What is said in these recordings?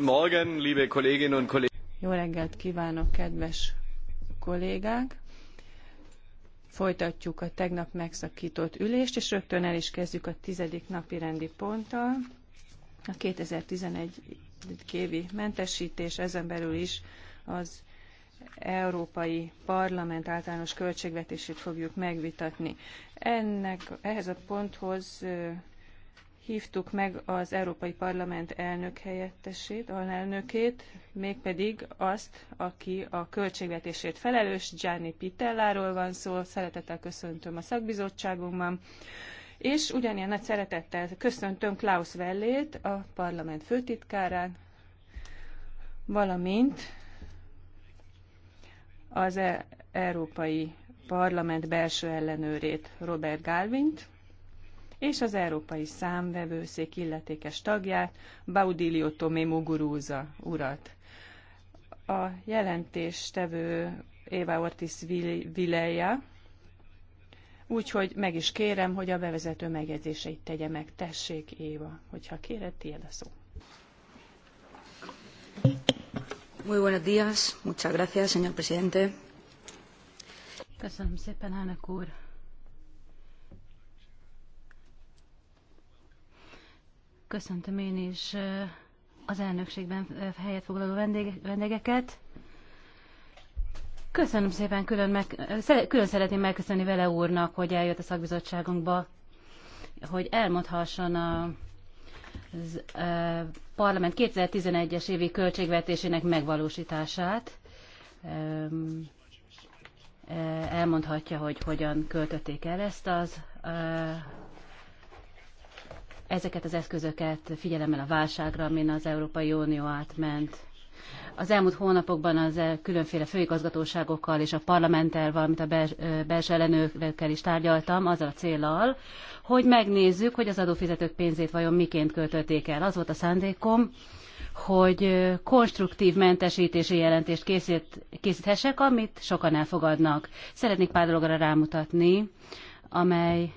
Morgen, liebe Kolleginnen und Kollegen. Jó reggelt kívánok, kedves kollégák! Folytatjuk a tegnap megszakított ülést, és rögtön el is kezdjük a tizedik napi rendi ponttal. A 2011 kévi mentesítés, ezen belül is az Európai Parlament általános költségvetését fogjuk megvitatni. Ennek, ehhez a ponthoz hívtuk meg az Európai Parlament elnök helyettesét, alelnökét, mégpedig azt, aki a költségvetésért felelős, Gianni Pitelláról van szó, szeretettel köszöntöm a szakbizottságunkban, és ugyanilyen nagy szeretettel köszöntöm Klaus Vellét, a parlament főtitkárán, valamint az e Európai Parlament belső ellenőrét, Robert Galvint és az Európai Számvevőszék illetékes tagját, Baudilio Tomé Muguruza urat. A jelentéstevő Éva Ortiz Vileja, úgyhogy meg is kérem, hogy a bevezető megjegyzéseit tegye meg. Tessék, Éva, hogyha kéred, tiéd a szó. Muy buenos días, muchas gracias, señor presidente. Köszönöm szépen, elnök úr. Köszöntöm én is az elnökségben helyet foglaló vendégeket. Köszönöm szépen, külön, meg, külön szeretném megköszönni vele úrnak, hogy eljött a szakbizottságunkba, hogy elmondhasson a az, e, parlament 2011-es évi költségvetésének megvalósítását. E, elmondhatja, hogy hogyan költötték el ezt az e, ezeket az eszközöket figyelemmel a válságra, amin az Európai Unió átment. Az elmúlt hónapokban az e- különféle főigazgatóságokkal és a parlamenttel, valamint a belső ellenőrökkel is tárgyaltam, az a célal, hogy megnézzük, hogy az adófizetők pénzét vajon miként költötték el. Az volt a szándékom, hogy konstruktív mentesítési jelentést készít, készíthessek, amit sokan elfogadnak. Szeretnék pár dologra rámutatni, amely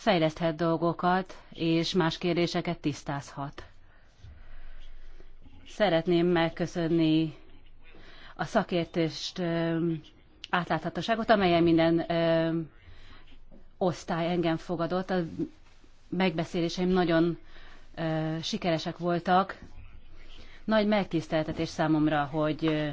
fejleszthet dolgokat, és más kérdéseket tisztázhat. Szeretném megköszönni a szakértést, átláthatóságot, amelyen minden osztály engem fogadott. A megbeszéléseim nagyon sikeresek voltak. Nagy megtiszteltetés számomra, hogy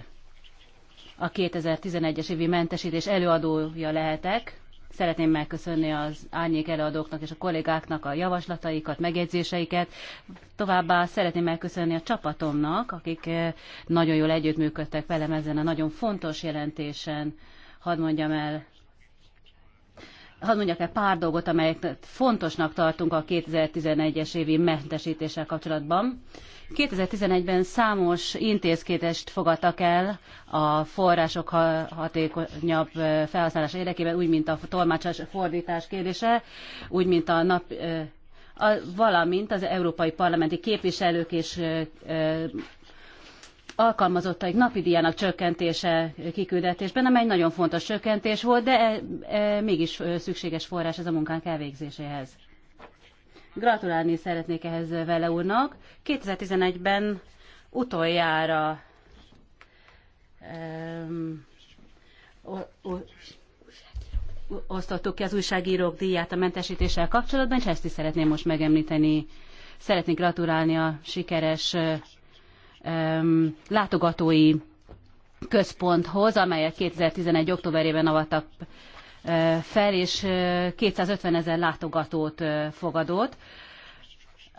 a 2011-es évi mentesítés előadója lehetek. Szeretném megköszönni az árnyék előadóknak és a kollégáknak a javaslataikat, megjegyzéseiket. Továbbá szeretném megköszönni a csapatomnak, akik eh, nagyon jól együttműködtek velem ezen a nagyon fontos jelentésen. Hadd mondjam el hadd mondjak el pár dolgot, amelyek fontosnak tartunk a 2011-es évi mentesítéssel kapcsolatban. 2011-ben számos intézkedést fogadtak el a források hatékonyabb felhasználása érdekében, úgy, mint a tolmácsás fordítás kérdése, úgy, mint a nap, a, valamint az európai parlamenti képviselők és alkalmazottaik napi díjának csökkentése kiküldetésben, amely nagyon fontos csökkentés volt, de e, e, mégis szükséges forrás ez a munkánk elvégzéséhez. Gratulálni szeretnék ehhez vele úrnak. 2011-ben utoljára um, osztottuk ki az újságírók díját a mentesítéssel kapcsolatban, és ezt is szeretném most megemlíteni. Szeretnék gratulálni a sikeres látogatói központhoz, amelyet 2011. októberében avattak e, fel, és 250 e, ezer látogatót e, fogadott.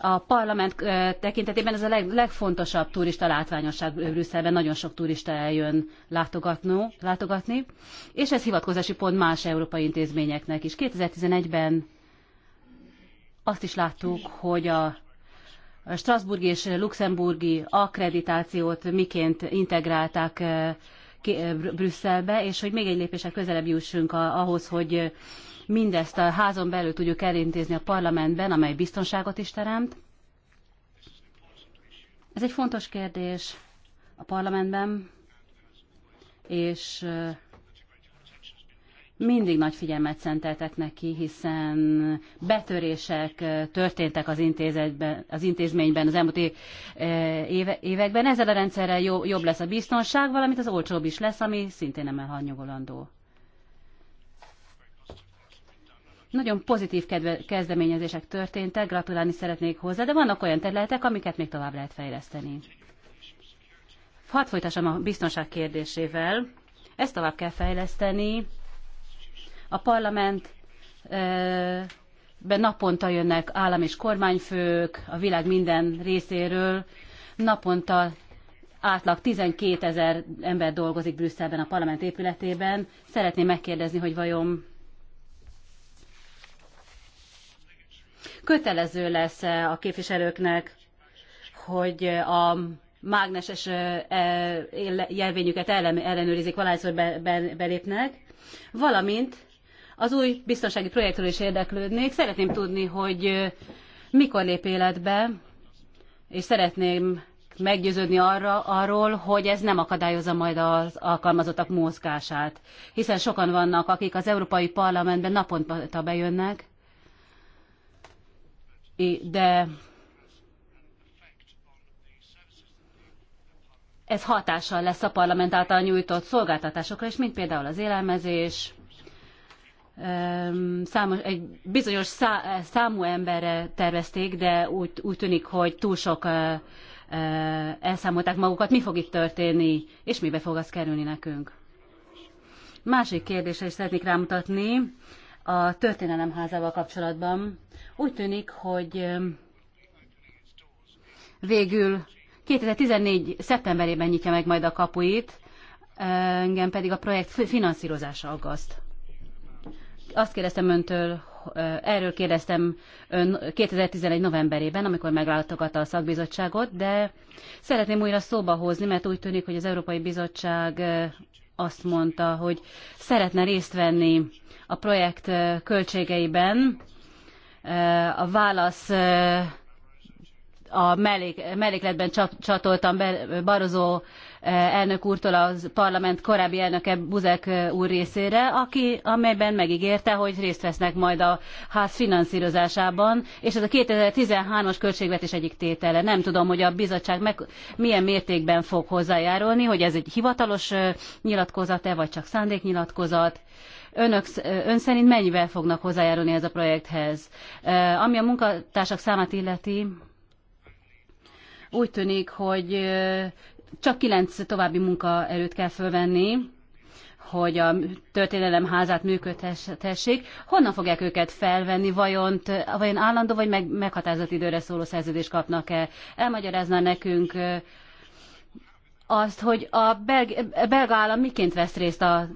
A parlament tekintetében ez a leg, legfontosabb turista látványosság Brüsszelben, nagyon sok turista eljön látogatni, és ez hivatkozási pont más európai intézményeknek is. 2011-ben azt is láttuk, hogy a strasbourgi és luxemburgi akkreditációt miként integrálták eh, eh, Brüsszelbe, és hogy még egy lépések közelebb jussunk ahhoz, hogy eh, mindezt a házon belül tudjuk elintézni a parlamentben, amely biztonságot is teremt. Ez egy fontos kérdés a parlamentben, és mindig nagy figyelmet szenteltek neki, hiszen betörések történtek az, intézetben, az intézményben az elmúlt éve, években. Ezzel a rendszerrel jó, jobb lesz a biztonság, valamint az olcsóbb is lesz, ami szintén nem elhanyagolandó. Nagyon pozitív kedve, kezdeményezések történtek, gratulálni szeretnék hozzá, de vannak olyan területek, amiket még tovább lehet fejleszteni. Hadd folytassam a biztonság kérdésével. Ezt tovább kell fejleszteni, a parlament be naponta jönnek állam és kormányfők a világ minden részéről, naponta átlag 12 ezer ember dolgozik Brüsszelben a parlament épületében. Szeretném megkérdezni, hogy vajon kötelező lesz -e a képviselőknek, hogy a mágneses e, jelvényüket ellenőrizik, valahányszor belépnek, valamint az új biztonsági projektről is érdeklődnék. Szeretném tudni, hogy mikor lép életbe, és szeretném meggyőződni arra, arról, hogy ez nem akadályozza majd az alkalmazottak mozgását. Hiszen sokan vannak, akik az Európai Parlamentben naponta bejönnek, de ez hatással lesz a parlament által nyújtott szolgáltatásokra és mint például az élelmezés, számos, egy bizonyos szá, számú emberre tervezték, de úgy, úgy tűnik, hogy túl sok elszámolták magukat. Mi fog itt történni, és mibe fog az kerülni nekünk? Másik kérdésre is szeretnék rámutatni a történelemházával kapcsolatban. Úgy tűnik, hogy végül 2014. szeptemberében nyitja meg majd a kapuit, engem pedig a projekt finanszírozása aggaszt azt kérdeztem öntől, erről kérdeztem ön 2011 novemberében, amikor meglátogatta a szakbizottságot, de szeretném újra szóba hozni, mert úgy tűnik, hogy az Európai Bizottság azt mondta, hogy szeretne részt venni a projekt költségeiben. A válasz a mellék, mellékletben csatoltam Barozó elnök úrtól a parlament korábbi elnöke Buzek úr részére, aki, amelyben megígérte, hogy részt vesznek majd a ház finanszírozásában, és ez a 2013-as költségvetés egyik tétele. Nem tudom, hogy a bizottság meg, milyen mértékben fog hozzájárulni, hogy ez egy hivatalos nyilatkozat-e, vagy csak szándéknyilatkozat önök, ön szerint mennyivel fognak hozzájárulni ez a projekthez? Ami a munkatársak számát illeti, úgy tűnik, hogy csak kilenc további munkaerőt kell fölvenni, hogy a történelem házát működhessék. Honnan fogják őket felvenni? Vajon, vajon állandó vagy meg, meghatározott időre szóló szerződést kapnak-e? Elmagyarázná nekünk azt, hogy a belg, belga állam miként vesz részt a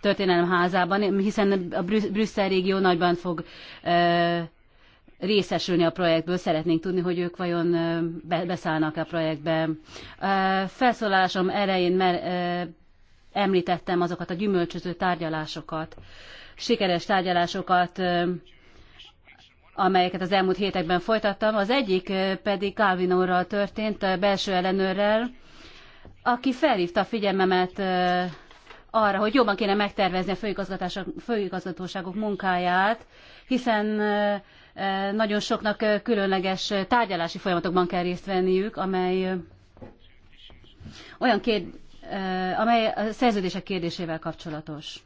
történelem házában, hiszen a Brüsszel régió nagyban fog részesülni a projektből, szeretnénk tudni, hogy ők vajon beszállnak a projektbe. Felszólalásom elején mert említettem azokat a gyümölcsöző tárgyalásokat, sikeres tárgyalásokat, amelyeket az elmúlt hétekben folytattam. Az egyik pedig úrral történt, a belső ellenőrrel, aki felhívta a figyelmemet arra, hogy jobban kéne megtervezni a főigazgatóságok munkáját, hiszen nagyon soknak különleges tárgyalási folyamatokban kell részt venniük, amely olyan kér, amely a szerződések kérdésével kapcsolatos.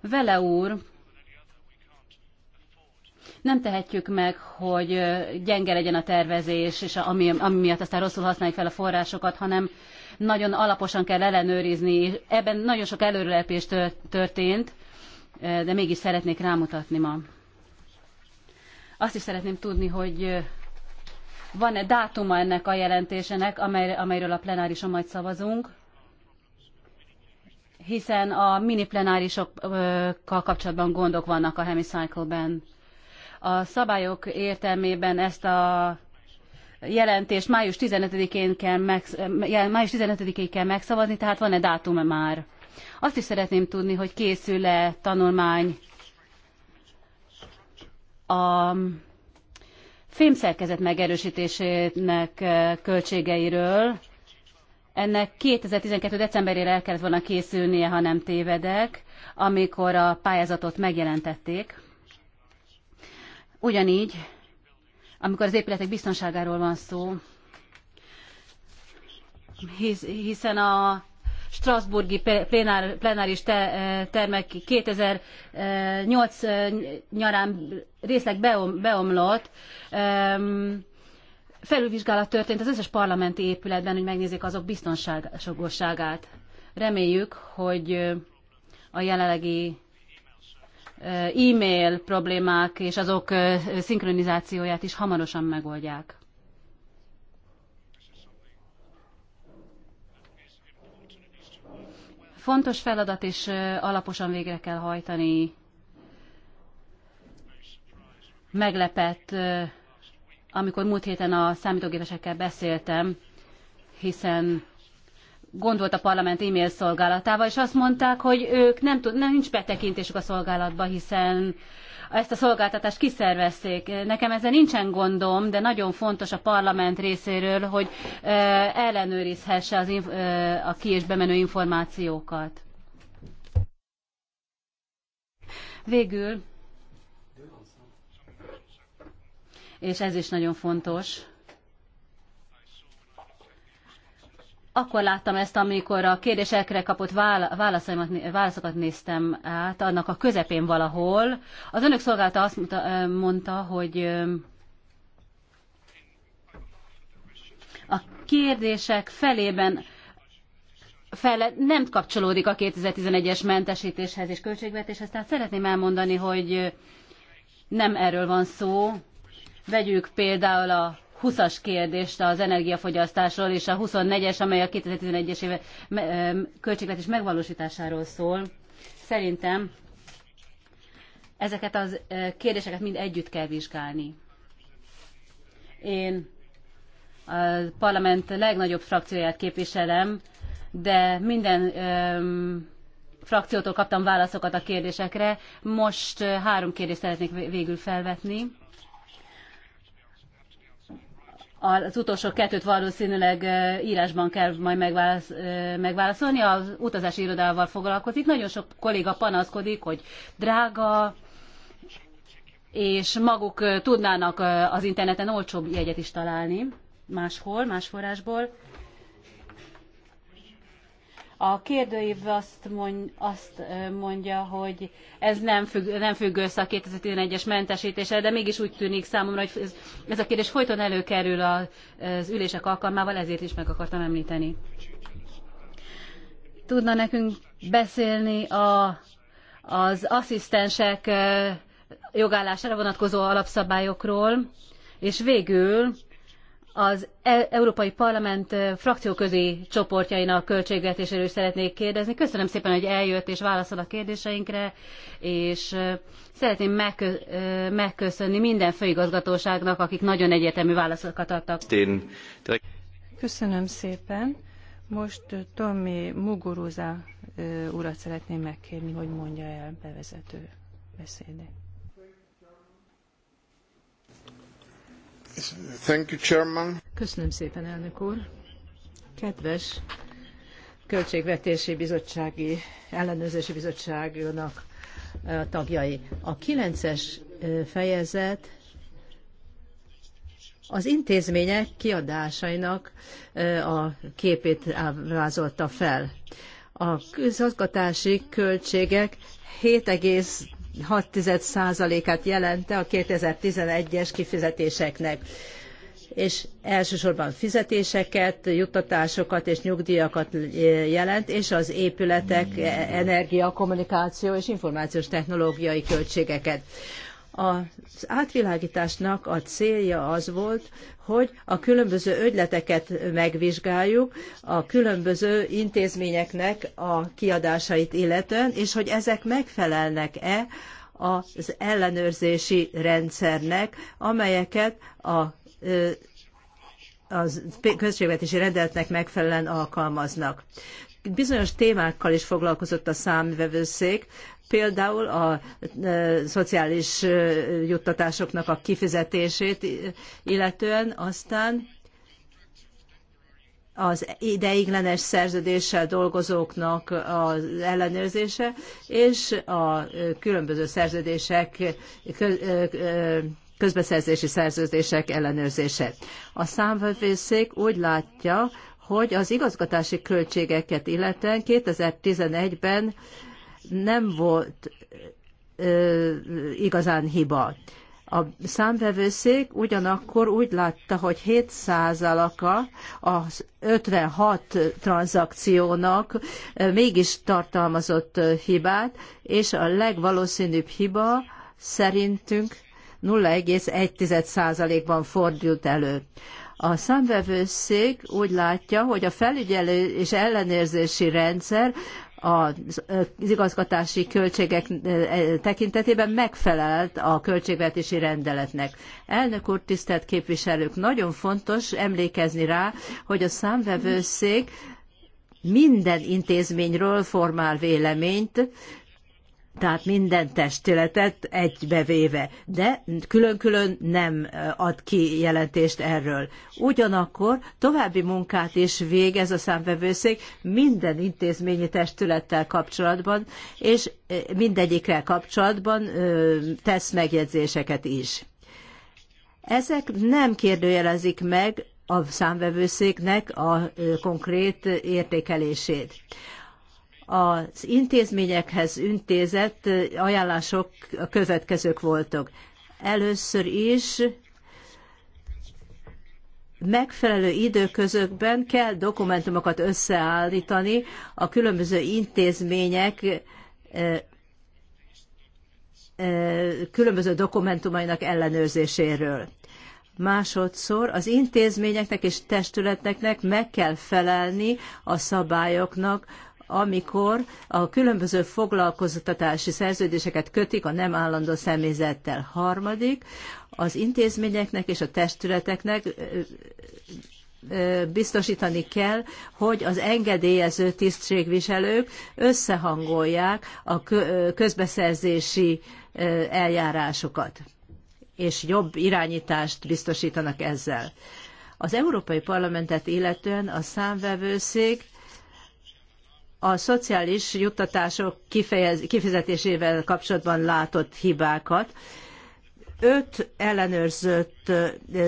Vele úr, nem tehetjük meg, hogy gyenge legyen a tervezés, és ami, ami miatt aztán rosszul használjuk fel a forrásokat, hanem nagyon alaposan kell ellenőrizni. Ebben nagyon sok előrelépés történt, de mégis szeretnék rámutatni ma. Azt is szeretném tudni, hogy van-e dátuma ennek a jelentésének, amely, amelyről a plenárison majd szavazunk, hiszen a mini plenárisokkal kapcsolatban gondok vannak a hemicycle-ben. A szabályok értelmében ezt a jelentést május 15-én kell, megsz, május 15 kell megszavazni, tehát van-e dátuma már? Azt is szeretném tudni, hogy készül-e tanulmány a fémszerkezet megerősítésének eh, költségeiről. Ennek 2012. decemberére el kellett volna készülnie, ha nem tévedek, amikor a pályázatot megjelentették. Ugyanígy, amikor az épületek biztonságáról van szó, hisz, hiszen a strasbourgi plenár, plenáris e, termek 2008 e, nyarán részleg beomlott. E, felülvizsgálat történt az összes parlamenti épületben, hogy megnézzék azok biztonságosságát. Reméljük, hogy a jelenlegi e-mail problémák és azok szinkronizációját is hamarosan megoldják. fontos feladat, és alaposan végre kell hajtani. Meglepett, amikor múlt héten a számítógépesekkel beszéltem, hiszen gond volt a parlament e-mail szolgálatával, és azt mondták, hogy ők nem tud, nem, nincs betekintésük a szolgálatba, hiszen ezt a szolgáltatást kiszervezték. Nekem ezzel nincsen gondom, de nagyon fontos a parlament részéről, hogy ellenőrizhesse az, a ki- és bemenő információkat. Végül, és ez is nagyon fontos, Akkor láttam ezt, amikor a kérdésekre kapott válaszokat néztem át, annak a közepén valahol. Az önök szolgálata azt mondta, hogy a kérdések felében fele nem kapcsolódik a 2011-es mentesítéshez és költségvetéshez, tehát szeretném elmondani, hogy nem erről van szó. Vegyük például a 20-as kérdést az energiafogyasztásról, és a 24-es, amely a 2011-es éve költségvetés megvalósításáról szól. Szerintem ezeket az kérdéseket mind együtt kell vizsgálni. Én a parlament legnagyobb frakcióját képviselem, de minden öm, frakciótól kaptam válaszokat a kérdésekre. Most három kérdést szeretnék végül felvetni az utolsó kettőt valószínűleg írásban kell majd megválaszolni. Az utazási irodával foglalkozik. Nagyon sok kolléga panaszkodik, hogy drága, és maguk tudnának az interneten olcsóbb jegyet is találni máshol, más forrásból. A kérdőív azt, mond, azt mondja, hogy ez nem függ, nem függ össze a 2011-es mentesítése, de mégis úgy tűnik számomra, hogy ez, ez a kérdés folyton előkerül az ülések alkalmával, ezért is meg akartam említeni. Tudna nekünk beszélni a, az asszisztensek jogállására vonatkozó alapszabályokról, és végül az e- Európai Parlament frakcióközi csoportjainak költségvetéséről is szeretnék kérdezni. Köszönöm szépen, hogy eljött és válaszol a kérdéseinkre, és szeretném megköszönni minden főigazgatóságnak, akik nagyon egyértelmű válaszokat adtak. Köszönöm szépen. Most Tommy Muguruza urat szeretném megkérni, hogy mondja el bevezető beszédét. Thank you, Chairman. Köszönöm szépen, elnök úr. Kedves Költségvetési Bizottsági Ellenőrzési Bizottságnak tagjai. A 9-es fejezet az intézmények kiadásainak a képét ábrázolta fel. A közgazgatási költségek 7, 6,6%-át jelente a 2011-es kifizetéseknek és elsősorban fizetéseket, juttatásokat és nyugdíjakat jelent, és az épületek, energia, kommunikáció és információs technológiai költségeket. Az átvilágításnak a célja az volt, hogy a különböző ögyleteket megvizsgáljuk, a különböző intézményeknek a kiadásait illetően, és hogy ezek megfelelnek-e az ellenőrzési rendszernek, amelyeket a az községvetési rendeletnek megfelelően alkalmaznak bizonyos témákkal is foglalkozott a számvevőszék, például a e, szociális e, juttatásoknak a kifizetését illetően, aztán az ideiglenes szerződéssel dolgozóknak az ellenőrzése, és a e, különböző szerződések, közbeszerzési szerződések ellenőrzése. A számvevőszék úgy látja, hogy az igazgatási költségeket illetően 2011-ben nem volt ö, igazán hiba. A számvevőszék ugyanakkor úgy látta, hogy 7%-a az 56 tranzakciónak mégis tartalmazott hibát, és a legvalószínűbb hiba szerintünk 01 százalékban fordult elő. A számvevőszék úgy látja, hogy a felügyelő és ellenőrzési rendszer az igazgatási költségek tekintetében megfelelt a költségvetési rendeletnek. Elnök úr, tisztelt képviselők, nagyon fontos emlékezni rá, hogy a számvevőszék minden intézményről formál véleményt, tehát minden testületet egybevéve, de külön-külön nem eh, ad ki jelentést erről. Ugyanakkor további munkát is végez a számvevőszék minden intézményi testülettel kapcsolatban, és eh, mindegyikkel kapcsolatban eh, tesz megjegyzéseket is. Ezek nem kérdőjelezik meg a számvevőszéknek a konkrét értékelését. Az intézményekhez intézett ajánlások a következők voltak. Először is megfelelő időközökben kell dokumentumokat összeállítani a különböző intézmények különböző dokumentumainak ellenőrzéséről. Másodszor az intézményeknek és testületeknek meg kell felelni a szabályoknak, amikor a különböző foglalkoztatási szerződéseket kötik a nem állandó személyzettel. Harmadik, az intézményeknek és a testületeknek biztosítani kell, hogy az engedélyező tisztségviselők összehangolják a közbeszerzési eljárásokat, és jobb irányítást biztosítanak ezzel. Az Európai Parlamentet illetően a számvevőszék a szociális juttatások kifejez, kifizetésével kapcsolatban látott hibákat. Öt ellenőrzött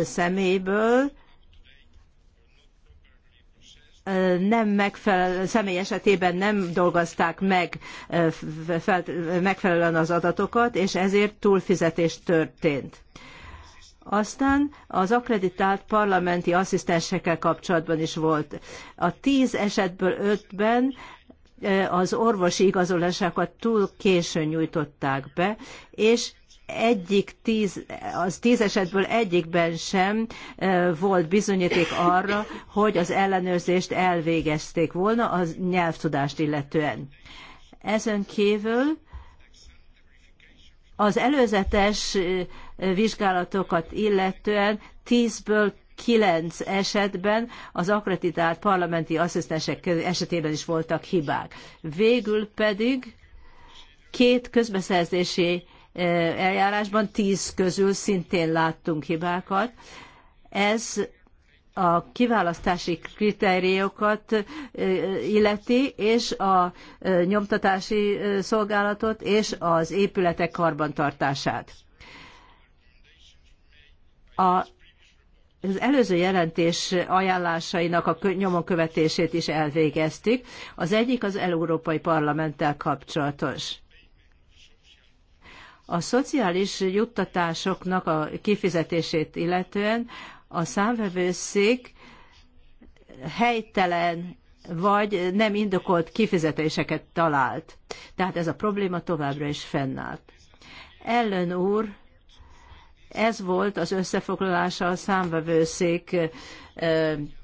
személyből nem megfelel, személy esetében nem dolgozták meg megfelelően az adatokat, és ezért túlfizetés történt. Aztán az akreditált parlamenti asszisztensekkel kapcsolatban is volt. A tíz esetből ötben az orvosi igazolásokat túl későn nyújtották be, és egyik tíz, az tíz esetből egyikben sem e, volt bizonyíték arra, hogy az ellenőrzést elvégezték volna az nyelvtudást illetően. Ezen kívül az előzetes e, vizsgálatokat illetően tízből kilenc esetben az akreditált parlamenti asszisztensek esetében is voltak hibák. Végül pedig két közbeszerzési e, eljárásban tíz közül szintén láttunk hibákat. Ez a kiválasztási kritériókat e, illeti, és a e, nyomtatási szolgálatot, és az épületek karbantartását. A az előző jelentés ajánlásainak a nyomon követését is elvégeztük. Az egyik az Európai Parlamenttel kapcsolatos. A szociális juttatásoknak a kifizetését illetően a számvevőszék helytelen vagy nem indokolt kifizetéseket talált. Tehát ez a probléma továbbra is fennállt. Ellen úr ez volt az összefoglalása a számvevőszék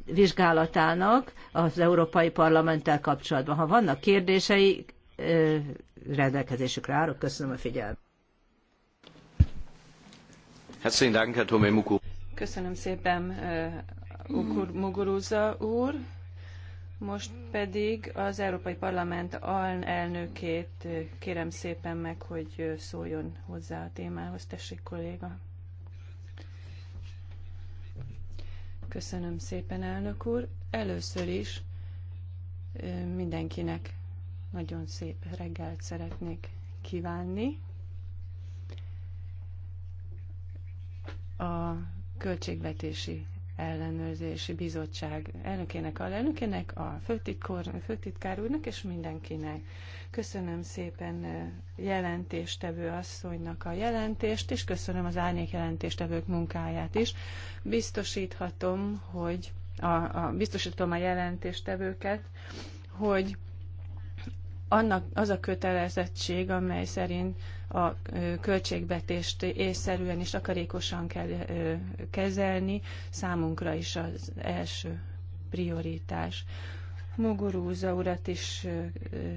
vizsgálatának az Európai Parlamenttel kapcsolatban. Ha vannak kérdései, rendelkezésükre állok. Köszönöm a figyelmet. Köszönöm szépen, Ukur, Muguruza úr. Most pedig az Európai Parlament alelnökét kérem szépen meg, hogy szóljon hozzá a témához. Tessék, kolléga. Köszönöm szépen, elnök úr. Először is mindenkinek nagyon szép reggelt szeretnék kívánni. A költségvetési ellenőrzési bizottság elnökének, alelnökének, a főtitkor, főtitkár úrnak és mindenkinek. Köszönöm szépen eh, jelentéstevő asszonynak a jelentést, és köszönöm az árnyék jelentéstevők munkáját is. Biztosíthatom, hogy a, a biztosítom a jelentéstevőket, hogy annak az a kötelezettség, amely szerint a költségvetést észszerűen és akarékosan kell kezelni, számunkra is az első prioritás. Mugurúza urat is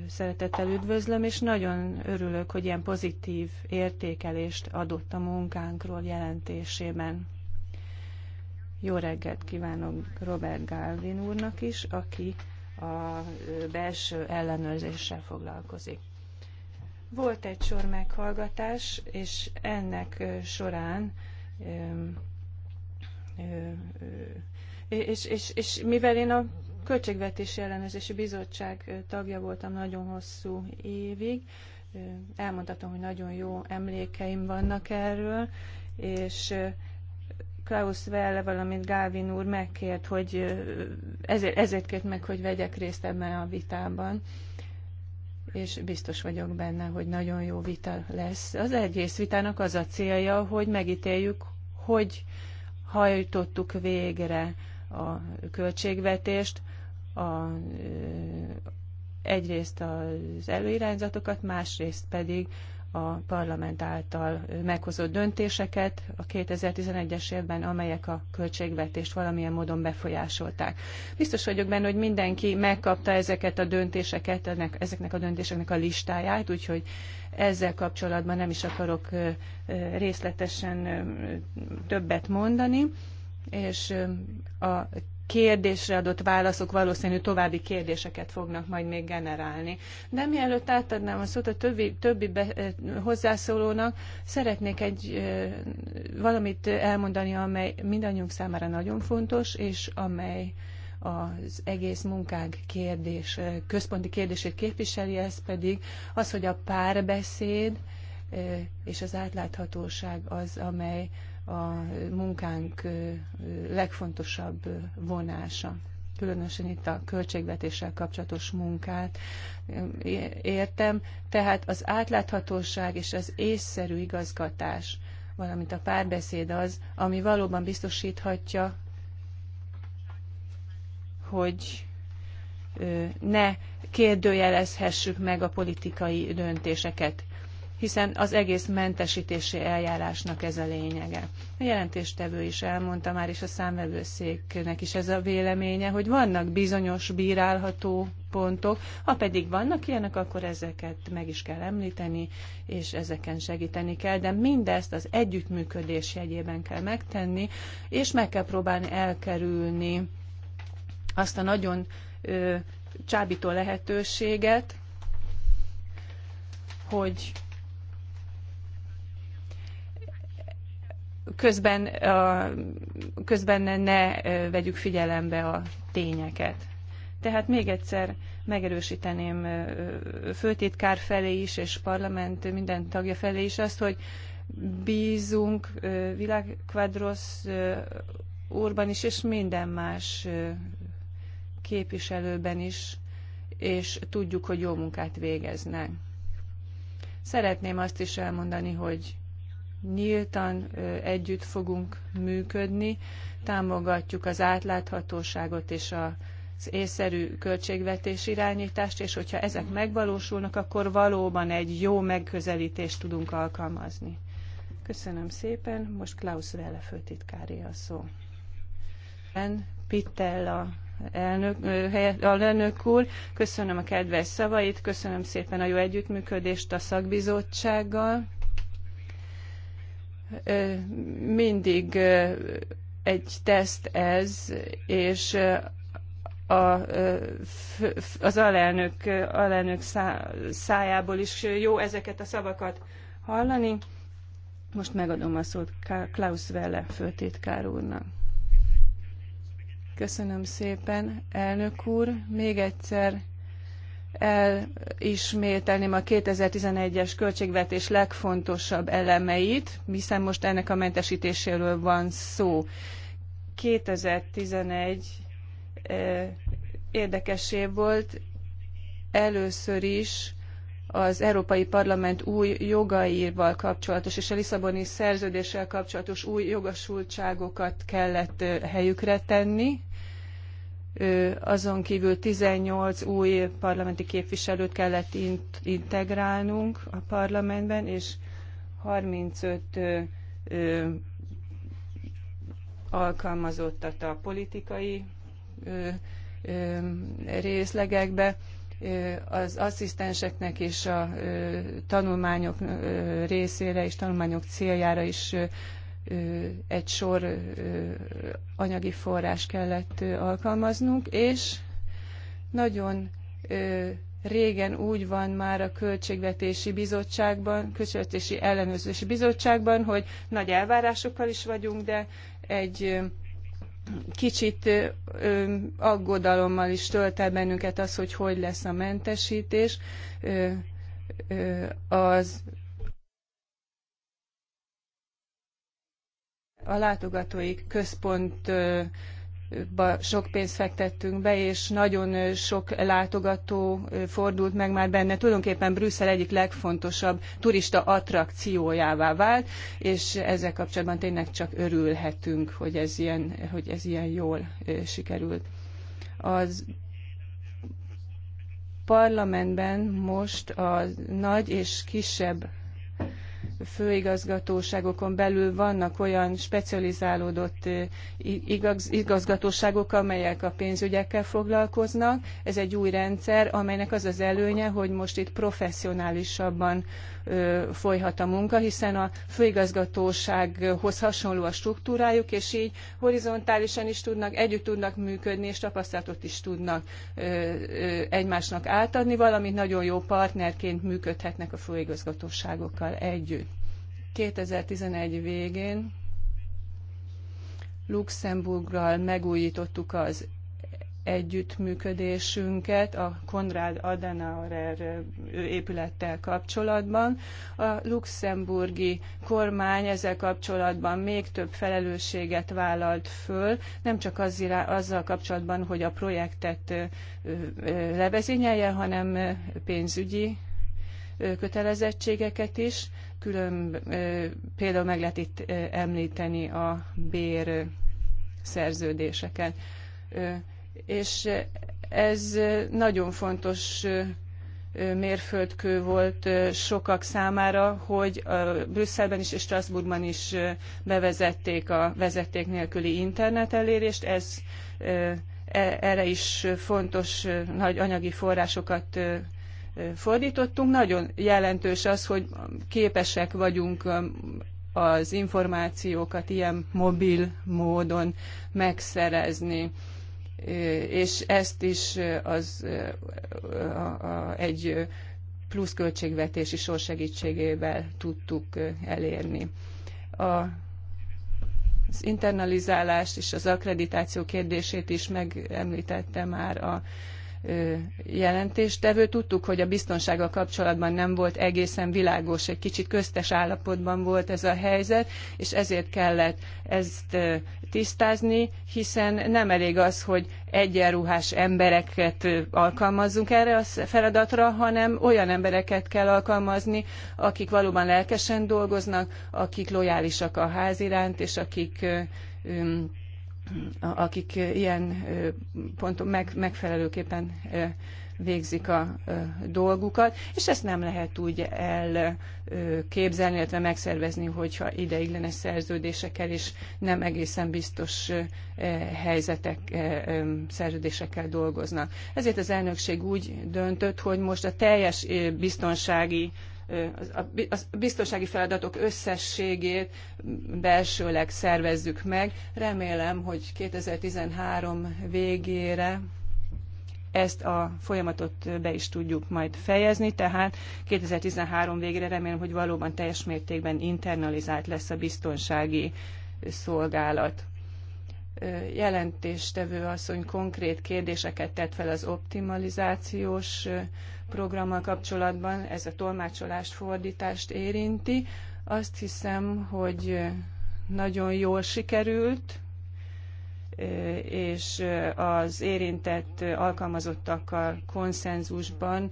szeretettel üdvözlöm, és nagyon örülök, hogy ilyen pozitív értékelést adott a munkánkról jelentésében. Jó reggelt kívánok Robert Galvin úrnak is, aki a belső ellenőrzéssel foglalkozik. Volt egy sor meghallgatás, és ennek során és, és, és mivel én a Költségvetési Ellenőrzési Bizottság tagja voltam nagyon hosszú évig, elmondhatom, hogy nagyon jó emlékeim vannak erről, és Klaus Welle, valamint Gálvin úr megkért, hogy ezért, ezért kért meg, hogy vegyek részt ebben a vitában és biztos vagyok benne, hogy nagyon jó vita lesz. Az egész vitának az a célja, hogy megítéljük, hogy hajtottuk végre a költségvetést, a, egyrészt az előirányzatokat, másrészt pedig a parlament által meghozott döntéseket a 2011-es évben, amelyek a költségvetést valamilyen módon befolyásolták. Biztos vagyok benne, hogy mindenki megkapta ezeket a döntéseket, ennek, ezeknek a döntéseknek a listáját, úgyhogy ezzel kapcsolatban nem is akarok részletesen többet mondani, és a kérdésre adott válaszok valószínű további kérdéseket fognak majd még generálni. De mielőtt átadnám a szót a többi, többi be, eh, hozzászólónak, szeretnék egy eh, valamit elmondani, amely mindannyiunk számára nagyon fontos, és amely az egész munkánk kérdés, eh, központi kérdését képviseli, ez pedig az, hogy a párbeszéd és az átláthatóság az, amely a munkánk legfontosabb vonása különösen itt a költségvetéssel kapcsolatos munkát értem. Tehát az átláthatóság és az észszerű igazgatás, valamint a párbeszéd az, ami valóban biztosíthatja, hogy ne kérdőjelezhessük meg a politikai döntéseket hiszen az egész mentesítési eljárásnak ez a lényege. A jelentéstevő is elmondta már, és a számvevőszéknek is ez a véleménye, hogy vannak bizonyos bírálható pontok, ha pedig vannak ilyenek, akkor ezeket meg is kell említeni, és ezeken segíteni kell, de mindezt az együttműködés jegyében kell megtenni, és meg kell próbálni elkerülni azt a nagyon ö, csábító lehetőséget, hogy közben, közben ne vegyük figyelembe a tényeket. Tehát még egyszer megerősíteném főtitkár felé is, és parlament minden tagja felé is azt, hogy bízunk világkvadrosz úrban is, és minden más képviselőben is, és tudjuk, hogy jó munkát végeznek. Szeretném azt is elmondani, hogy nyíltan együtt fogunk működni, támogatjuk az átláthatóságot és a az észszerű költségvetés irányítást, és hogyha ezek megvalósulnak, akkor valóban egy jó megközelítést tudunk alkalmazni. Köszönöm szépen, most Klaus Welle főtitkári a szó. Pittella elnök, alelnök úr, köszönöm a kedves szavait, köszönöm szépen a jó együttműködést a szakbizottsággal mindig egy teszt ez, és a, az alelnök, alelnök szájából is jó ezeket a szavakat hallani. Most megadom a szót Klaus Welle főtétkár úrnak. Köszönöm szépen, elnök úr. Még egyszer elismételném a 2011-es költségvetés legfontosabb elemeit, hiszen most ennek a mentesítéséről van szó. 2011 érdekes év volt, először is az Európai Parlament új jogaival kapcsolatos és a Lisszaboni szerződéssel kapcsolatos új jogosultságokat kellett eh, helyükre tenni, azon kívül 18 új parlamenti képviselőt kellett integrálnunk a parlamentben, és 35 alkalmazottat a politikai részlegekbe az asszisztenseknek és a tanulmányok részére és tanulmányok céljára is egy sor anyagi forrás kellett alkalmaznunk, és nagyon régen úgy van már a Költségvetési Bizottságban, Költségvetési Ellenőrzési Bizottságban, hogy nagy elvárásokkal is vagyunk, de egy kicsit aggodalommal is tölt el bennünket az, hogy hogy lesz a mentesítés. Az A látogatói központ sok pénzt fektettünk be, és nagyon sok látogató fordult meg már benne. Tulajdonképpen Brüsszel egyik legfontosabb turista attrakciójává vált, és ezzel kapcsolatban tényleg csak örülhetünk, hogy ez ilyen, hogy ez ilyen jól sikerült. Az parlamentben most a nagy és kisebb főigazgatóságokon belül vannak olyan specializálódott igazgatóságok, amelyek a pénzügyekkel foglalkoznak. Ez egy új rendszer, amelynek az az előnye, hogy most itt professzionálisabban folyhat a munka, hiszen a főigazgatósághoz hasonló a struktúrájuk, és így horizontálisan is tudnak, együtt tudnak működni, és tapasztalatot is tudnak egymásnak átadni, valamint nagyon jó partnerként működhetnek a főigazgatóságokkal együtt. 2011 végén Luxemburggal megújítottuk az együttműködésünket a Konrad Adenauer épülettel kapcsolatban. A luxemburgi kormány ezzel kapcsolatban még több felelősséget vállalt föl, nem csak az irá, azzal kapcsolatban, hogy a projektet levezényelje, hanem pénzügyi kötelezettségeket is. Külön például meg lehet itt említeni a bér szerződéseket és ez nagyon fontos mérföldkő volt sokak számára, hogy Brüsszelben is és Strasbourgban is bevezették a vezeték nélküli internet elérést. Ez e, erre is fontos nagy anyagi forrásokat fordítottunk. Nagyon jelentős az, hogy képesek vagyunk az információkat ilyen mobil módon megszerezni és ezt is az egy plusz költségvetési sor segítségével tudtuk elérni. A az internalizálást és az akkreditáció kérdését is megemlítette már a jelentéstevő. Tudtuk, hogy a biztonsággal kapcsolatban nem volt egészen világos, egy kicsit köztes állapotban volt ez a helyzet, és ezért kellett ezt tisztázni, hiszen nem elég az, hogy egyenruhás embereket alkalmazzunk erre a feladatra, hanem olyan embereket kell alkalmazni, akik valóban lelkesen dolgoznak, akik lojálisak a ház iránt, és akik akik ilyen ponton meg, megfelelőképpen végzik a dolgukat, és ezt nem lehet úgy elképzelni, illetve megszervezni, hogyha ideiglenes szerződésekkel és nem egészen biztos helyzetek, szerződésekkel dolgoznak. Ezért az elnökség úgy döntött, hogy most a teljes biztonsági a biztonsági feladatok összességét belsőleg szervezzük meg. Remélem, hogy 2013 végére ezt a folyamatot be is tudjuk majd fejezni, tehát 2013 végére remélem, hogy valóban teljes mértékben internalizált lesz a biztonsági szolgálat. Jelentéstevő asszony konkrét kérdéseket tett fel az optimalizációs programmal kapcsolatban, ez a tolmácsolást, fordítást érinti. Azt hiszem, hogy nagyon jól sikerült, és az érintett alkalmazottakkal konszenzusban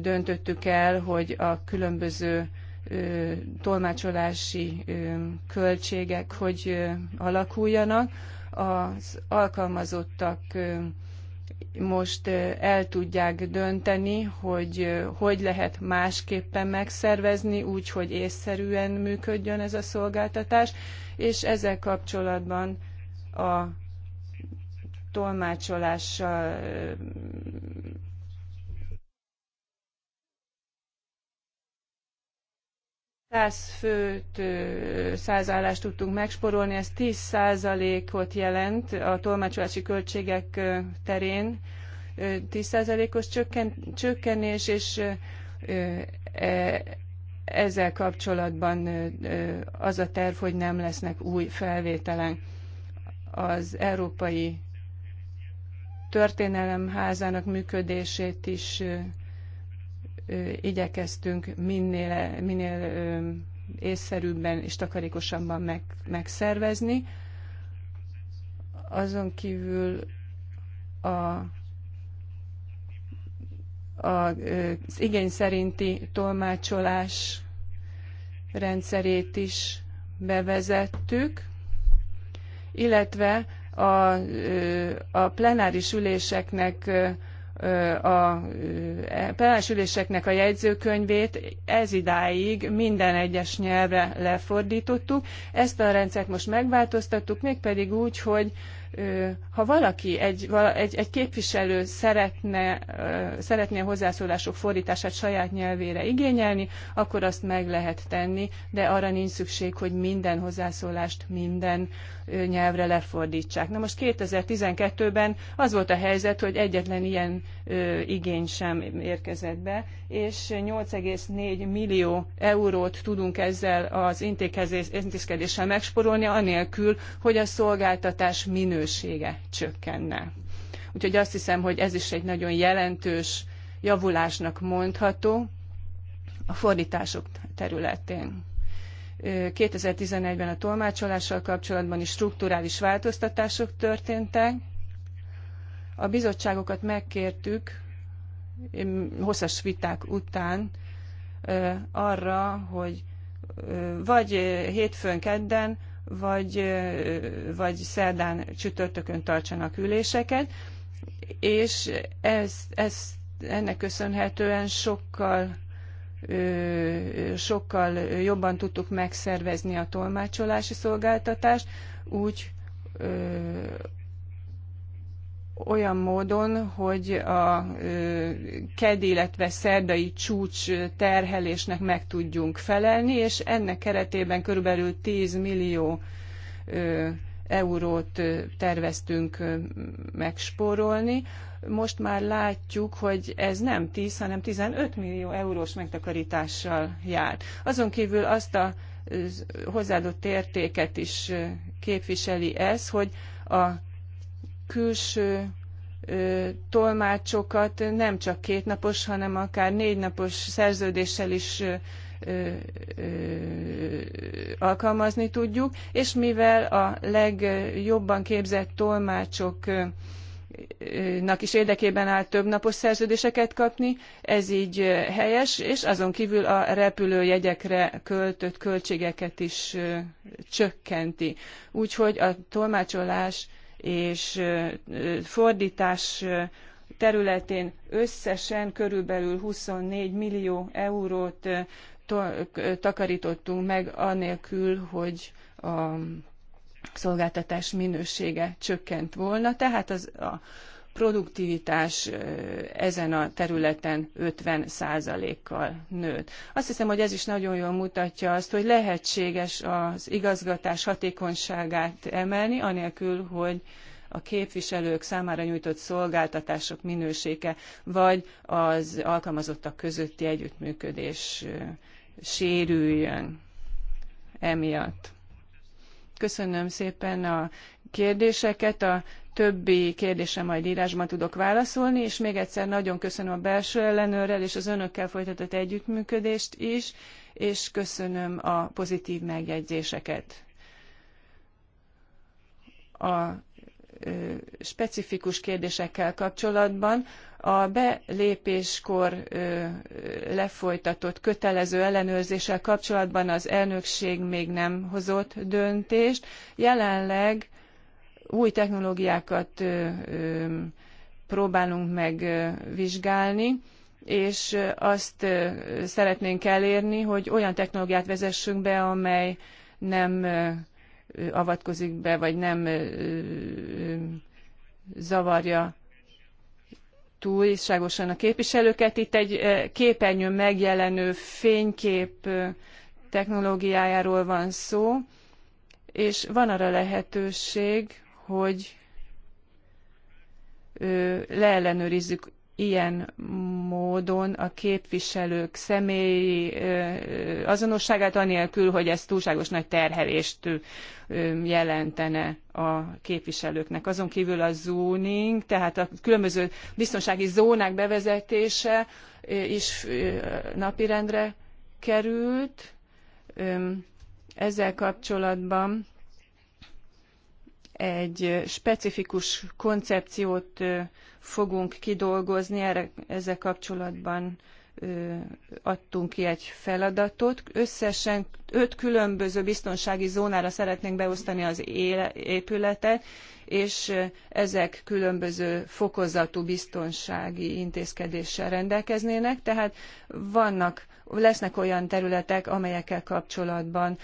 döntöttük el, hogy a különböző tolmácsolási költségek hogy alakuljanak. Az alkalmazottak most el tudják dönteni, hogy hogy lehet másképpen megszervezni, úgy, hogy észszerűen működjön ez a szolgáltatás, és ezzel kapcsolatban a tolmácsolással 100 főt, 100 állást tudtunk megsporolni, ez 10 ot jelent a tolmácsolási költségek terén, 10 os csökken, csökkenés, és e, ezzel kapcsolatban az a terv, hogy nem lesznek új felvételen. Az Európai Történelemházának működését is igyekeztünk minél, minél észszerűbben és takarékosabban meg, megszervezni. Azon kívül a az igény szerinti tolmácsolás rendszerét is bevezettük, illetve a, a plenáris üléseknek a e, pelásüléseknek a jegyzőkönyvét ez idáig minden egyes nyelvre lefordítottuk. Ezt a rendszert most megváltoztattuk, mégpedig úgy, hogy ha valaki, egy, egy, egy képviselő szeretne, szeretné a hozzászólások fordítását saját nyelvére igényelni, akkor azt meg lehet tenni, de arra nincs szükség, hogy minden hozzászólást minden nyelvre lefordítsák. Na most 2012-ben az volt a helyzet, hogy egyetlen ilyen igény sem érkezett be, és 8,4 millió eurót tudunk ezzel az intézkedéssel megsporolni, anélkül, hogy a szolgáltatás minősége csökkenne. Úgyhogy azt hiszem, hogy ez is egy nagyon jelentős javulásnak mondható a fordítások területén. 2011-ben a tolmácsolással kapcsolatban is strukturális változtatások történtek. A bizottságokat megkértük, hosszas viták után arra, hogy vagy hétfőn, kedden, vagy, vagy szerdán, csütörtökön tartsanak üléseket, és ez, ez, ennek köszönhetően sokkal sokkal jobban tudtuk megszervezni a tolmácsolási szolgáltatást, úgy, olyan módon, hogy a KED, illetve szerdai csúcs terhelésnek meg tudjunk felelni, és ennek keretében körülbelül 10 millió eurót terveztünk megspórolni. Most már látjuk, hogy ez nem 10, hanem 15 millió eurós megtakarítással jár. Azon kívül azt a hozzáadott értéket is képviseli ez, hogy a külső tolmácsokat nem csak kétnapos, hanem akár négynapos szerződéssel is Ö, ö, alkalmazni tudjuk, és mivel a legjobban képzett nak is érdekében áll több napos szerződéseket kapni, ez így helyes, és azon kívül a repülőjegyekre költött költségeket is csökkenti. Úgyhogy a tolmácsolás és fordítás területén összesen körülbelül 24 millió eurót takarítottunk meg anélkül, hogy a szolgáltatás minősége csökkent volna. Tehát az, a, produktivitás ezen a területen 50%-kal nőtt. Azt hiszem, hogy ez is nagyon jól mutatja azt, hogy lehetséges az igazgatás hatékonyságát emelni, anélkül, hogy a képviselők számára nyújtott szolgáltatások minősége, vagy az alkalmazottak közötti együttműködés sérüljön emiatt. Köszönöm szépen a kérdéseket. A többi kérdésre majd írásban tudok válaszolni, és még egyszer nagyon köszönöm a belső ellenőrrel és az önökkel folytatott együttműködést is, és köszönöm a pozitív megjegyzéseket. A specifikus kérdésekkel kapcsolatban a belépéskor lefolytatott kötelező ellenőrzéssel kapcsolatban az elnökség még nem hozott döntést. Jelenleg új technológiákat próbálunk megvizsgálni, és azt szeretnénk elérni, hogy olyan technológiát vezessünk be, amely nem avatkozik be, vagy nem zavarja túlságosan a képviselőket. Itt egy képernyőn megjelenő fénykép technológiájáról van szó, és van arra lehetőség, hogy leellenőrizzük ilyen módon a képviselők személyi azonosságát, anélkül, hogy ez túlságos nagy terhelést jelentene a képviselőknek. Azon kívül a zóning, tehát a különböző biztonsági zónák bevezetése is napirendre került. Ezzel kapcsolatban egy specifikus koncepciót fogunk kidolgozni, erre, ezzel kapcsolatban adtunk ki egy feladatot. Összesen öt különböző biztonsági zónára szeretnénk beosztani az épületet, és ezek különböző fokozatú biztonsági intézkedéssel rendelkeznének, tehát vannak, lesznek olyan területek, amelyekkel kapcsolatban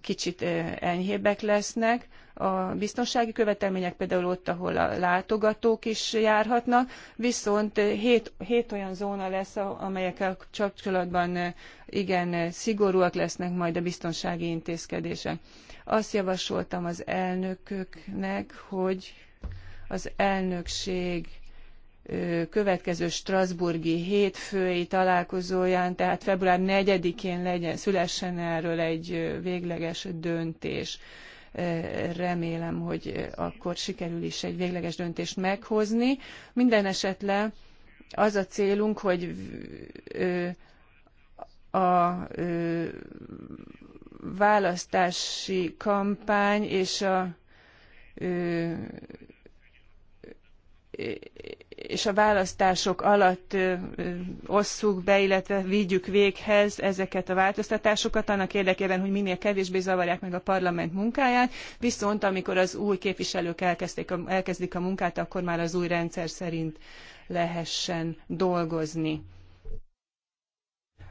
kicsit enyhébbek lesznek, a biztonsági követelmények, például ott, ahol a látogatók is járhatnak, viszont hét, hét olyan zóna lesz, amelyekkel kapcsolatban igen szigorúak lesznek majd a biztonsági intézkedések. Azt javasoltam az elnököknek, hogy az elnökség következő Strasburgi hétfői találkozóján, tehát február 4-én legyen, szülessen erről egy végleges döntés remélem, hogy akkor sikerül is egy végleges döntést meghozni. Minden esetre az a célunk, hogy a választási kampány és a és a választások alatt osszuk be, illetve vigyük véghez ezeket a változtatásokat, annak érdekében, hogy minél kevésbé zavarják meg a parlament munkáját, viszont amikor az új képviselők elkezdték a, elkezdik a munkát, akkor már az új rendszer szerint lehessen dolgozni.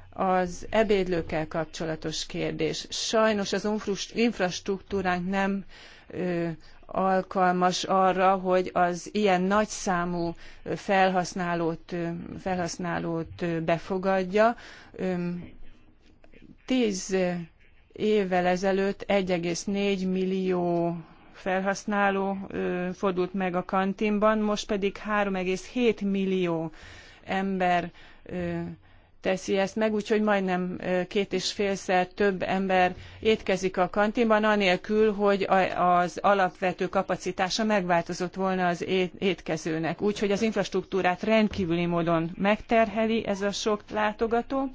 Az ebédlőkkel kapcsolatos kérdés. Sajnos az infrastruktúránk nem alkalmas arra, hogy az ilyen nagyszámú felhasználót, felhasználót befogadja. Tíz évvel ezelőtt 1,4 millió felhasználó fordult meg a kantinban, most pedig 3,7 millió ember teszi ezt meg, úgyhogy majdnem két és félszer több ember étkezik a kantinban, anélkül, hogy az alapvető kapacitása megváltozott volna az étkezőnek. Úgyhogy az infrastruktúrát rendkívüli módon megterheli ez a sok látogató.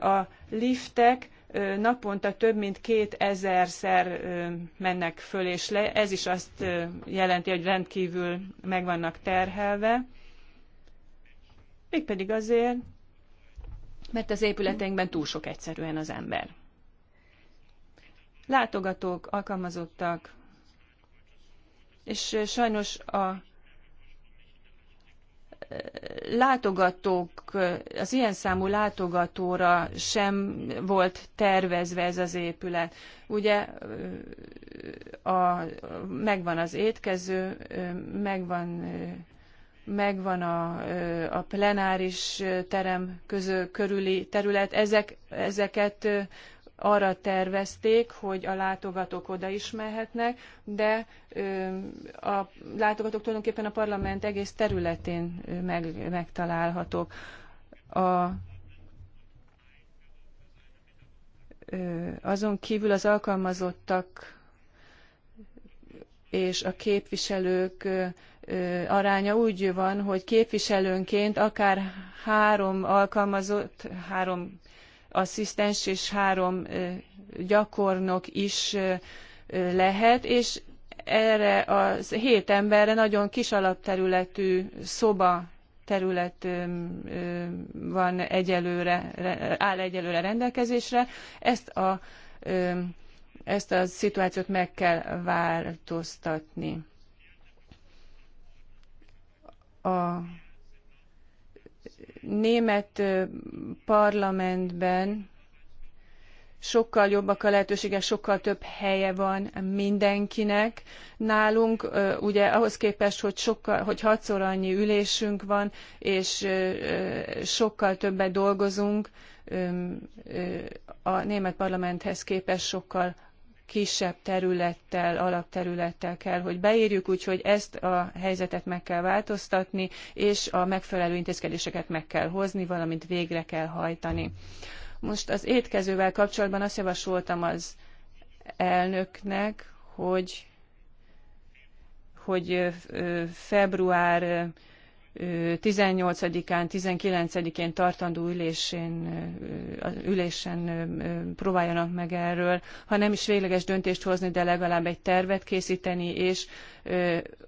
A liftek naponta több mint kétezerszer mennek föl és le. Ez is azt jelenti, hogy rendkívül meg vannak terhelve. Mégpedig azért, mert az épületeinkben túl sok egyszerűen az ember. Látogatók, alkalmazottak, és sajnos a látogatók, az ilyen számú látogatóra sem volt tervezve ez az épület. Ugye a, megvan az étkező, megvan megvan a, a plenáris terem közül, körüli terület, ezek, ezeket arra tervezték, hogy a látogatók oda is mehetnek, de a látogatók tulajdonképpen a parlament egész területén meg, megtalálhatók. A, azon kívül az alkalmazottak és a képviselők aránya úgy van, hogy képviselőnként akár három alkalmazott, három asszisztens és három gyakornok is lehet, és erre a hét emberre nagyon kis alapterületű szoba terület van egyelőre, áll egyelőre rendelkezésre. Ezt a ezt a szituációt meg kell változtatni a német parlamentben sokkal jobbak a lehetőségek, sokkal több helye van mindenkinek. Nálunk ugye ahhoz képest, hogy, sokkal, hogy hatszor annyi ülésünk van, és sokkal többet dolgozunk, a német parlamenthez képest sokkal kisebb területtel, alapterülettel kell, hogy beérjük, úgyhogy ezt a helyzetet meg kell változtatni, és a megfelelő intézkedéseket meg kell hozni, valamint végre kell hajtani. Most az étkezővel kapcsolatban azt javasoltam az elnöknek, hogy, hogy február 18-án, 19-én tartandó ülésén, ülésen próbáljanak meg erről, ha nem is végleges döntést hozni, de legalább egy tervet készíteni, és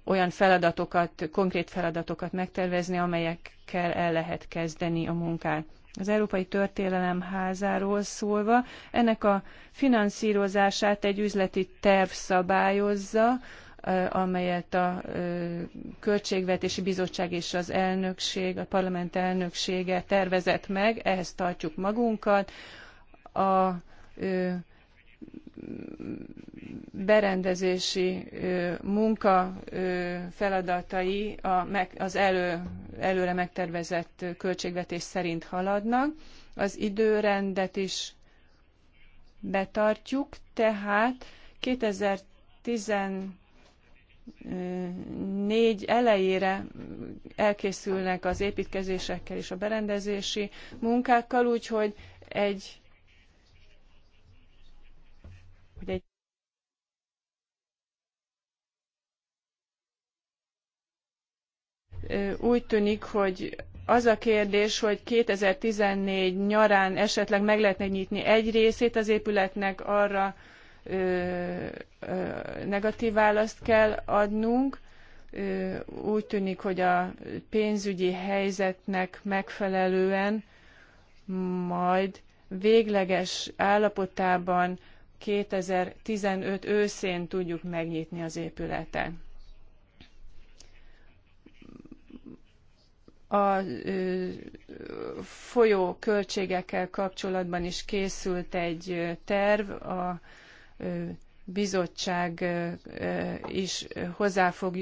olyan feladatokat, konkrét feladatokat megtervezni, amelyekkel el lehet kezdeni a munkát az Európai Történelem házáról szólva. Ennek a finanszírozását egy üzleti terv szabályozza, amelyet a Költségvetési Bizottság és az elnökség, a parlament elnöksége tervezett meg, ehhez tartjuk magunkat. A berendezési munka feladatai az elő, előre megtervezett költségvetés szerint haladnak. Az időrendet is betartjuk, tehát 2010 négy elejére elkészülnek az építkezésekkel és a berendezési munkákkal, úgyhogy egy, hogy egy úgy tűnik, hogy az a kérdés, hogy 2014 nyarán esetleg meg lehetne nyitni egy részét az épületnek arra, negatív választ kell adnunk. Úgy tűnik, hogy a pénzügyi helyzetnek megfelelően majd végleges állapotában 2015 őszén tudjuk megnyitni az épületet. a folyó költségekkel kapcsolatban is készült egy terv a bizottság is hozzá fog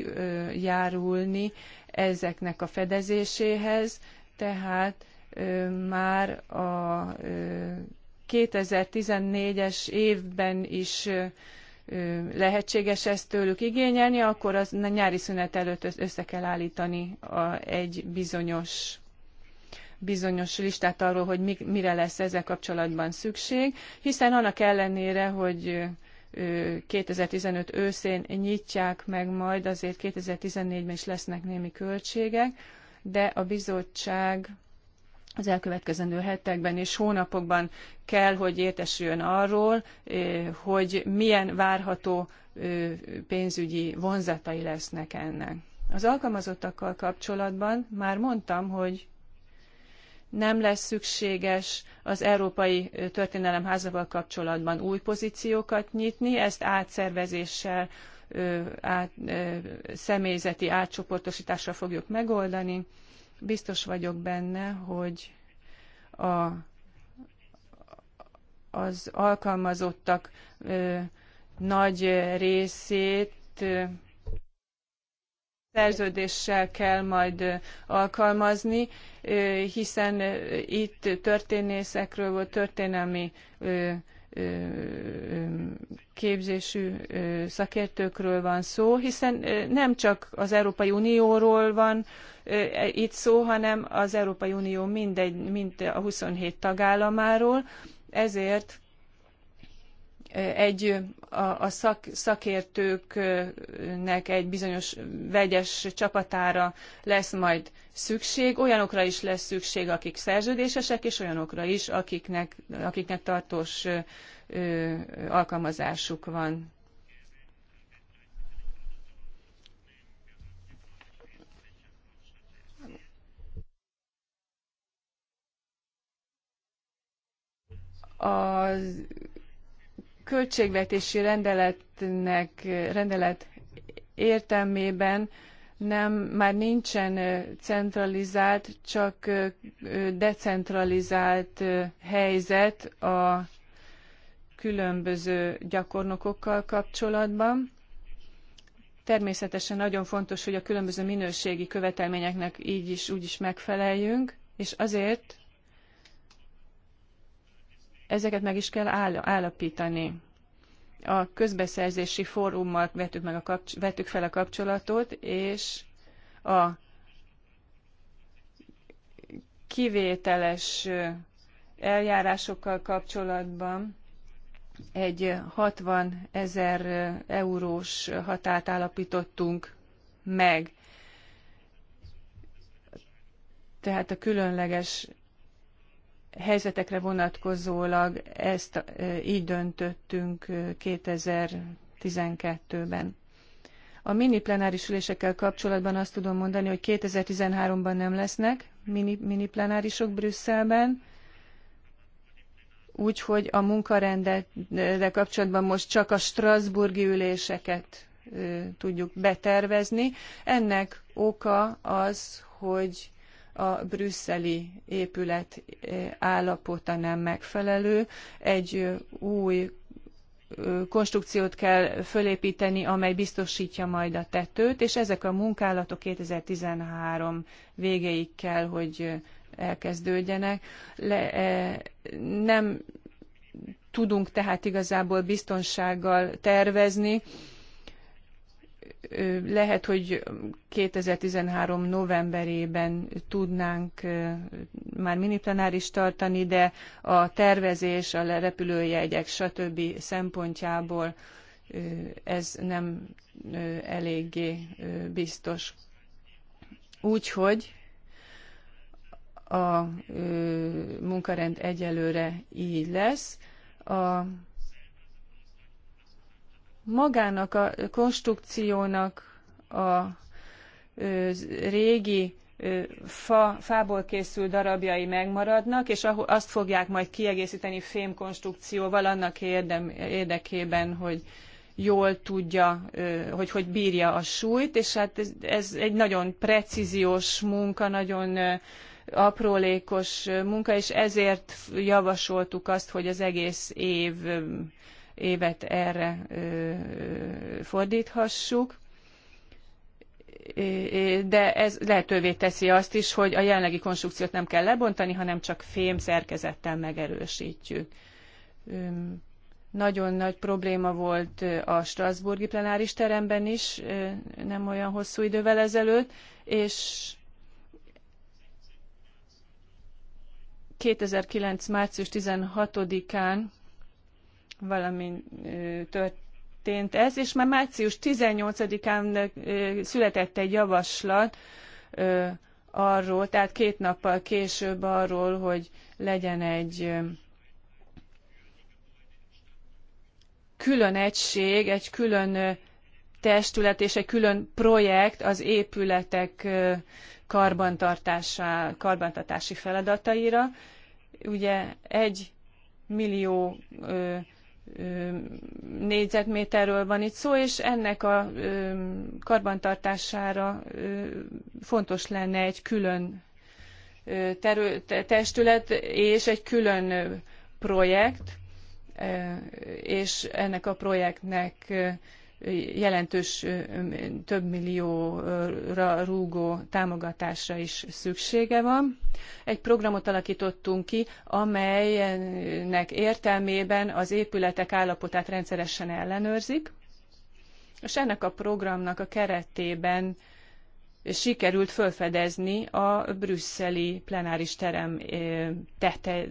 járulni ezeknek a fedezéséhez, tehát már a 2014-es évben is lehetséges ezt tőlük igényelni, akkor az nyári szünet előtt össze kell állítani egy bizonyos bizonyos listát arról, hogy mire lesz ezzel kapcsolatban szükség, hiszen annak ellenére, hogy 2015 őszén nyitják meg majd, azért 2014-ben is lesznek némi költségek, de a bizottság az elkövetkezendő hetekben és hónapokban kell, hogy értesüljön arról, hogy milyen várható pénzügyi vonzatai lesznek ennek. Az alkalmazottakkal kapcsolatban már mondtam, hogy nem lesz szükséges az Európai Történelem Házával kapcsolatban új pozíciókat nyitni, ezt átszervezéssel, át, személyzeti átcsoportosítással fogjuk megoldani. Biztos vagyok benne, hogy a, az alkalmazottak nagy részét szerződéssel kell majd alkalmazni, hiszen itt történészekről volt történelmi képzésű szakértőkről van szó, hiszen nem csak az Európai Unióról van e, itt szó, hanem az Európai Unió mindegy, mind a 27 tagállamáról, ezért egy a, a szak, szakértőknek egy bizonyos vegyes csapatára lesz majd szükség, olyanokra is lesz szükség, akik szerződésesek, és olyanokra is, akiknek, akiknek tartós ö, ö, alkalmazásuk van. az költségvetési rendeletnek, rendelet értelmében nem, már nincsen centralizált, csak decentralizált helyzet a különböző gyakornokokkal kapcsolatban. Természetesen nagyon fontos, hogy a különböző minőségi követelményeknek így is, úgy is megfeleljünk, és azért ezeket meg is kell állapítani. A közbeszerzési fórummal vettük, meg a kapcs- vettük fel a kapcsolatot, és a kivételes eljárásokkal kapcsolatban egy 60 ezer eurós határt állapítottunk meg. Tehát a különleges helyzetekre vonatkozólag ezt e, így döntöttünk 2012-ben. E, a mini plenáris ülésekkel kapcsolatban azt tudom mondani, hogy 2013-ban nem lesznek mini, mini plenárisok Brüsszelben, úgyhogy a munkarendel kapcsolatban most csak a Strasburgi üléseket e, tudjuk betervezni. Ennek oka az, hogy a brüsszeli épület eh, állapota nem megfelelő. Egy új konstrukciót kell fölépíteni, amely biztosítja majd a tetőt, és ezek a munkálatok 2013 végéig kell, hogy elkezdődjenek. Le, eh, nem tudunk tehát igazából biztonsággal tervezni, lehet, hogy 2013 novemberében tudnánk már miniplenáris tartani, de a tervezés, a repülőjegyek, stb. szempontjából ez nem eléggé biztos. Úgyhogy a munkarend egyelőre így lesz. A magának a konstrukciónak a régi fa, fából készült darabjai megmaradnak, és azt fogják majd kiegészíteni fémkonstrukcióval annak érdem, érdekében, hogy jól tudja, hogy hogy bírja a súlyt, és hát ez, ez egy nagyon precíziós munka, nagyon aprólékos munka, és ezért javasoltuk azt, hogy az egész év évet erre fordíthassuk de ez lehetővé teszi azt is, hogy a jelenlegi konstrukciót nem kell lebontani, hanem csak fém szerkezettel megerősítjük. Nagyon nagy probléma volt a Strasburgi plenáris teremben is, nem olyan hosszú idővel ezelőtt, és 2009. március 16-án valami történt ez, és már március 18-án született egy javaslat arról, tehát két nappal később arról, hogy legyen egy külön egység, egy külön testület és egy külön projekt az épületek karbantartása, karbantartási feladataira. Ugye egy millió négyzetméterről van itt szó, és ennek a karbantartására fontos lenne egy külön testület és egy külön projekt, és ennek a projektnek jelentős több millióra rúgó támogatásra is szüksége van. Egy programot alakítottunk ki, amelynek értelmében az épületek állapotát rendszeresen ellenőrzik, és ennek a programnak a keretében sikerült felfedezni a brüsszeli plenáris terem tete,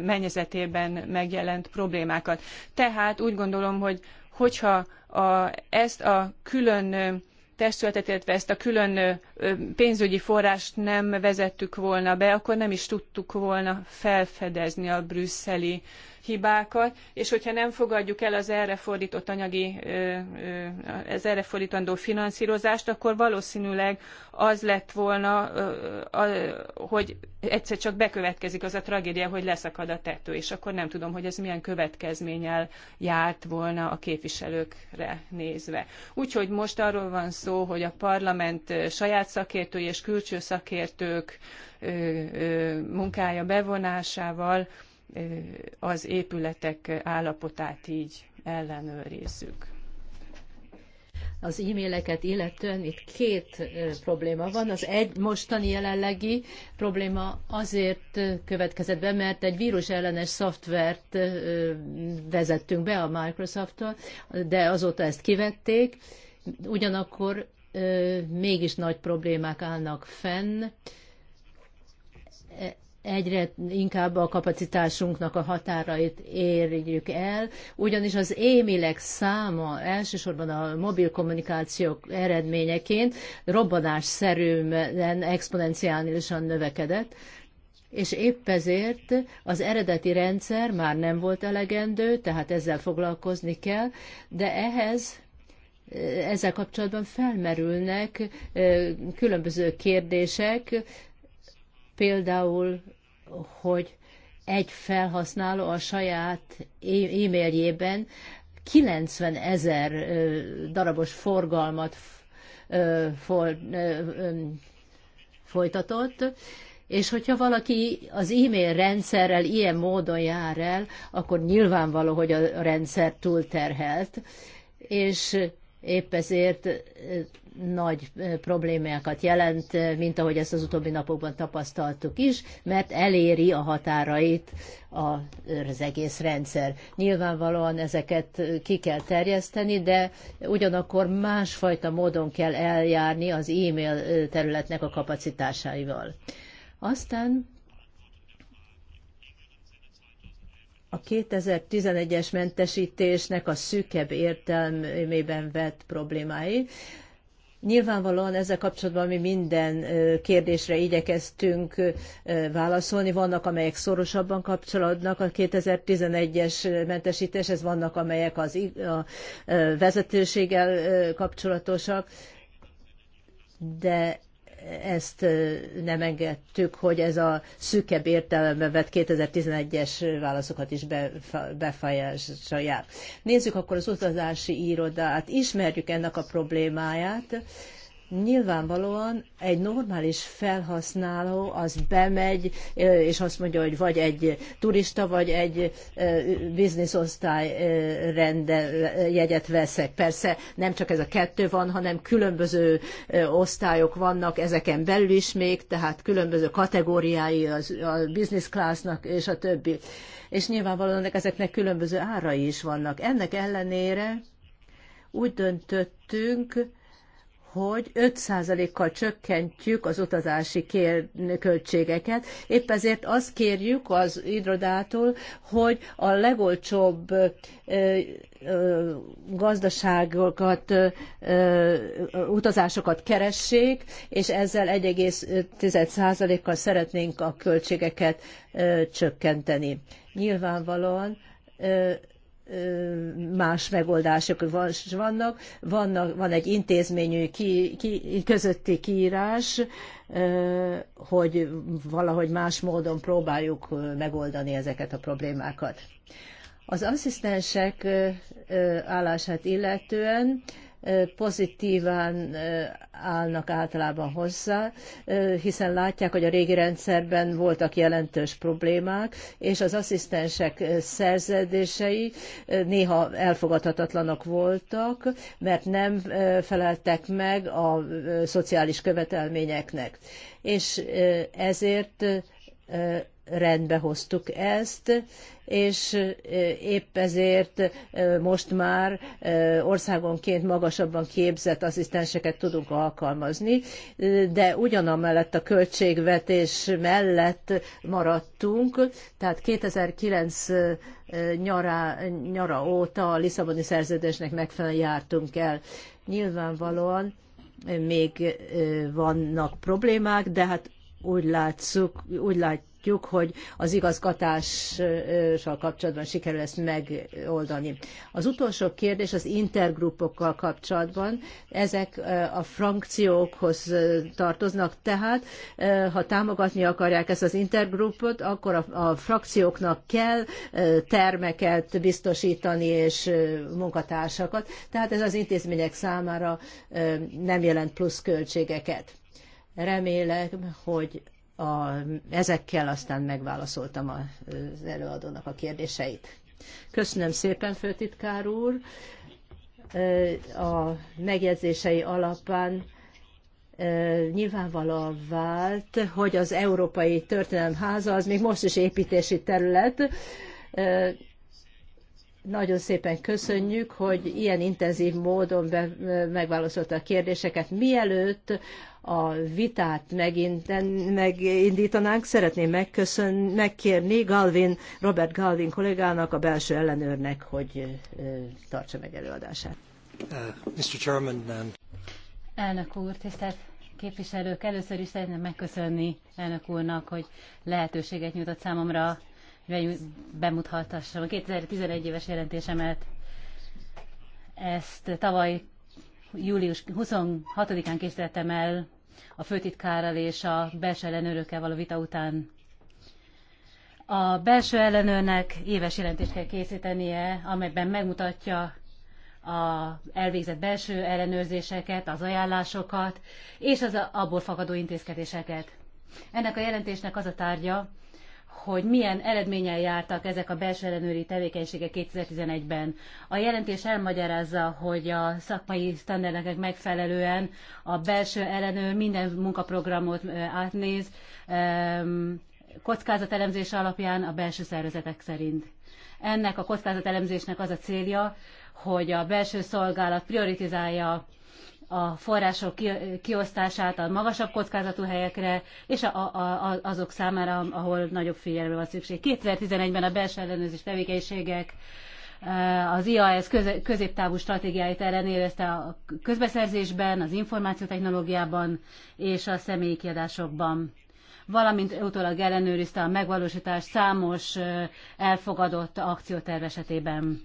mennyezetében megjelent problémákat. Tehát úgy gondolom, hogy hogyha a, ezt a külön testületet, illetve ezt a külön pénzügyi forrást nem vezettük volna be, akkor nem is tudtuk volna felfedezni a brüsszeli hibákat, és hogyha nem fogadjuk el az erre fordított anyagi, az erre fordítandó finanszírozást, akkor valószínűleg az lett volna, hogy egyszer csak bekövetkezik az a tragédia, hogy leszakad a tető, és akkor nem tudom, hogy ez milyen következménnyel járt volna a képviselőkre nézve. Úgyhogy most arról van szó, hogy a parlament saját szakértői és külső szakértők munkája bevonásával az épületek állapotát így ellenőrizzük. Az e-maileket illetően itt két probléma van. Az egy mostani jelenlegi probléma azért következett be, mert egy vírus ellenes szoftvert vezettünk be a Microsoft-tól, de azóta ezt kivették. Ugyanakkor mégis nagy problémák állnak fenn egyre inkább a kapacitásunknak a határait érjük el, ugyanis az émileg száma elsősorban a mobil kommunikációk eredményeként robbanásszerűen exponenciálisan növekedett, és épp ezért az eredeti rendszer már nem volt elegendő, tehát ezzel foglalkozni kell, de ehhez eh, ezzel kapcsolatban felmerülnek eh, különböző kérdések, Például, hogy egy felhasználó a saját e- e-mailjében 90 ezer darabos forgalmat folytatott, és hogyha valaki az e-mail rendszerrel ilyen módon jár el, akkor nyilvánvaló, hogy a rendszer túlterhelt, és épp ezért nagy problémákat jelent, mint ahogy ezt az utóbbi napokban tapasztaltuk is, mert eléri a határait az egész rendszer. Nyilvánvalóan ezeket ki kell terjeszteni, de ugyanakkor másfajta módon kell eljárni az e-mail területnek a kapacitásaival. Aztán a 2011-es mentesítésnek a szűkebb értelmében vett problémái. Nyilvánvalóan ezzel kapcsolatban mi minden kérdésre igyekeztünk válaszolni. Vannak, amelyek szorosabban kapcsolódnak a 2011-es mentesítéshez, vannak, amelyek az, a vezetőséggel kapcsolatosak, de ezt nem engedtük, hogy ez a szűkebb értelembe vett 2011-es válaszokat is befolyásolják. Nézzük akkor az utazási irodát, ismerjük ennek a problémáját, Nyilvánvalóan egy normális felhasználó az bemegy, és azt mondja, hogy vagy egy turista, vagy egy bizniszosztály rende jegyet veszek. Persze nem csak ez a kettő van, hanem különböző osztályok vannak ezeken belül is még, tehát különböző kategóriái az, a business classnak és a többi. És nyilvánvalóan ezeknek különböző árai is vannak. Ennek ellenére úgy döntöttünk, hogy 5%-kal csökkentjük az utazási kér- költségeket. Épp ezért azt kérjük az irodától, hogy a legolcsóbb ö, ö, gazdaságokat, ö, utazásokat keressék, és ezzel 1,5%-kal szeretnénk a költségeket csökkenteni. Nyilvánvalóan más megoldások vannak. vannak van egy intézményű ki, ki, közötti kiírás, hogy valahogy más módon próbáljuk megoldani ezeket a problémákat. Az asszisztensek állását illetően pozitívan állnak általában hozzá, hiszen látják, hogy a régi rendszerben voltak jelentős problémák, és az asszisztensek szerződései néha elfogadhatatlanok voltak, mert nem feleltek meg a szociális követelményeknek. És ezért rendbe hoztuk ezt, és épp ezért most már országonként magasabban képzett asszisztenseket tudunk alkalmazni, de ugyanamellett a költségvetés mellett maradtunk, tehát 2009 nyara, nyara óta a Lisszaboni szerződésnek megfelelően jártunk el. Nyilvánvalóan még vannak problémák, de hát úgy, látszuk, úgy lát, látjuk, hogy az igazgatással kapcsolatban sikerül ezt megoldani. Az utolsó kérdés az intergrupokkal kapcsolatban. Ezek a frankciókhoz tartoznak, tehát ha támogatni akarják ezt az intergrupot, akkor a, a frakcióknak kell termeket biztosítani és munkatársakat. Tehát ez az intézmények számára nem jelent plusz költségeket remélem, hogy a, ezekkel aztán megválaszoltam az előadónak a kérdéseit. Köszönöm szépen, főtitkár úr! A megjegyzései alapán nyilvánvalóan vált, hogy az Európai Történelemháza az még most is építési terület. Nagyon szépen köszönjük, hogy ilyen intenzív módon megválaszolta a kérdéseket. Mielőtt a vitát megint, megindítanánk, szeretném megköszön, megkérni Galvin, Robert Galvin kollégának, a belső ellenőrnek, hogy tartsa meg előadását. Uh, Mr. Chairman, and... Elnök úr, tisztelt képviselők, először is szeretném megköszönni elnök úrnak, hogy lehetőséget nyújtott számomra, hogy bemutathassam a 2011 éves jelentésemet. Ezt tavaly július 26-án készítettem el a főtitkárral és a belső ellenőrökkel való vita után. A belső ellenőrnek éves jelentést kell készítenie, amelyben megmutatja a elvégzett belső ellenőrzéseket, az ajánlásokat és az abból fakadó intézkedéseket. Ennek a jelentésnek az a tárgya, hogy milyen eredménnyel jártak ezek a belső ellenőri tevékenységek 2011-ben. A jelentés elmagyarázza, hogy a szakmai standardeknek megfelelően a belső ellenőr minden munkaprogramot átnéz, kockázatelemzés alapján a belső szervezetek szerint. Ennek a kockázatelemzésnek az a célja, hogy a belső szolgálat prioritizálja a források kiosztását a magasabb kockázatú helyekre, és a, a, a, azok számára, ahol nagyobb figyelme van szükség. 2011-ben a belső ellenőrzés tevékenységek eh, az IAS középtávú stratégiáit ellenérezte a közbeszerzésben, az információtechnológiában és a személyi kiadásokban valamint utólag ellenőrizte a megvalósítás számos eh, elfogadott akcióterv esetében.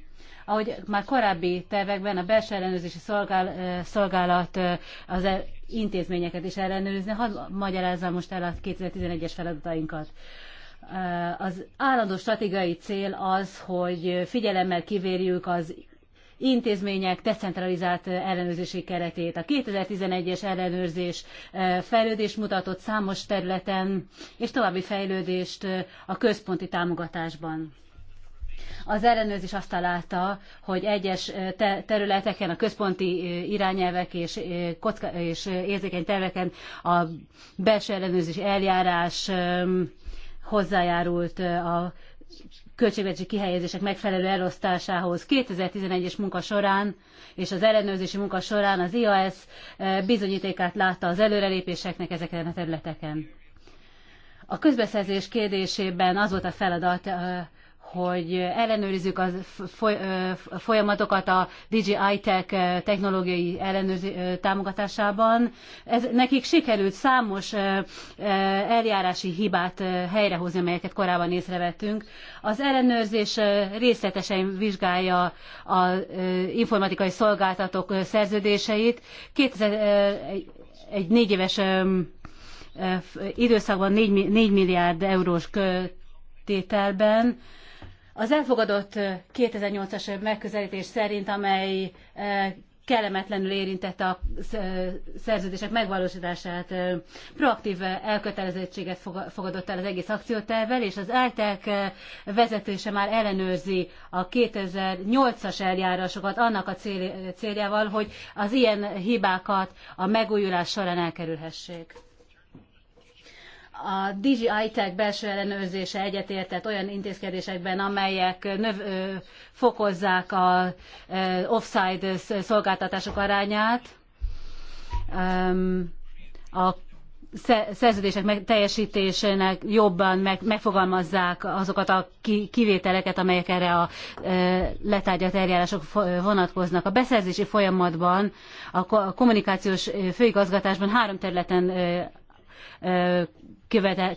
Ahogy már korábbi tervekben a belső ellenőrzési szolgál, szolgálat az e- intézményeket is ellenőrizni. Hadd magyarázzam most el a 2011-es feladatainkat. Az állandó stratégiai cél az, hogy figyelemmel kivérjük az intézmények decentralizált ellenőrzési keretét. A 2011-es ellenőrzés fejlődést mutatott számos területen, és további fejlődést a központi támogatásban. Az ellenőrzés azt találta, hogy egyes területeken, a központi irányelvek és, kocka, és érzékeny területeken a belső ellenőrzés eljárás hozzájárult a költségvetési kihelyezések megfelelő elosztásához 2011-es munka során és az ellenőrzési munka során az IAS bizonyítékát látta az előrelépéseknek ezeken a területeken. A közbeszerzés kérdésében az volt a feladat, hogy ellenőrizzük a folyamatokat a DJI Tech technológiai ellenőrző támogatásában. Ez, nekik sikerült számos eljárási hibát helyrehozni, amelyeket korábban észrevettünk. Az ellenőrzés részletesen vizsgálja az informatikai szolgáltatók szerződéseit. 2000, egy négy éves időszakban 4 milliárd eurós tételben az elfogadott 2008-as megközelítés szerint, amely kellemetlenül érintette a szerződések megvalósítását, proaktív elkötelezettséget fogadott el az egész akciótervvel, és az ITEC vezetése már ellenőrzi a 2008-as eljárásokat annak a céljával, hogy az ilyen hibákat a megújulás során elkerülhessék a DJI Tech belső ellenőrzése egyetértett olyan intézkedésekben, amelyek növ, ö, fokozzák az offside szolgáltatások arányát. a szerződések teljesítésének jobban meg, megfogalmazzák azokat a kivételeket, amelyek erre a letárgyalt eljárások vonatkoznak. A beszerzési folyamatban, a kommunikációs főigazgatásban három területen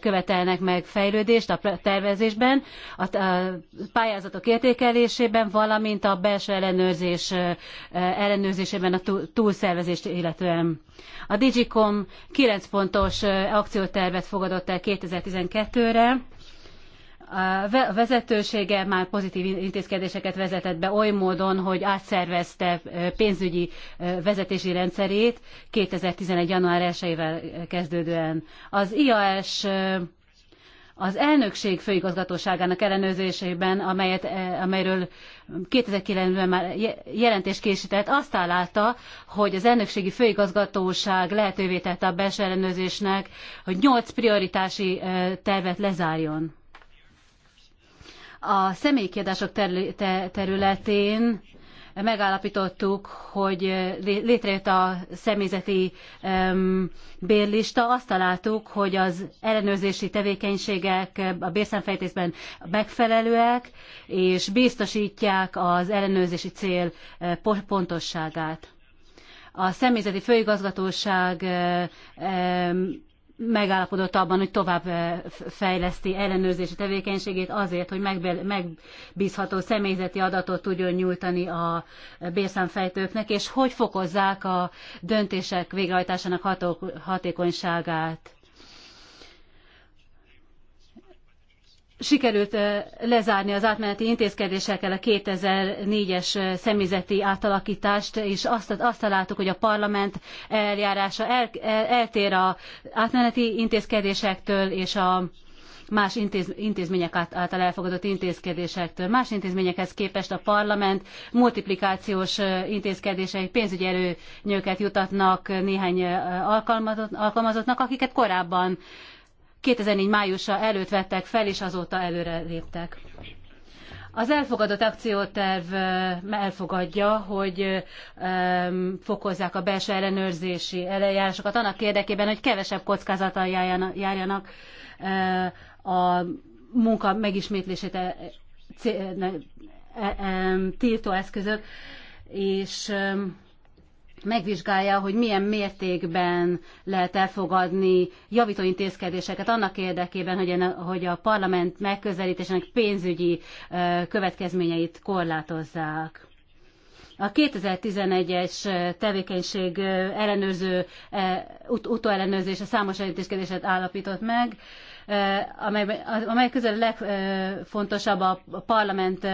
követelnek meg fejlődést a tervezésben, a pályázatok értékelésében, valamint a belső ellenőrzés ellenőrzésében a túlszervezést illetően. A Digicom 9 pontos akciótervet fogadott el 2012-re, a vezetősége már pozitív intézkedéseket vezetett be oly módon, hogy átszervezte pénzügyi vezetési rendszerét 2011. január 1-ével kezdődően. Az IAS az elnökség főigazgatóságának ellenőrzésében, amelyet, amelyről 2009-ben már jelentést készített, azt állálta, hogy az elnökségi főigazgatóság lehetővé tette a belső ellenőrzésnek, hogy 8 prioritási tervet lezárjon. A személyi területén megállapítottuk, hogy létrejött a személyzeti bérlista, azt találtuk, hogy az ellenőrzési tevékenységek a bérszámfejtésben megfelelőek, és biztosítják az ellenőrzési cél eh, pontosságát. A személyzeti főigazgatóság eh, megállapodott abban, hogy tovább fejleszti ellenőrzési tevékenységét azért, hogy megbízható személyzeti adatot tudjon nyújtani a bérszámfejtőknek, és hogy fokozzák a döntések végrehajtásának hatékonyságát sikerült lezárni az átmeneti intézkedésekkel a 2004-es személyzeti átalakítást, és azt, azt találtuk, hogy a parlament eljárása el, el, eltér a átmeneti intézkedésektől, és a más intéz, intézmények által elfogadott intézkedésektől. Más intézményekhez képest a parlament multiplikációs intézkedései pénzügyi előnyöket jutatnak néhány alkalmazottnak, akiket korábban 2004 májusa előtt vettek fel, és azóta előre léptek. Az elfogadott akcióterv elfogadja, hogy fokozzák a belső ellenőrzési eljárásokat annak érdekében, hogy kevesebb kockázattal járjanak a munka megismétlését e, e, tiltó eszközök, és megvizsgálja, hogy milyen mértékben lehet elfogadni javító intézkedéseket annak érdekében, hogy, enne, hogy a parlament megközelítésének pénzügyi következményeit korlátozzák. A 2011-es tevékenység ellenőrző, ut- utóellenőrzése számos intézkedéset állapított meg, amely, amely közül a legfontosabb a parlament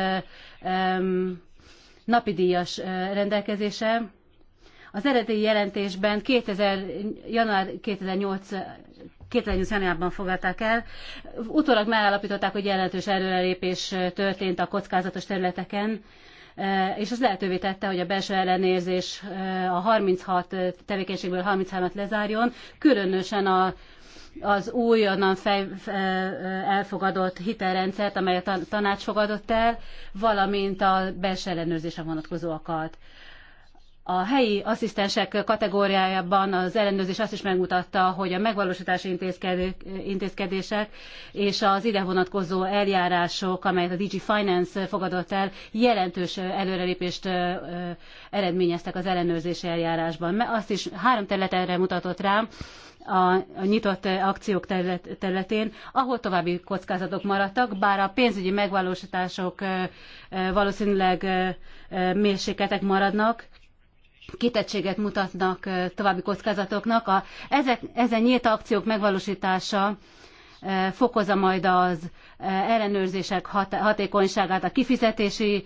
napidíjas rendelkezése, az eredeti jelentésben 2000, január 2008 2008 januárban fogadták el. Utólag megállapították, hogy jelentős előrelépés történt a kockázatos területeken, e, és az lehetővé tette, hogy a belső ellenérzés e, a 36 tevékenységből 33-at lezárjon, különösen a az újonnan fej, e, elfogadott hitelrendszert, amely a tanács fogadott el, valamint a belső ellenőrzésre vonatkozóakat. A helyi asszisztensek kategóriájában az ellenőrzés azt is megmutatta, hogy a megvalósítási intézkedések és az ide vonatkozó eljárások, amelyet a DG Finance fogadott el, jelentős előrelépést eredményeztek az ellenőrzési eljárásban. Azt is három területre mutatott rám, a nyitott akciók területén, ahol további kockázatok maradtak, bár a pénzügyi megvalósítások valószínűleg mérsékeltek maradnak, kitettséget mutatnak további kockázatoknak. A, ezek, ezen nyílt akciók megvalósítása fokozza majd az ellenőrzések hat, hatékonyságát a kifizetési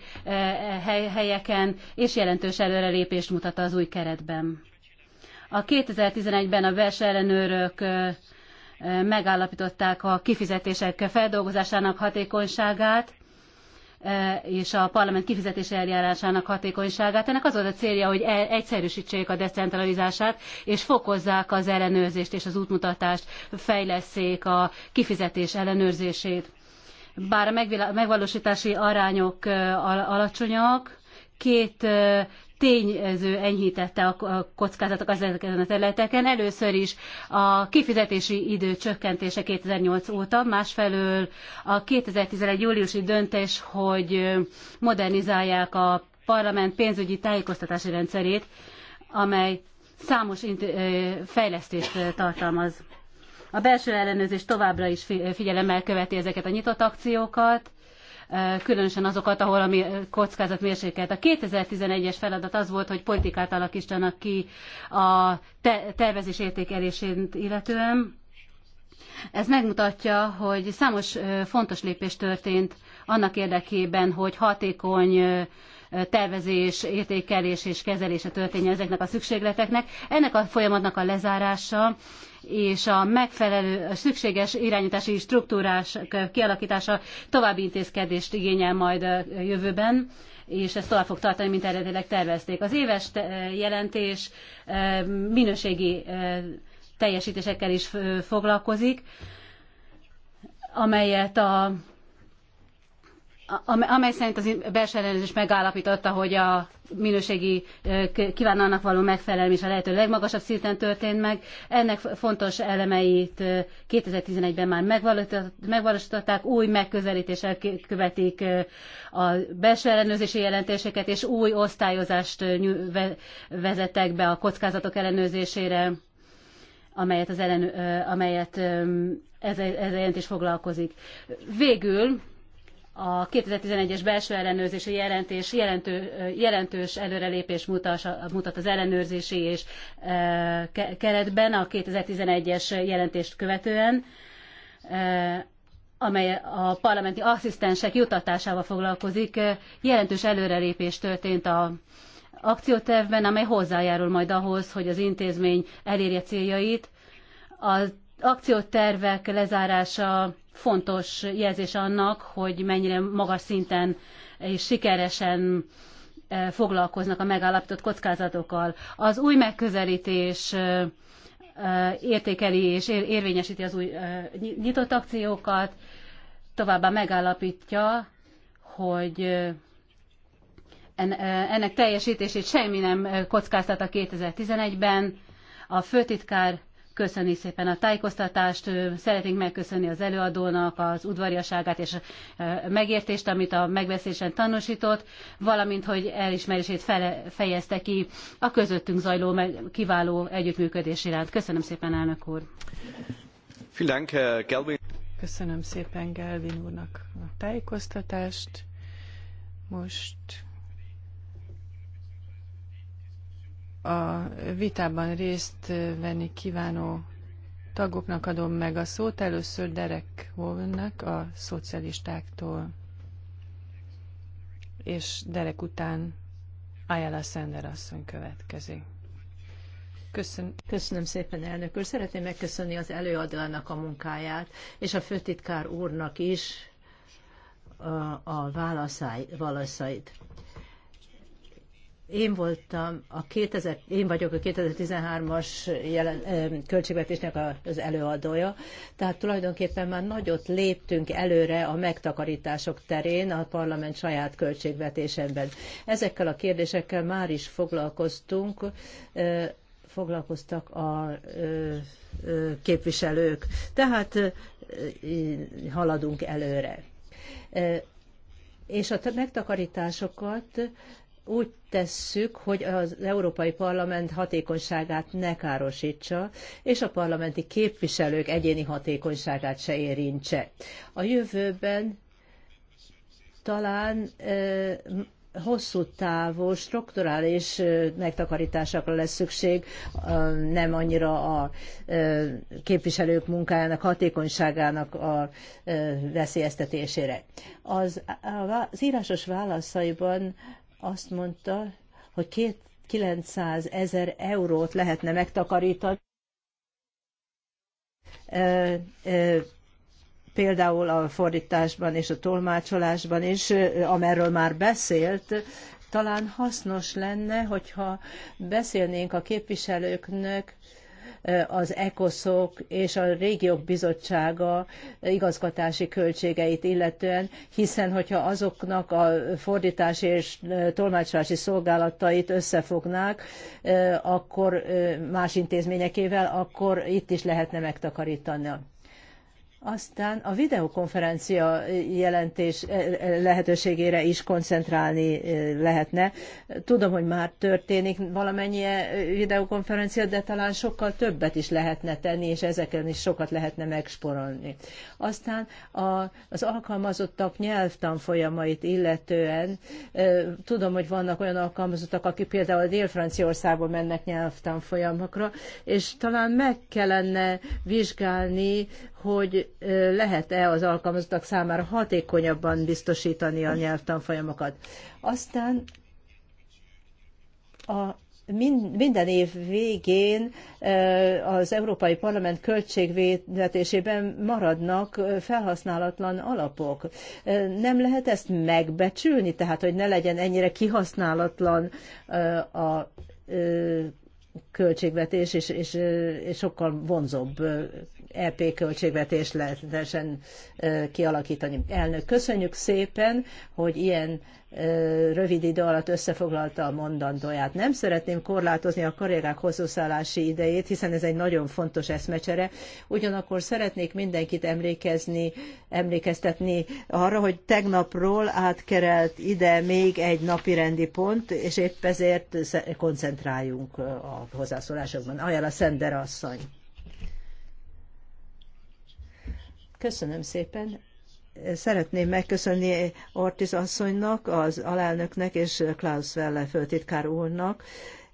hely, helyeken, és jelentős előrelépést mutat az új keretben. A 2011-ben a ellenőrök megállapították a kifizetések feldolgozásának hatékonyságát, E, és a parlament kifizetési eljárásának hatékonyságát. Ennek az volt a célja, hogy e, egyszerűsítsék a decentralizását, és fokozzák az ellenőrzést és az útmutatást, fejleszék a kifizetés ellenőrzését. Bár a megvalósítási arányok e, alacsonyak, két tényező enyhítette a kockázatok az ezeken a területeken. Először is a kifizetési idő csökkentése 2008 óta, másfelől a 2011 júliusi döntés, hogy modernizálják a parlament pénzügyi tájékoztatási rendszerét, amely számos fejlesztést tartalmaz. A belső ellenőrzés továbbra is figyelemmel követi ezeket a nyitott akciókat, különösen azokat, ahol a kockázat mérsékelt. A 2011-es feladat az volt, hogy politikát alakítsanak ki a tervezés értékelését illetően. Ez megmutatja, hogy számos fontos lépés történt annak érdekében, hogy hatékony tervezés, értékelés és kezelése történjen ezeknek a szükségleteknek. Ennek a folyamatnak a lezárása és a megfelelő, a szükséges irányítási struktúrás kialakítása további intézkedést igényel majd a jövőben és ezt tovább fog tartani, mint eredetileg tervezték. Az éves jelentés minőségi teljesítésekkel is foglalkozik, amelyet a amely szerint az belső ellenőrzés megállapította, hogy a minőségi kívánalnak való megfelelés a lehető legmagasabb szinten történt meg. Ennek fontos elemeit 2011-ben már megvalósították, új megközelítéssel követik a belső ellenőrzési jelentéseket, és új osztályozást vezettek be a kockázatok ellenőrzésére, amelyet, az ellen, amelyet ez, ez a jelentés foglalkozik. Végül a 2011-es belső ellenőrzési jelentés jelentő, jelentős előrelépés mutas, mutat az ellenőrzési és e, keretben a 2011-es jelentést követően, e, amely a parlamenti asszisztensek jutatásával foglalkozik. Jelentős előrelépés történt a akciótervben, amely hozzájárul majd ahhoz, hogy az intézmény elérje céljait. A akciótervek lezárása fontos jelzés annak, hogy mennyire magas szinten és sikeresen eh, foglalkoznak a megállapított kockázatokkal. Az új megközelítés eh, eh, értékeli és érvényesíti az új nyitott akciókat, továbbá megállapítja, hogy ennek teljesítését semmi nem kockáztat a 2011-ben. A főtitkár köszönni szépen a tájékoztatást, szeretnénk megköszönni az előadónak az udvariaságát és a megértést, amit a megbeszélésen tanúsított, valamint, hogy elismerését fele, fejezte ki a közöttünk zajló kiváló együttműködés iránt. Köszönöm szépen, elnök úr! Köszönöm szépen Gelvin úrnak a tájékoztatást. Most a vitában részt venni kívánó tagoknak adom meg a szót. Először Derek Wolvennek a szocialistáktól, és Derek után Ayala Sender asszony következik. Köszön... Köszönöm szépen, elnök úr. Szeretném megköszönni az előadónak a munkáját, és a főtitkár úrnak is a, a válaszai, válaszait. Én voltam a 2000, én vagyok a 2013-as jelen, költségvetésnek az előadója, tehát tulajdonképpen már nagyot léptünk előre a megtakarítások terén a parlament saját költségvetésemben. Ezekkel a kérdésekkel már is foglalkoztunk, foglalkoztak a képviselők, tehát haladunk előre. És a megtakarításokat úgy tesszük, hogy az Európai Parlament hatékonyságát ne károsítsa, és a parlamenti képviselők egyéni hatékonyságát se érintse. A jövőben talán hosszú távú, strukturális megtakarításokra lesz szükség, nem annyira a képviselők munkájának, hatékonyságának a veszélyeztetésére. Az, az írásos válaszaiban azt mondta, hogy 900 ezer eurót lehetne megtakarítani. Például a fordításban és a tolmácsolásban is, amerről már beszélt, talán hasznos lenne, hogyha beszélnénk a képviselőknek az ECOSZOK és a régiók bizottsága igazgatási költségeit illetően, hiszen hogyha azoknak a fordítási és tolmácsolási szolgálatait összefognák, akkor más intézményekével, akkor itt is lehetne megtakarítani. Aztán a videokonferencia jelentés eh, eh, lehetőségére is koncentrálni eh, lehetne. Tudom, hogy már történik valamennyi videokonferencia, de talán sokkal többet is lehetne tenni, és ezeken is sokat lehetne megsporolni. Aztán a, az alkalmazottak nyelvtanfolyamait illetően tudom, hogy vannak olyan alkalmazottak, akik például a Dél-Franciaországba mennek nyelvtanfolyamokra, és talán meg kellene vizsgálni, hogy lehet-e az alkalmazottak számára hatékonyabban biztosítani a nyelvtanfolyamokat. Aztán a minden év végén az Európai Parlament költségvetésében maradnak felhasználatlan alapok. Nem lehet ezt megbecsülni, tehát hogy ne legyen ennyire kihasználatlan a költségvetés, és, és, és sokkal vonzóbb EP költségvetés lehetesen kialakítani. Elnök, köszönjük szépen, hogy ilyen rövid idő alatt összefoglalta a mondandóját. Nem szeretném korlátozni a karrierák hozzászállási idejét, hiszen ez egy nagyon fontos eszmecsere. Ugyanakkor szeretnék mindenkit emlékezni, emlékeztetni arra, hogy tegnapról átkerelt ide még egy napi rendi pont, és épp ezért koncentráljunk a hozzászólásokban. Ajánl a Szender asszony. Köszönöm szépen. Szeretném megköszönni Ortiz asszonynak, az alelnöknek és Klaus Welle főtitkár úrnak,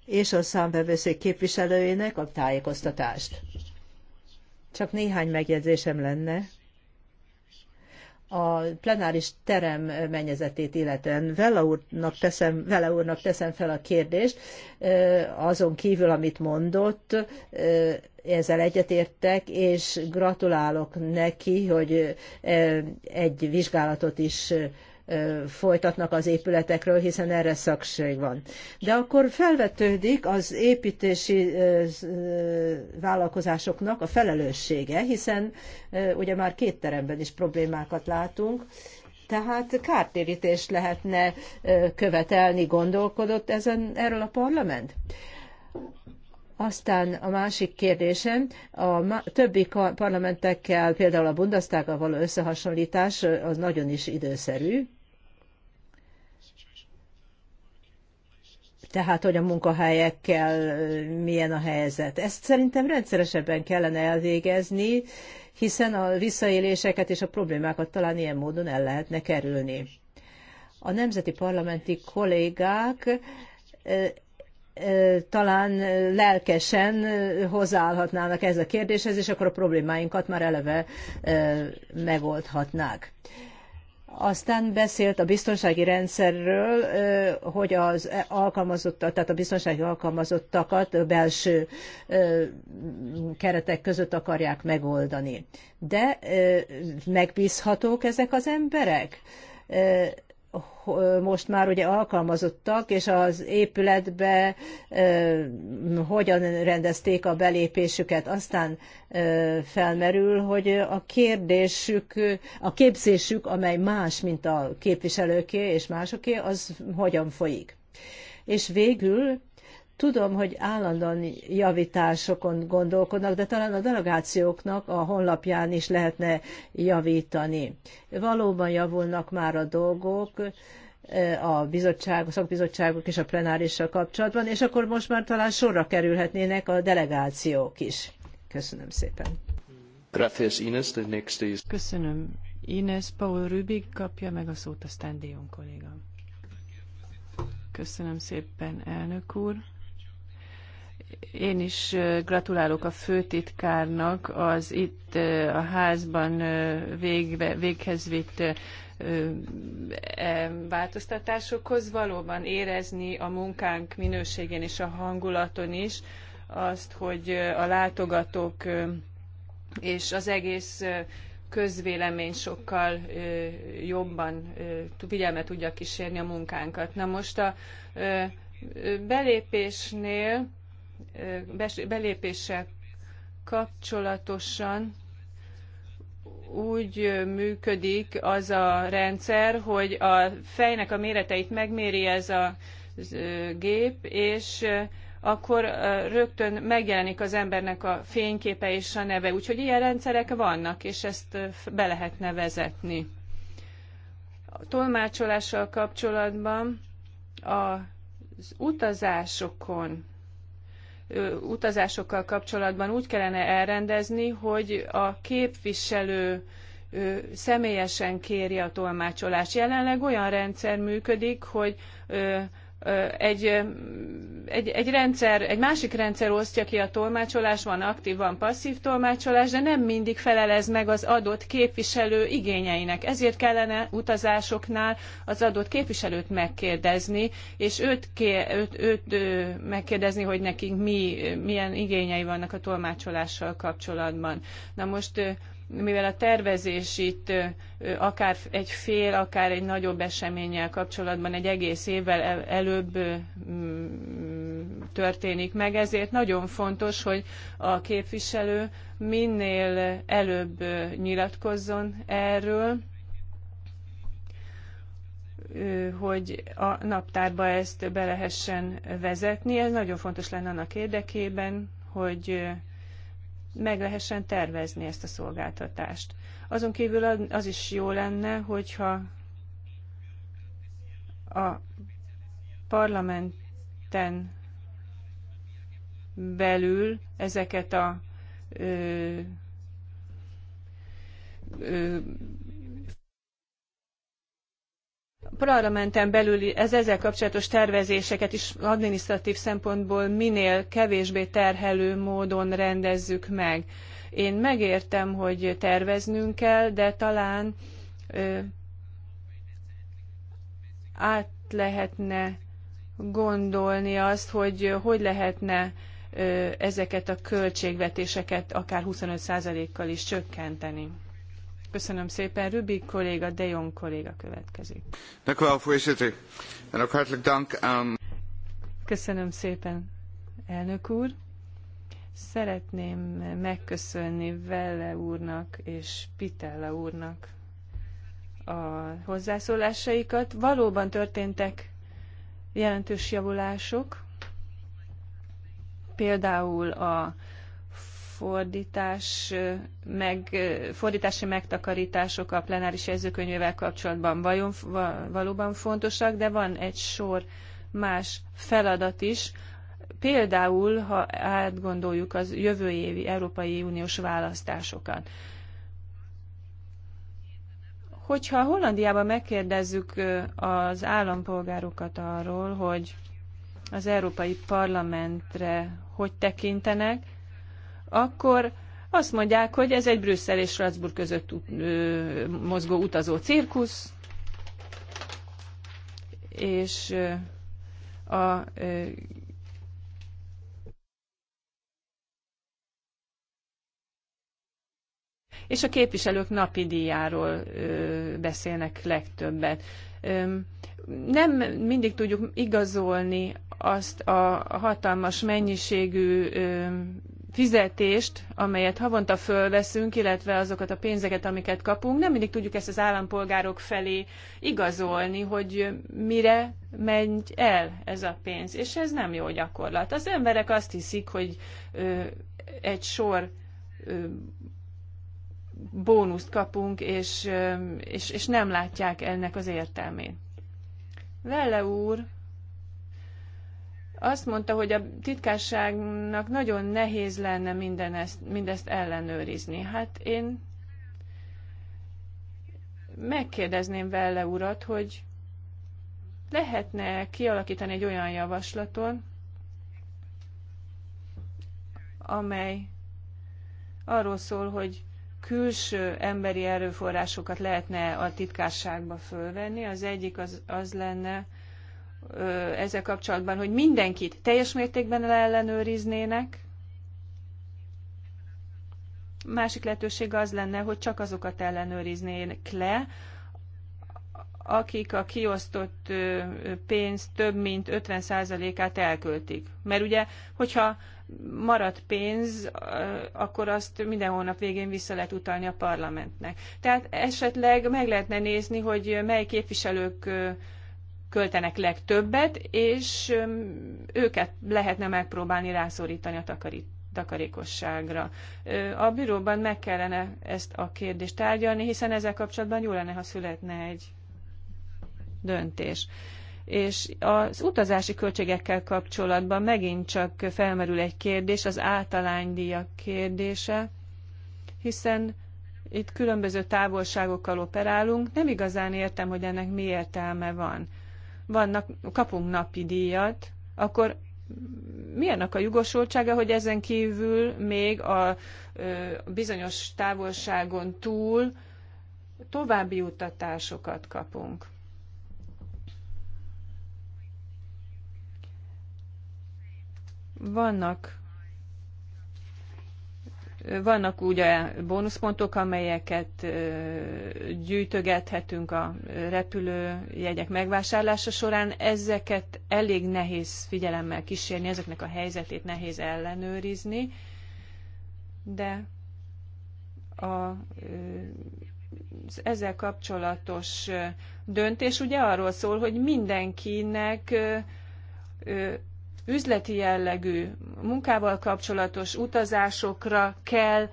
és a számbevőszék képviselőjének a tájékoztatást. Csak néhány megjegyzésem lenne a plenáris terem mennyezetét illetően. Vele úrnak teszem, vele úrnak teszem fel a kérdést, azon kívül, amit mondott, ezzel egyetértek, és gratulálok neki, hogy egy vizsgálatot is folytatnak az épületekről, hiszen erre szakség van. De akkor felvetődik az építési vállalkozásoknak a felelőssége, hiszen ugye már két teremben is problémákat látunk, tehát kártérítést lehetne követelni, gondolkodott ezen erről a parlament? Aztán a másik kérdésem, a többi parlamentekkel, például a Bundestaggal való összehasonlítás, az nagyon is időszerű. Tehát, hogy a munkahelyekkel milyen a helyzet. Ezt szerintem rendszeresebben kellene elvégezni, hiszen a visszaéléseket és a problémákat talán ilyen módon el lehetne kerülni. A nemzeti parlamenti kollégák talán lelkesen hozzáállhatnának ez a kérdéshez, és akkor a problémáinkat már eleve megoldhatnák. Aztán beszélt a biztonsági rendszerről, hogy az alkalmazottak, tehát a biztonsági alkalmazottakat belső keretek között akarják megoldani. De megbízhatók ezek az emberek? most már ugye alkalmazottak, és az épületbe hogyan rendezték a belépésüket. Aztán felmerül, hogy a kérdésük, a képzésük, amely más, mint a képviselőké és másoké, az hogyan folyik. És végül Tudom, hogy állandóan javításokon gondolkodnak, de talán a delegációknak a honlapján is lehetne javítani. Valóban javulnak már a dolgok, e, a bizottságok, a szakbizottságok és a plenárissal kapcsolatban, és akkor most már talán sorra kerülhetnének a delegációk is. Köszönöm szépen. Köszönöm. Ines Paul Rübig kapja meg a szót, a Dion kolléga. Köszönöm szépen, elnök úr. Én is gratulálok a főtitkárnak az itt a házban végbe, véghez vitt e, változtatásokhoz. Valóban érezni a munkánk minőségén és a hangulaton is azt, hogy a látogatók és az egész közvélemény sokkal jobban figyelme tudja kísérni a munkánkat. Na most a belépésnél belépéssel kapcsolatosan úgy működik az a rendszer, hogy a fejnek a méreteit megméri ez a gép, és akkor rögtön megjelenik az embernek a fényképe és a neve. Úgyhogy ilyen rendszerek vannak, és ezt be lehetne vezetni. A tolmácsolással kapcsolatban az utazásokon utazásokkal kapcsolatban úgy kellene elrendezni, hogy a képviselő személyesen kéri a tolmácsolást. Jelenleg olyan rendszer működik, hogy egy, egy, egy rendszer, egy másik rendszer osztja ki a tolmácsolás, van aktív, van passzív tolmácsolás, de nem mindig felelez meg az adott képviselő igényeinek. Ezért kellene utazásoknál az adott képviselőt megkérdezni, és őt, ké, őt, őt megkérdezni, hogy nekik mi, milyen igényei vannak a tolmácsolással kapcsolatban. Na most mivel a tervezés itt akár egy fél, akár egy nagyobb eseménnyel kapcsolatban egy egész évvel előbb mm, történik meg, ezért nagyon fontos, hogy a képviselő minél előbb nyilatkozzon erről, hogy a naptárba ezt be lehessen vezetni. Ez nagyon fontos lenne annak érdekében, hogy meg lehessen tervezni ezt a szolgáltatást. Azon kívül az is jó lenne, hogyha a parlamenten belül ezeket a ö, ö, parlamenten belüli ez ezzel kapcsolatos tervezéseket is adminisztratív szempontból minél kevésbé terhelő módon rendezzük meg. Én megértem, hogy terveznünk kell, de talán ö, át lehetne gondolni azt, hogy hogy lehetne ö, ezeket a költségvetéseket akár 25%-kal is csökkenteni. Köszönöm szépen. Rübi kolléga, De Jong kolléga következik. Köszönöm szépen, elnök úr. Szeretném megköszönni Velle úrnak és Pitella úrnak a hozzászólásaikat. Valóban történtek jelentős javulások, például a fordítás, meg, fordítási megtakarítások a plenáris jegyzőkönyvével kapcsolatban vajon, valóban fontosak, de van egy sor más feladat is. Például, ha átgondoljuk az jövő évi Európai Uniós választásokat. Hogyha Hollandiában megkérdezzük az állampolgárokat arról, hogy az Európai Parlamentre hogy tekintenek, akkor azt mondják, hogy ez egy Brüsszel és Strasbourg között mozgó utazó cirkusz, és a és a képviselők napi díjáról beszélnek legtöbbet. nem mindig tudjuk igazolni azt a hatalmas mennyiségű fizetést, amelyet havonta fölveszünk, illetve azokat a pénzeket, amiket kapunk, nem mindig tudjuk ezt az állampolgárok felé igazolni, hogy mire megy el ez a pénz. És ez nem jó gyakorlat. Az emberek azt hiszik, hogy ö, egy sor ö, bónuszt kapunk, és, ö, és, és nem látják ennek az értelmét. Velle úr azt mondta, hogy a titkárságnak nagyon nehéz lenne minden ezt, mindezt ellenőrizni. Hát én megkérdezném vele urat, hogy lehetne kialakítani egy olyan javaslaton, amely arról szól, hogy külső emberi erőforrásokat lehetne a titkárságba fölvenni. Az egyik az, az lenne, ezzel kapcsolatban, hogy mindenkit teljes mértékben leellenőriznének. Másik lehetőség az lenne, hogy csak azokat ellenőriznének le, akik a kiosztott pénz több mint 50%-át elköltik. Mert ugye, hogyha marad pénz, akkor azt minden hónap végén vissza lehet utalni a parlamentnek. Tehát esetleg meg lehetne nézni, hogy mely képviselők költenek legtöbbet, és őket lehetne megpróbálni rászorítani a takarít, takarékosságra. A bíróban meg kellene ezt a kérdést tárgyalni, hiszen ezzel kapcsolatban jó lenne, ha születne egy döntés. És az utazási költségekkel kapcsolatban megint csak felmerül egy kérdés, az általánydíjak kérdése, hiszen itt különböző távolságokkal operálunk, nem igazán értem, hogy ennek mi értelme van vannak, kapunk napi díjat, akkor milyennek a jogosultsága, hogy ezen kívül még a bizonyos távolságon túl további utatásokat kapunk? Vannak vannak ugye bónuszpontok, amelyeket gyűjtögethetünk a repülőjegyek megvásárlása során. Ezeket elég nehéz figyelemmel kísérni, ezeknek a helyzetét nehéz ellenőrizni, de a, az ezzel kapcsolatos döntés ugye arról szól, hogy mindenkinek üzleti jellegű munkával kapcsolatos utazásokra kell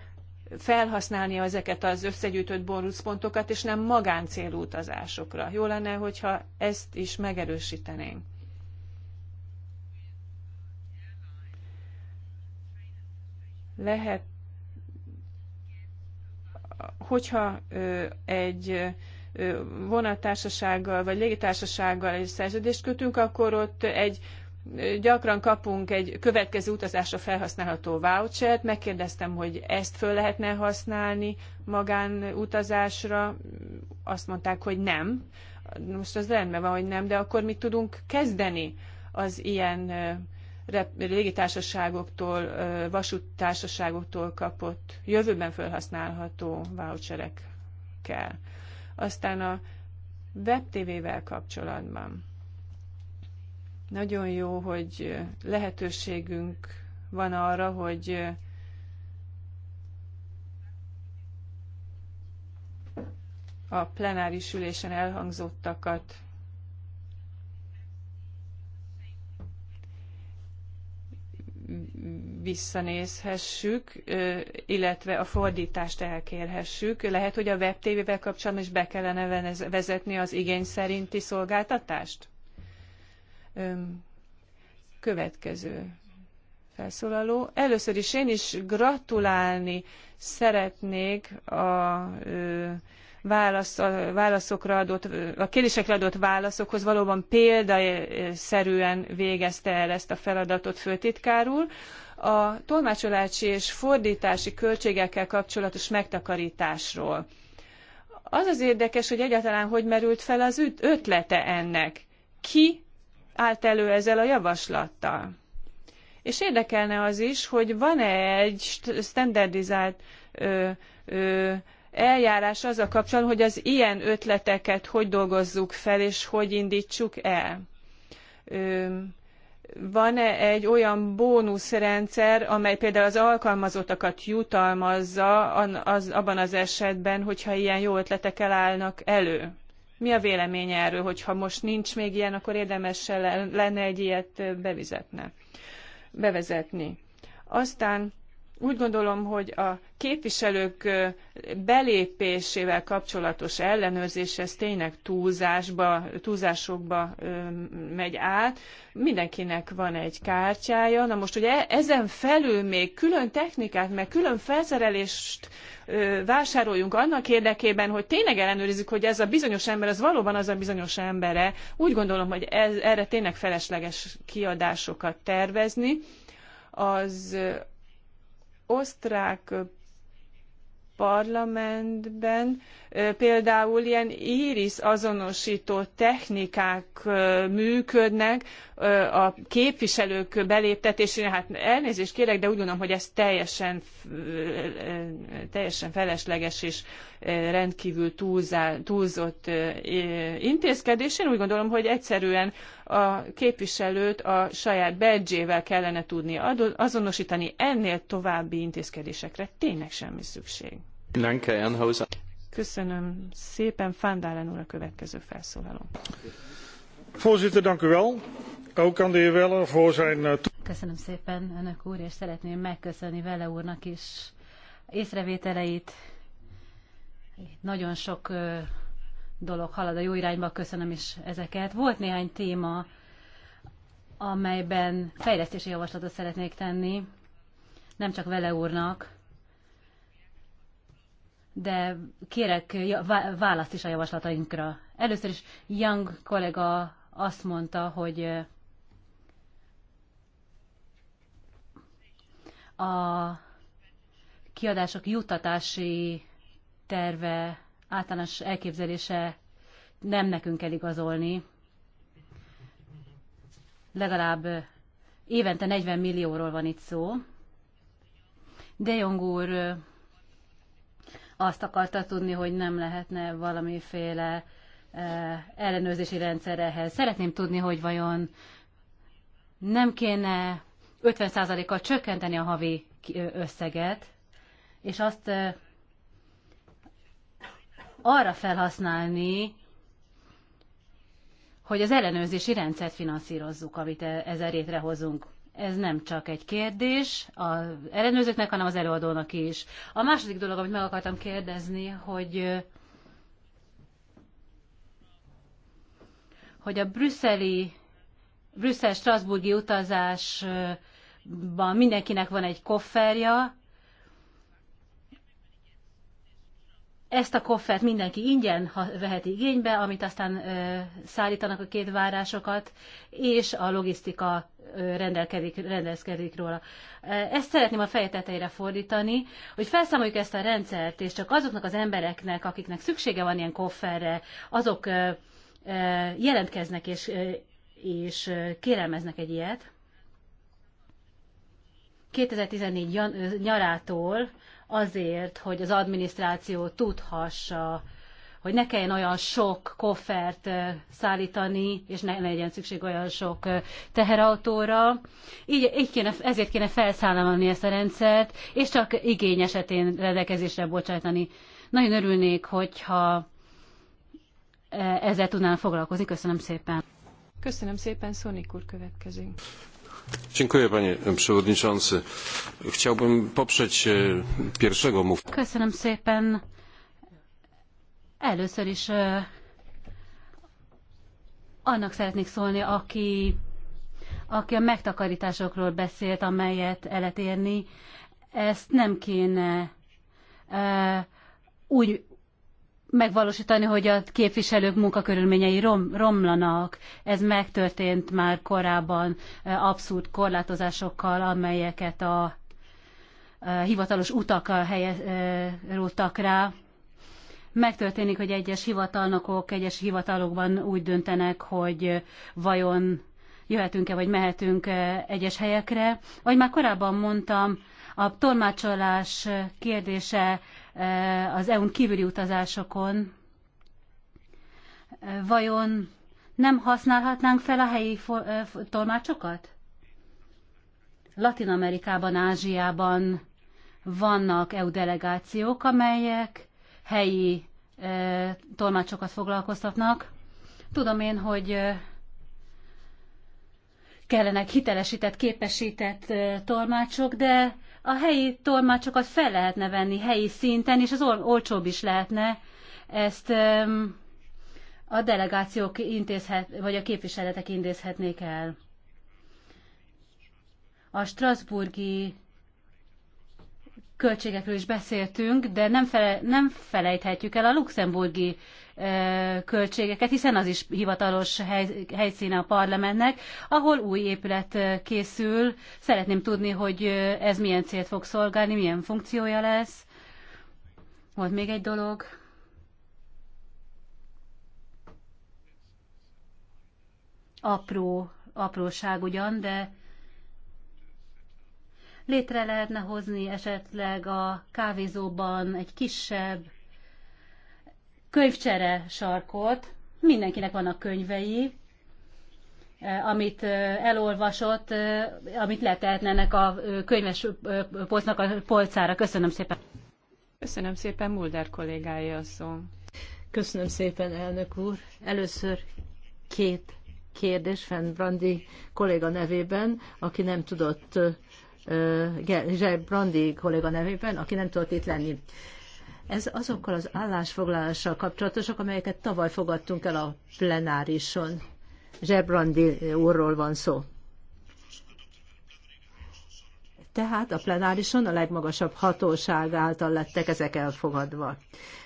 felhasználni ezeket az összegyűjtött bónuszpontokat, és nem magáncélú utazásokra. Jó lenne, hogyha ezt is megerősítenénk. Lehet, hogyha egy vonattársasággal vagy légitársasággal egy szerződést kötünk, akkor ott egy gyakran kapunk egy következő utazásra felhasználható vouchert, megkérdeztem, hogy ezt föl lehetne használni magánutazásra, azt mondták, hogy nem. Most az rendben van, hogy nem, de akkor mit tudunk kezdeni az ilyen légitársaságoktól, vasúttársaságoktól kapott, jövőben felhasználható voucherekkel. Aztán a webtv-vel kapcsolatban nagyon jó, hogy lehetőségünk van arra, hogy a plenáris ülésen elhangzottakat visszanézhessük, illetve a fordítást elkérhessük. Lehet, hogy a webtévével kapcsolatban is be kellene vezetni az igény szerinti szolgáltatást? Következő felszólaló. Először is én is gratulálni szeretnék a válasz, a válaszokra adott, a kérdésekre adott válaszokhoz valóban példaszerűen végezte el ezt a feladatot főtitkár úr. A tolmácsolási és fordítási költségekkel kapcsolatos megtakarításról. Az az érdekes, hogy egyáltalán hogy merült fel az ötlete ennek. Ki állt elő ezzel a javaslattal. És érdekelne az is, hogy van-e egy standardizált ö, ö, eljárás a kapcsolatban, hogy az ilyen ötleteket hogy dolgozzuk fel, és hogy indítsuk el. Ö, van-e egy olyan bónuszrendszer, amely például az alkalmazottakat jutalmazza az, abban az esetben, hogyha ilyen jó ötletek állnak elő? Mi a véleménye erről, hogyha most nincs még ilyen, akkor érdemes lenne egy ilyet bevezetni. Aztán úgy gondolom, hogy a képviselők belépésével kapcsolatos ellenőrzés ez tényleg túlzásba, túlzásokba megy át. Mindenkinek van egy kártyája. Na most ugye ezen felül még külön technikát, meg külön felszerelést vásároljunk annak érdekében, hogy tényleg ellenőrizzük, hogy ez a bizonyos ember, ez valóban az a bizonyos embere. Úgy gondolom, hogy ez, erre tényleg felesleges kiadásokat tervezni. Az osztrák parlamentben például ilyen íris azonosító technikák működnek a képviselők beléptetésére. Hát elnézést kérek, de úgy gondolom, hogy ez teljesen, teljesen felesleges és rendkívül túlzott intézkedés. Én úgy gondolom, hogy egyszerűen a képviselőt a saját bedzsével kellene tudni azonosítani. Ennél további intézkedésekre tényleg semmi szükség. Köszönöm szépen. Fándálen úr a következő felszólaló. Voorzitter, dank u wel. Ook aan de heer Weller voor zijn... Eh, Köszönöm szépen, önök úr, és szeretném megköszönni Vele úrnak is észrevételeit, nagyon sok dolog halad a jó irányba, köszönöm is ezeket. Volt néhány téma, amelyben fejlesztési javaslatot szeretnék tenni, nem csak vele úrnak, de kérek választ is a javaslatainkra. Először is Young kollega azt mondta, hogy a kiadások juttatási terve, általános elképzelése nem nekünk kell igazolni. Legalább évente 40 millióról van itt szó. De Jong úr azt akarta tudni, hogy nem lehetne valamiféle ellenőrzési rendszer ehhez. Szeretném tudni, hogy vajon nem kéne 50%-kal csökkenteni a havi összeget, és azt arra felhasználni, hogy az ellenőrzési rendszert finanszírozzuk, amit e- ezzel létrehozunk. Ez nem csak egy kérdés az ellenőrzőknek, hanem az előadónak is. A második dolog, amit meg akartam kérdezni, hogy hogy a brüsszeli, brüsszel-strasburgi utazásban mindenkinek van egy kofferja, Ezt a koffert mindenki ingyen veheti igénybe, amit aztán ö, szállítanak a két várásokat, és a logisztika rendelkezik róla. Ezt szeretném a fejeteteire fordítani, hogy felszámoljuk ezt a rendszert, és csak azoknak az embereknek, akiknek szüksége van ilyen kofferre, azok ö, ö, jelentkeznek és, ö, és kérelmeznek egy ilyet. 2014 nyarától azért, hogy az adminisztráció tudhassa, hogy ne kelljen olyan sok koffert szállítani, és ne legyen szükség olyan sok teherautóra. Így, így kéne, ezért kéne felszállalni ezt a rendszert, és csak igény esetén rendelkezésre bocsátani. Nagyon örülnék, hogyha ezzel tudnának foglalkozni. Köszönöm szépen. Köszönöm szépen, Szónik úr következik. Dziękuję panie przewodniczący. Chciałbym poprzeć e, pierwszego mówcę. Köszönöm szépen. Először is e, annak szeretnék szólni, aki, aki a megtakarításokról beszélt, amelyet el Ezt nem kéne e, úgy megvalósítani, hogy a képviselők munkakörülményei rom, romlanak. Ez megtörtént már korábban eh, abszurd korlátozásokkal, amelyeket a, a eh, hivatalos utak eh, helyeztek rá. Megtörténik, hogy egyes hivatalnokok egyes hivatalokban úgy döntenek, hogy vajon jöhetünk-e vagy mehetünk egyes helyekre. Vagy már korábban mondtam, a tolmácsolás kérdése Eh, az EU-n kívüli utazásokon. Eh, vajon nem használhatnánk fel a helyi eh, tolmácsokat? Latin Amerikában, Ázsiában vannak EU delegációk, amelyek helyi tolmácsokat foglalkoztatnak. Tudom én, hogy kellenek hitelesített, képesített tolmácsok, de a helyi tolmácsokat fel lehetne venni helyi szinten, és az olcsóbb is lehetne. Ezt a delegációk intézhet, vagy a képviseletek intézhetnék el. A Strasburgi költségekről is beszéltünk, de nem, fele, nem felejthetjük el a luxemburgi költségeket, hiszen az is hivatalos hely, helyszíne a parlamentnek, ahol új épület készül. Szeretném tudni, hogy ez milyen célt fog szolgálni, milyen funkciója lesz. Volt még egy dolog. Apró, apróság ugyan, de létre lehetne hozni esetleg a kávézóban egy kisebb könyvcsere sarkot, mindenkinek vannak könyvei, eh, amit eh, elolvasott, eh, amit ennek a könyves polcnak a polcára. Köszönöm szépen. Köszönöm szépen, Mulder kollégája a szó. Köszönöm szépen, elnök úr. Először két kérdés Brandi kolléga nevében, aki nem tudott Zsely Brandi kolléga nevében, aki nem tudott itt lenni. Ez azokkal az állásfoglalással kapcsolatosak, amelyeket tavaly fogadtunk el a plenárison. Zsebrandi úrról van szó. Tehát a plenárison a legmagasabb hatóság által lettek ezek elfogadva.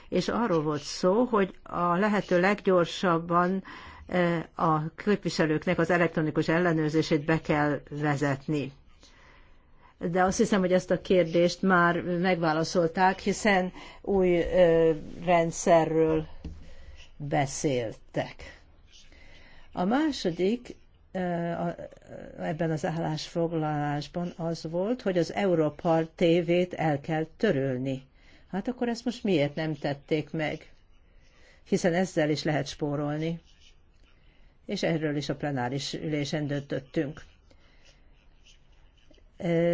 És arról volt szó, hogy a lehető leggyorsabban eh, a képviselőknek az elektronikus ellenőrzését be kell vezetni de azt hiszem, hogy ezt a kérdést már megválaszolták, hiszen új rendszerről beszéltek. A második ebben az állásfoglalásban az volt, hogy az Európar tévét el kell törölni. Hát akkor ezt most miért nem tették meg? Hiszen ezzel is lehet spórolni. És erről is a plenáris ülésen döntöttünk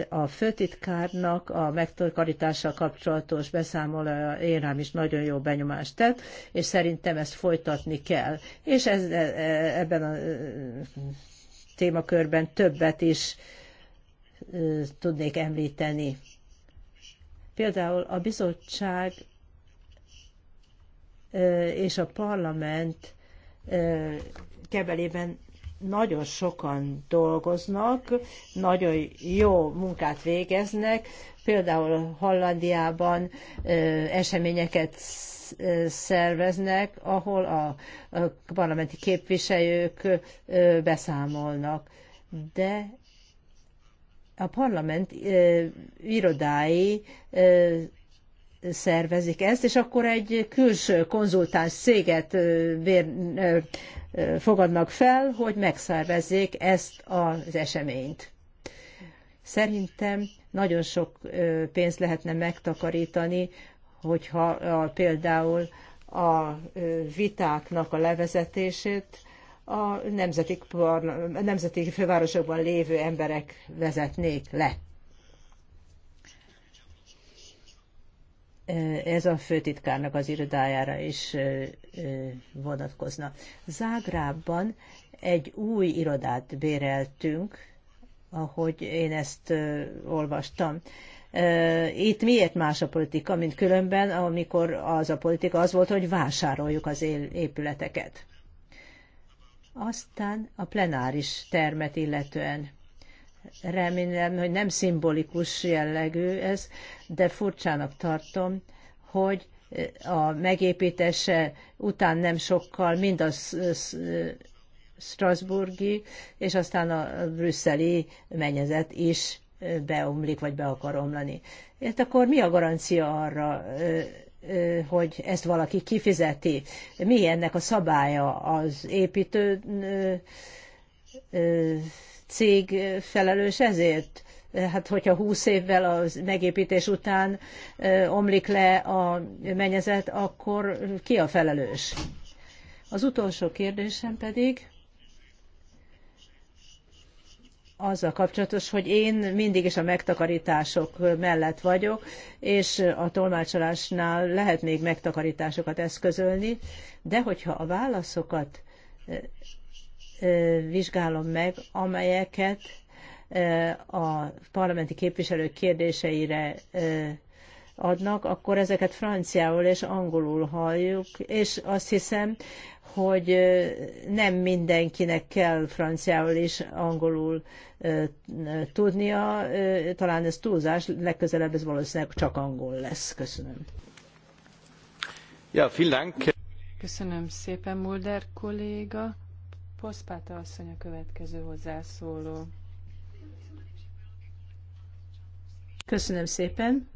a főtitkárnak a megtakarítással kapcsolatos beszámolója én rám is nagyon jó benyomást tett, és szerintem ezt folytatni kell. És ez, e, e, ebben a témakörben többet is tudnék említeni. Például a bizottság és a parlament kebelében nagyon sokan dolgoznak, nagyon jó munkát végeznek, például Hollandiában eseményeket szerveznek, ahol a parlamenti képviselők beszámolnak. De a parlament irodái szervezik ezt, és akkor egy külső konzultáns széget fogadnak fel, hogy megszervezzék ezt az eseményt. Szerintem nagyon sok pénzt lehetne megtakarítani, hogyha a, például a vitáknak a levezetését a nemzeti, nemzeti fővárosokban lévő emberek vezetnék le. ez a főtitkárnak az irodájára is vonatkozna. Zágrában egy új irodát béreltünk, ahogy én ezt olvastam. Itt miért más a politika, mint különben, amikor az a politika az volt, hogy vásároljuk az épületeket. Aztán a plenáris termet illetően remélem, hogy nem szimbolikus jellegű ez, de furcsának tartom, hogy a megépítése után nem sokkal mind a Strasburgi és aztán a brüsszeli mennyezet is beomlik, vagy be akar omlani. Hát akkor mi a garancia arra, hogy ezt valaki kifizeti? Mi ennek a szabálya az építő cég felelős ezért? Hát hogyha 20 évvel a megépítés után omlik le a menyezet, akkor ki a felelős? Az utolsó kérdésem pedig azzal kapcsolatos, hogy én mindig is a megtakarítások mellett vagyok, és a tolmácsolásnál lehet még megtakarításokat eszközölni, de hogyha a válaszokat vizsgálom meg, amelyeket a parlamenti képviselők kérdéseire adnak, akkor ezeket franciául és angolul halljuk, és azt hiszem, hogy nem mindenkinek kell franciául és angolul tudnia, talán ez túlzás, legközelebb ez valószínűleg csak angol lesz. Köszönöm. Ja, vielen Dank. Köszönöm szépen, Mulder kolléga. Poszpáta asszony a következő hozzászóló. Köszönöm szépen.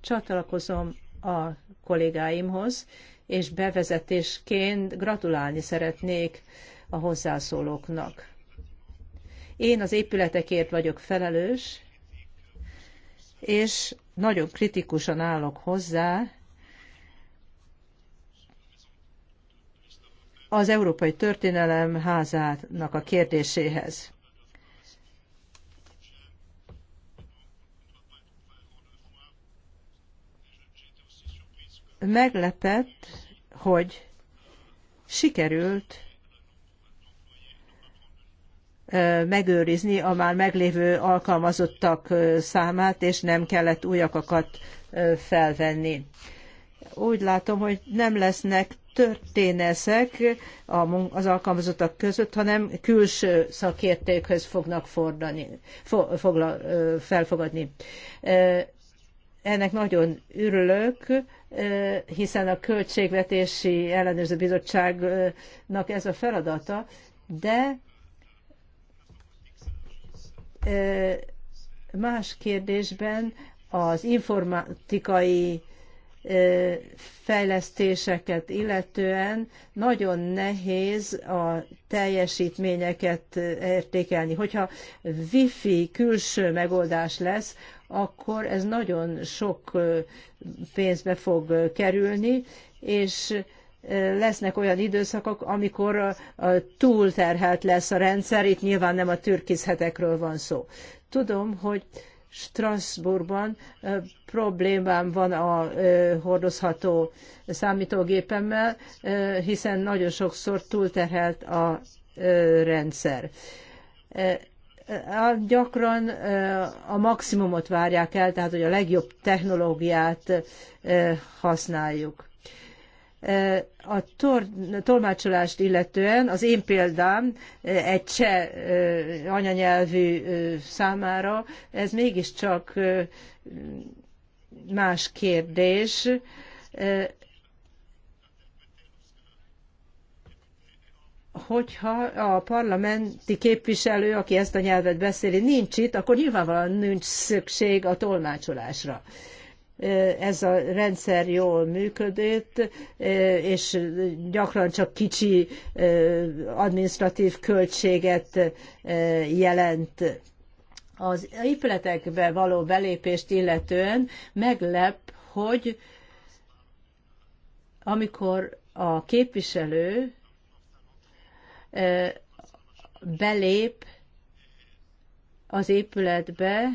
Csatlakozom a kollégáimhoz, és bevezetésként gratulálni szeretnék a hozzászólóknak. Én az épületekért vagyok felelős, és nagyon kritikusan állok hozzá az Európai Történelem házának a kérdéséhez. Meglepett, hogy sikerült megőrizni a már meglévő alkalmazottak számát, és nem kellett újakakat felvenni. Úgy látom, hogy nem lesznek történeszek az alkalmazottak között, hanem külső szakértékhez fognak fordani, fogla, felfogadni. Ennek nagyon örülök, hiszen a Költségvetési Ellenőrző Bizottságnak ez a feladata, de más kérdésben az informatikai fejlesztéseket illetően nagyon nehéz a teljesítményeket értékelni. Hogyha wifi külső megoldás lesz, akkor ez nagyon sok pénzbe fog kerülni, és lesznek olyan időszakok, amikor túlterhelt lesz a rendszer, itt nyilván nem a türkizhetekről van szó. Tudom, hogy Strasbourgban problémám van a hordozható számítógépemmel, hiszen nagyon sokszor túlterhelt a rendszer. Gyakran a maximumot várják el, tehát hogy a legjobb technológiát használjuk. A tolmácsolást illetően az én példám eh, egy cseh eh, anyanyelvű eh, számára, ez mégiscsak más kérdés. hogyha a parlamenti képviselő, aki ezt a nyelvet beszéli, nincs itt, akkor nyilvánvalóan nincs szükség a tolmácsolásra ez a rendszer jól működött, és gyakran csak kicsi administratív költséget jelent. Az épületekbe való belépést illetően meglep, hogy amikor a képviselő belép az épületbe,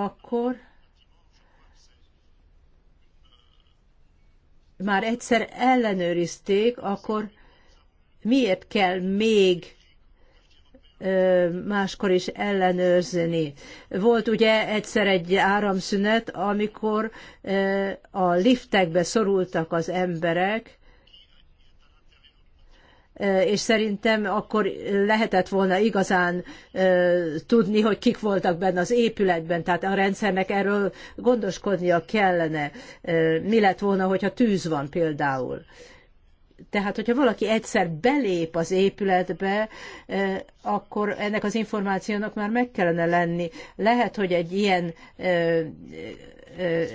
akkor már egyszer ellenőrizték, akkor miért kell még máskor is ellenőrzni. Volt ugye egyszer egy áramszünet, amikor a liftekbe szorultak az emberek, Eh, és szerintem akkor eh, lehetett volna igazán eh, tudni, hogy kik voltak benne az épületben, tehát a rendszernek erről gondoskodnia kellene. Mi lett volna, hogyha tűz van például? Tehát, hogyha valaki egyszer belép az épületbe, akkor ennek az információnak már meg kellene lenni. Lehet, hogy egy ilyen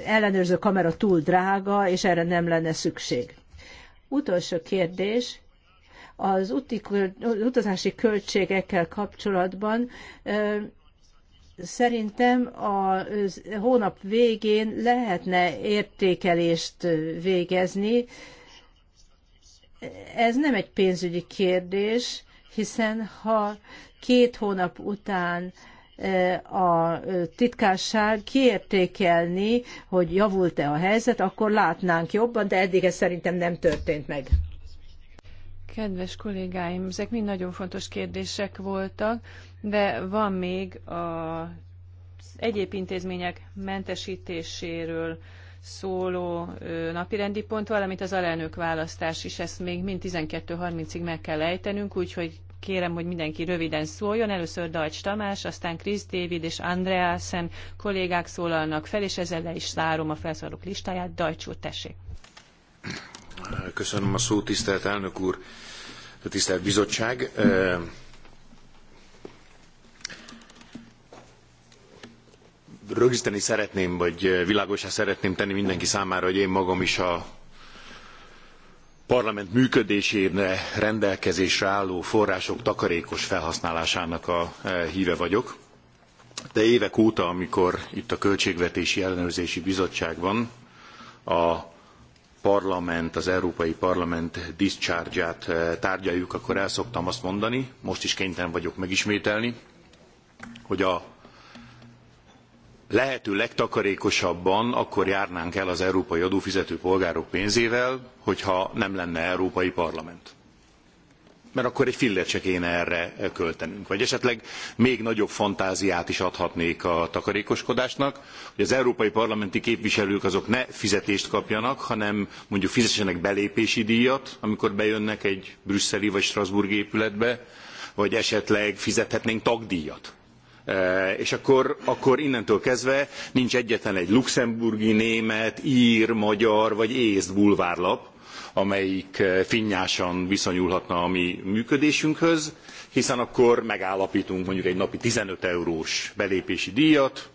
ellenőrző kamera túl drága, és erre nem lenne szükség. Utolsó kérdés az uti, utazási költségekkel kapcsolatban szerintem a hónap végén lehetne értékelést végezni. Ez nem egy pénzügyi kérdés, hiszen ha két hónap után a titkárság kiértékelni, hogy javult-e a helyzet, akkor látnánk jobban, de eddig ez szerintem nem történt meg. Kedves kollégáim, ezek mind nagyon fontos kérdések voltak, de van még az egyéb intézmények mentesítéséről szóló napirendi pont, valamint az alelnök választás is, ezt még mind 12.30-ig meg kell ejtenünk, úgyhogy kérem, hogy mindenki röviden szóljon. Először Dajcs Tamás, aztán Krisz David és Andreasen kollégák szólalnak fel, és ezzel le is zárom a felszólalók listáját. Dajcs tessék! Köszönöm a szót, tisztelt elnök úr, tisztelt bizottság. Rögzíteni szeretném, vagy világosá szeretném tenni mindenki számára, hogy én magam is a parlament működésére rendelkezésre álló források takarékos felhasználásának a e, híve vagyok. De évek óta, amikor itt a Költségvetési Ellenőrzési Bizottságban a parlament, az Európai Parlament discharge-át eh, tárgyaljuk, akkor el szoktam azt mondani, most is kénytelen vagyok megismételni, hogy a lehető legtakarékosabban akkor járnánk el az európai adófizető polgárok pénzével, hogyha nem lenne Európai Parlament mert akkor egy fillet se kéne erre eh, költenünk. Vagy esetleg még nagyobb fantáziát is adhatnék a takarékoskodásnak, hogy az európai parlamenti képviselők azok ne fizetést kapjanak, hanem mondjuk fizessenek belépési díjat, amikor bejönnek egy brüsszeli vagy strasburgi épületbe, vagy esetleg fizethetnénk tagdíjat. Eh, és akkor, akkor innentől kezdve nincs egyetlen egy luxemburgi, német, ír, magyar vagy észt bulvárlap, amelyik eh, finnyásan viszonyulhatna a mi működésünkhöz, hiszen akkor megállapítunk mondjuk egy napi 15 eurós belépési díjat,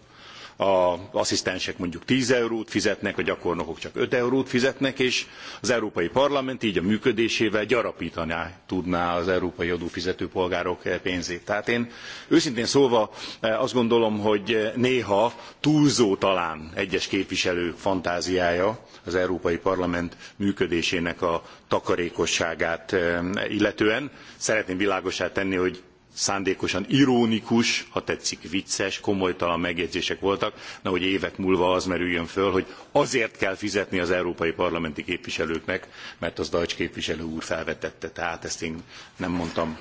az asszisztensek mondjuk ten eurót fizetnek a gyakornokok csak five eurót fizetnek és az európai parlament gy a működésével gyaraptaná tudná az európai adófizető polgárok pénzét. tehát én őszintén szólva eh, azt gondolom hogy néha túlzó talán egyes képviselők fantáziája az európai parlament működésének a takarékosságát eh, illetően. szeretném világossá tenni hogy szándékosan ironikus, ha tetszik vicces, komolytalan megjegyzések voltak, na hogy évek múlva az merüljön föl, hogy azért kell fizetni az európai parlamenti képviselőknek, mert az Deutsch képviselő úr felvetette, tehát ezt én nem mondtam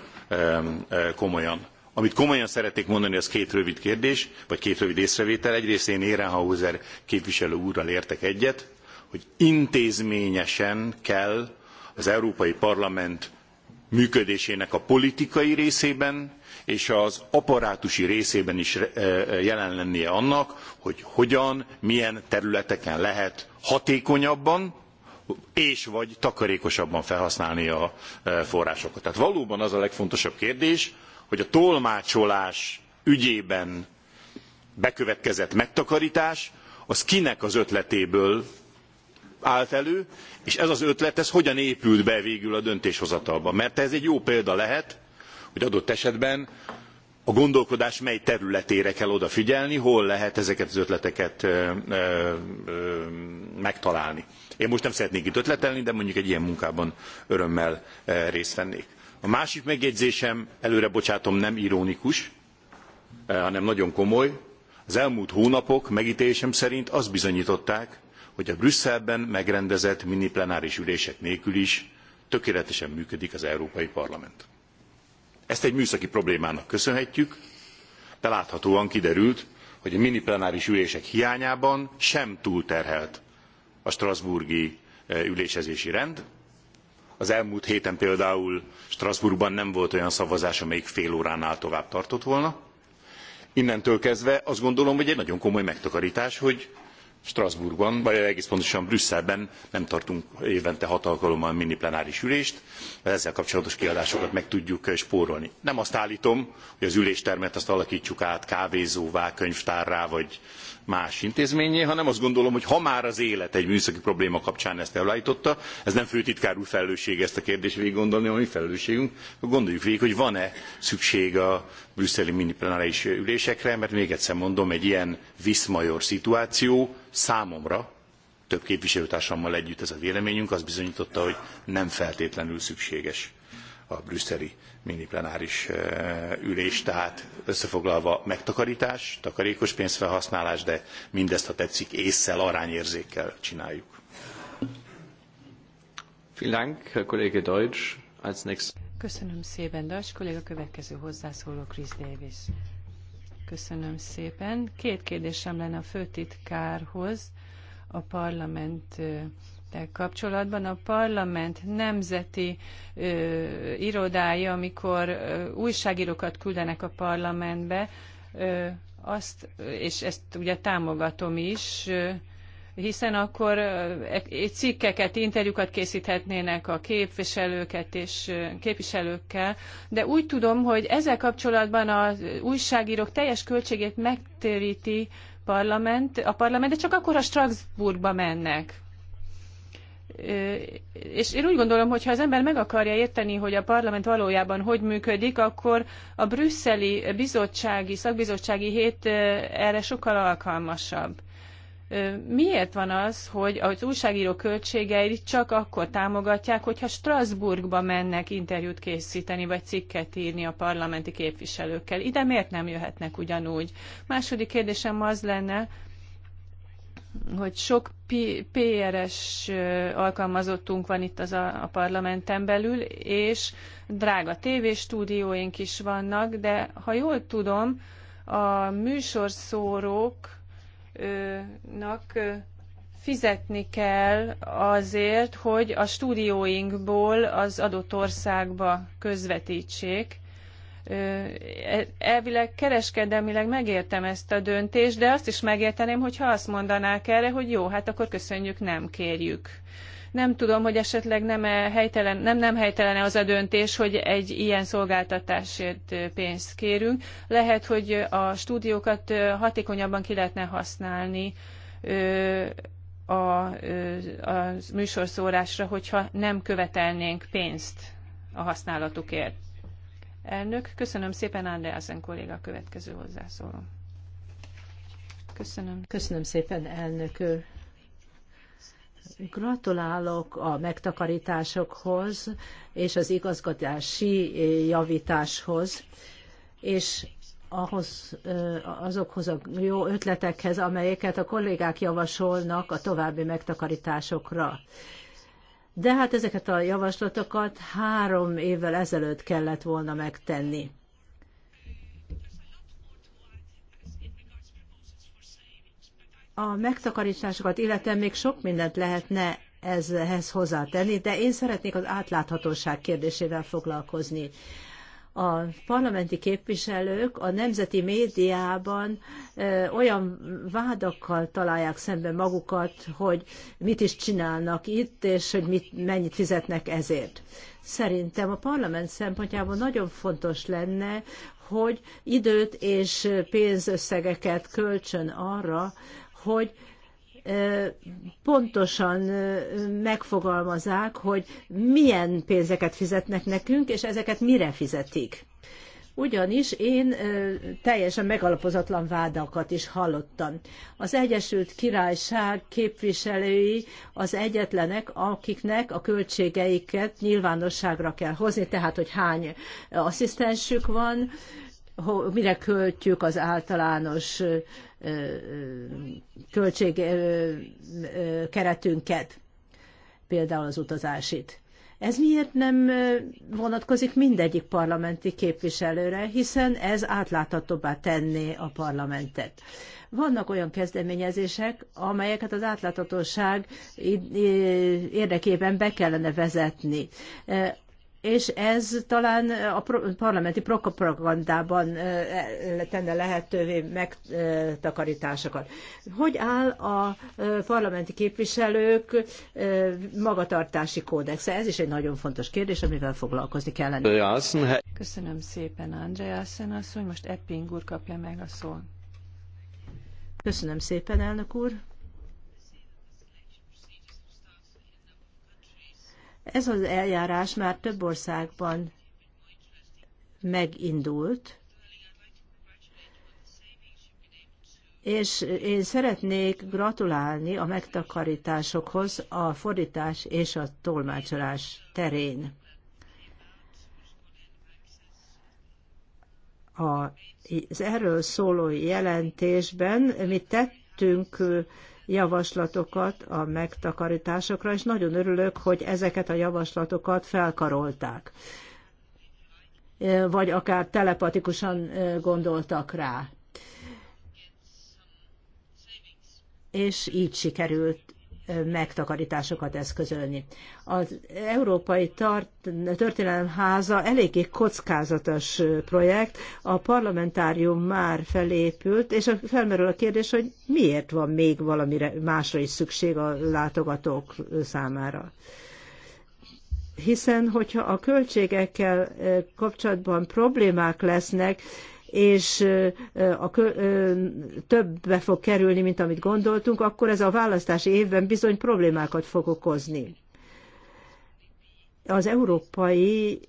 komolyan. Amit komolyan szeretnék mondani, az két rövid kérdés, vagy két rövid észrevétel. Egyrészt én Ehrenhauser képviselő úrral értek egyet, hogy intézményesen kell az Európai Parlament működésének a politikai részében és az apparátusi részében is eh, eh, jelen lennie annak, hogy hogyan, milyen területeken lehet hatékonyabban és vagy takarékosabban felhasználni a eh, forrásokat. Tehát valóban az a legfontosabb kérdés, hogy a tolmácsolás ügyében bekövetkezett megtakarítás, az kinek az ötletéből állt elő, és ez az ötlet, ez hogyan épült be végül a döntéshozatalba. Mert ez egy jó példa lehet, hogy adott esetben a gondolkodás mely területére kell odafigyelni, hol lehet ezeket az ötleteket ö, ö, ö, megtalálni. Én most nem szeretnék itt ötletelni, de mondjuk egy ilyen munkában örömmel részt vennék. A másik megjegyzésem, előre bocsátom, nem ironikus, hanem nagyon komoly. Az elmúlt hónapok megítélésem szerint azt bizonyították, hogy a Brüsszelben megrendezett mini plenáris ülések nélkül is tökéletesen működik az Európai Parlament. Ezt egy műszaki problémának köszönhetjük, de láthatóan kiderült, hogy a mini plenáris ülések hiányában sem túlterhelt a strasbourgi e, ülésezési rend. Az elmúlt héten például Strasbourgban nem volt olyan szavazás, amelyik fél óránál tovább tartott volna. Innentől kezdve azt gondolom, hogy egy nagyon komoly megtakarítás, hogy Strasbourgban, vagy egész pontosan Brüsszelben nem tartunk évente hat alkalommal mini plenáris ülést, mert ezzel kapcsolatos kiadásokat meg tudjuk eh, spórolni. Nem azt állítom, hogy az üléstermet azt alakítsuk át kávézóvá, könyvtárrá, vagy más intézményé, hanem azt gondolom, hogy ha már az élet egy műszaki probléma kapcsán ezt elállította, ez nem főtitkár úr felelőssége ezt a kérdést végig gondolni, ami mi felelősségünk, akkor gondoljuk végig, hogy van-e szükség a brüsszeli miniplanális ülésekre, mert még egyszer mondom, egy ilyen viszmajor szituáció számomra, több képviselőtársammal együtt ez a véleményünk, azt bizonyította, hogy nem feltétlenül szükséges a brüsszeli mini plenáris ülés, tehát összefoglalva megtakarítás, takarékos pénzfelhasználás, de mindezt, ha tetszik, észszel, arányérzékkel csináljuk. Vielen Dank, Kollege Deutsch. Als nächstes. Köszönöm szépen, Deutsch kolléga. Következő hozzászóló Chris Davis. Köszönöm szépen. Két kérdésem lenne a főtitkárhoz. A parlament ezzel kapcsolatban. A parlament nemzeti ö, irodája, amikor ö, újságírókat küldenek a parlamentbe, ö, azt, és ezt ugye támogatom is, ö, hiszen akkor cikkeket, interjúkat készíthetnének a képviselőket és képviselőkkel, de úgy tudom, hogy ezzel kapcsolatban az újságírók teljes költségét megtéríti parlament, a parlament, de csak akkor a Strasbourgba mennek és én úgy gondolom, hogy ha az ember meg akarja érteni, hogy a parlament valójában hogy működik, akkor a brüsszeli bizottsági, szakbizottsági hét erre sokkal alkalmasabb. Miért van az, hogy az újságíró költségeit csak akkor támogatják, hogyha Strasbourgba mennek interjút készíteni, vagy cikket írni a parlamenti képviselőkkel? Ide miért nem jöhetnek ugyanúgy? Második kérdésem az lenne, hogy sok PRS alkalmazottunk van itt az a, a parlamenten belül, és drága tévéstúdióink is vannak, de ha jól tudom, a műsorszóróknak fizetni kell azért, hogy a stúdióinkból az adott országba közvetítsék E, elvileg kereskedelmileg megértem ezt a döntést, de azt is megérteném, hogyha azt mondanák erre, hogy jó, hát akkor köszönjük, nem kérjük. Nem tudom, hogy esetleg nem -e helytelen, nem, nem helytelene az a döntés, hogy egy ilyen szolgáltatásért pénzt kérünk. Lehet, hogy a stúdiókat hatékonyabban ki lehetne használni a, a, a műsorszórásra, hogyha nem követelnénk pénzt a használatukért. Elnök, köszönöm szépen, Andreasen kolléga a következő hozzászóló. Köszönöm. Köszönöm szépen, elnök Gratulálok a megtakarításokhoz és az igazgatási javításhoz, és ahhoz, azokhoz a jó ötletekhez, amelyeket a kollégák javasolnak a további megtakarításokra de hát ezeket a javaslatokat három évvel ezelőtt kellett volna megtenni. A megtakarításokat illetően még sok mindent lehetne ezhez hozzátenni, de én szeretnék az átláthatóság kérdésével foglalkozni a parlamenti képviselők a nemzeti médiában olyan vádakkal találják szemben magukat, hogy mit is csinálnak itt, és hogy mit, mennyit fizetnek ezért. Szerintem a parlament szempontjából nagyon fontos lenne, hogy időt és pénzösszegeket kölcsön arra, hogy pontosan megfogalmazák, hogy milyen pénzeket fizetnek nekünk, és ezeket mire fizetik. Ugyanis én teljesen megalapozatlan vádakat is hallottam. Az Egyesült Királyság képviselői az egyetlenek, akiknek a költségeiket nyilvánosságra kell hozni, tehát hogy hány asszisztensük van, mire költjük az általános költségkeretünket, például az utazásit. Ez miért nem vonatkozik mindegyik parlamenti képviselőre, hiszen ez átláthatóbbá tenné a parlamentet. Vannak olyan kezdeményezések, amelyeket az átláthatóság érdekében be kellene vezetni és ez talán a parlamenti propagandában e, tenne lehetővé megtakarításokat. Hogy áll a parlamenti képviselők magatartási kódexe? Ez is egy nagyon fontos kérdés, amivel foglalkozni kellene. Köszönöm szépen, Andreasen asszony. Most Epping úr kapja meg a szót. Köszönöm szépen, elnök úr. Ez az eljárás már több országban megindult, és én szeretnék gratulálni a megtakarításokhoz a fordítás és a tolmácsolás terén. Az erről szóló jelentésben mi tettünk javaslatokat a megtakarításokra, és nagyon örülök, hogy ezeket a javaslatokat felkarolták vagy akár telepatikusan gondoltak rá. És így sikerült megtakarításokat eszközölni. Az Európai Történelemháza eléggé kockázatos projekt, a parlamentárium már felépült, és felmerül a kérdés, hogy miért van még valamire másra is szükség a látogatók számára hiszen hogyha a költségekkel eh, kapcsolatban problémák lesznek, és a többbe fog kerülni, mint amit gondoltunk, akkor ez a választási évben bizony problémákat fog okozni. Az európai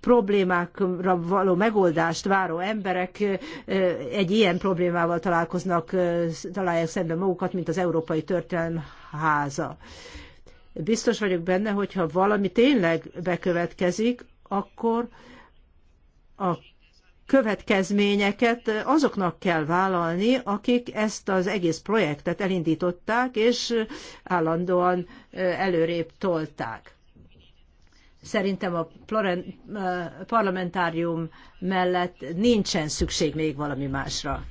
problémákra való megoldást váró emberek egy ilyen problémával találkoznak, találják szemben magukat, mint az Európai Történelem háza. Biztos vagyok benne, hogyha valami tényleg bekövetkezik, akkor a következményeket azoknak kell vállalni, akik ezt az egész projektet elindították, és állandóan előrébb tolták. Szerintem a parlamentárium mellett nincsen szükség még valami másra.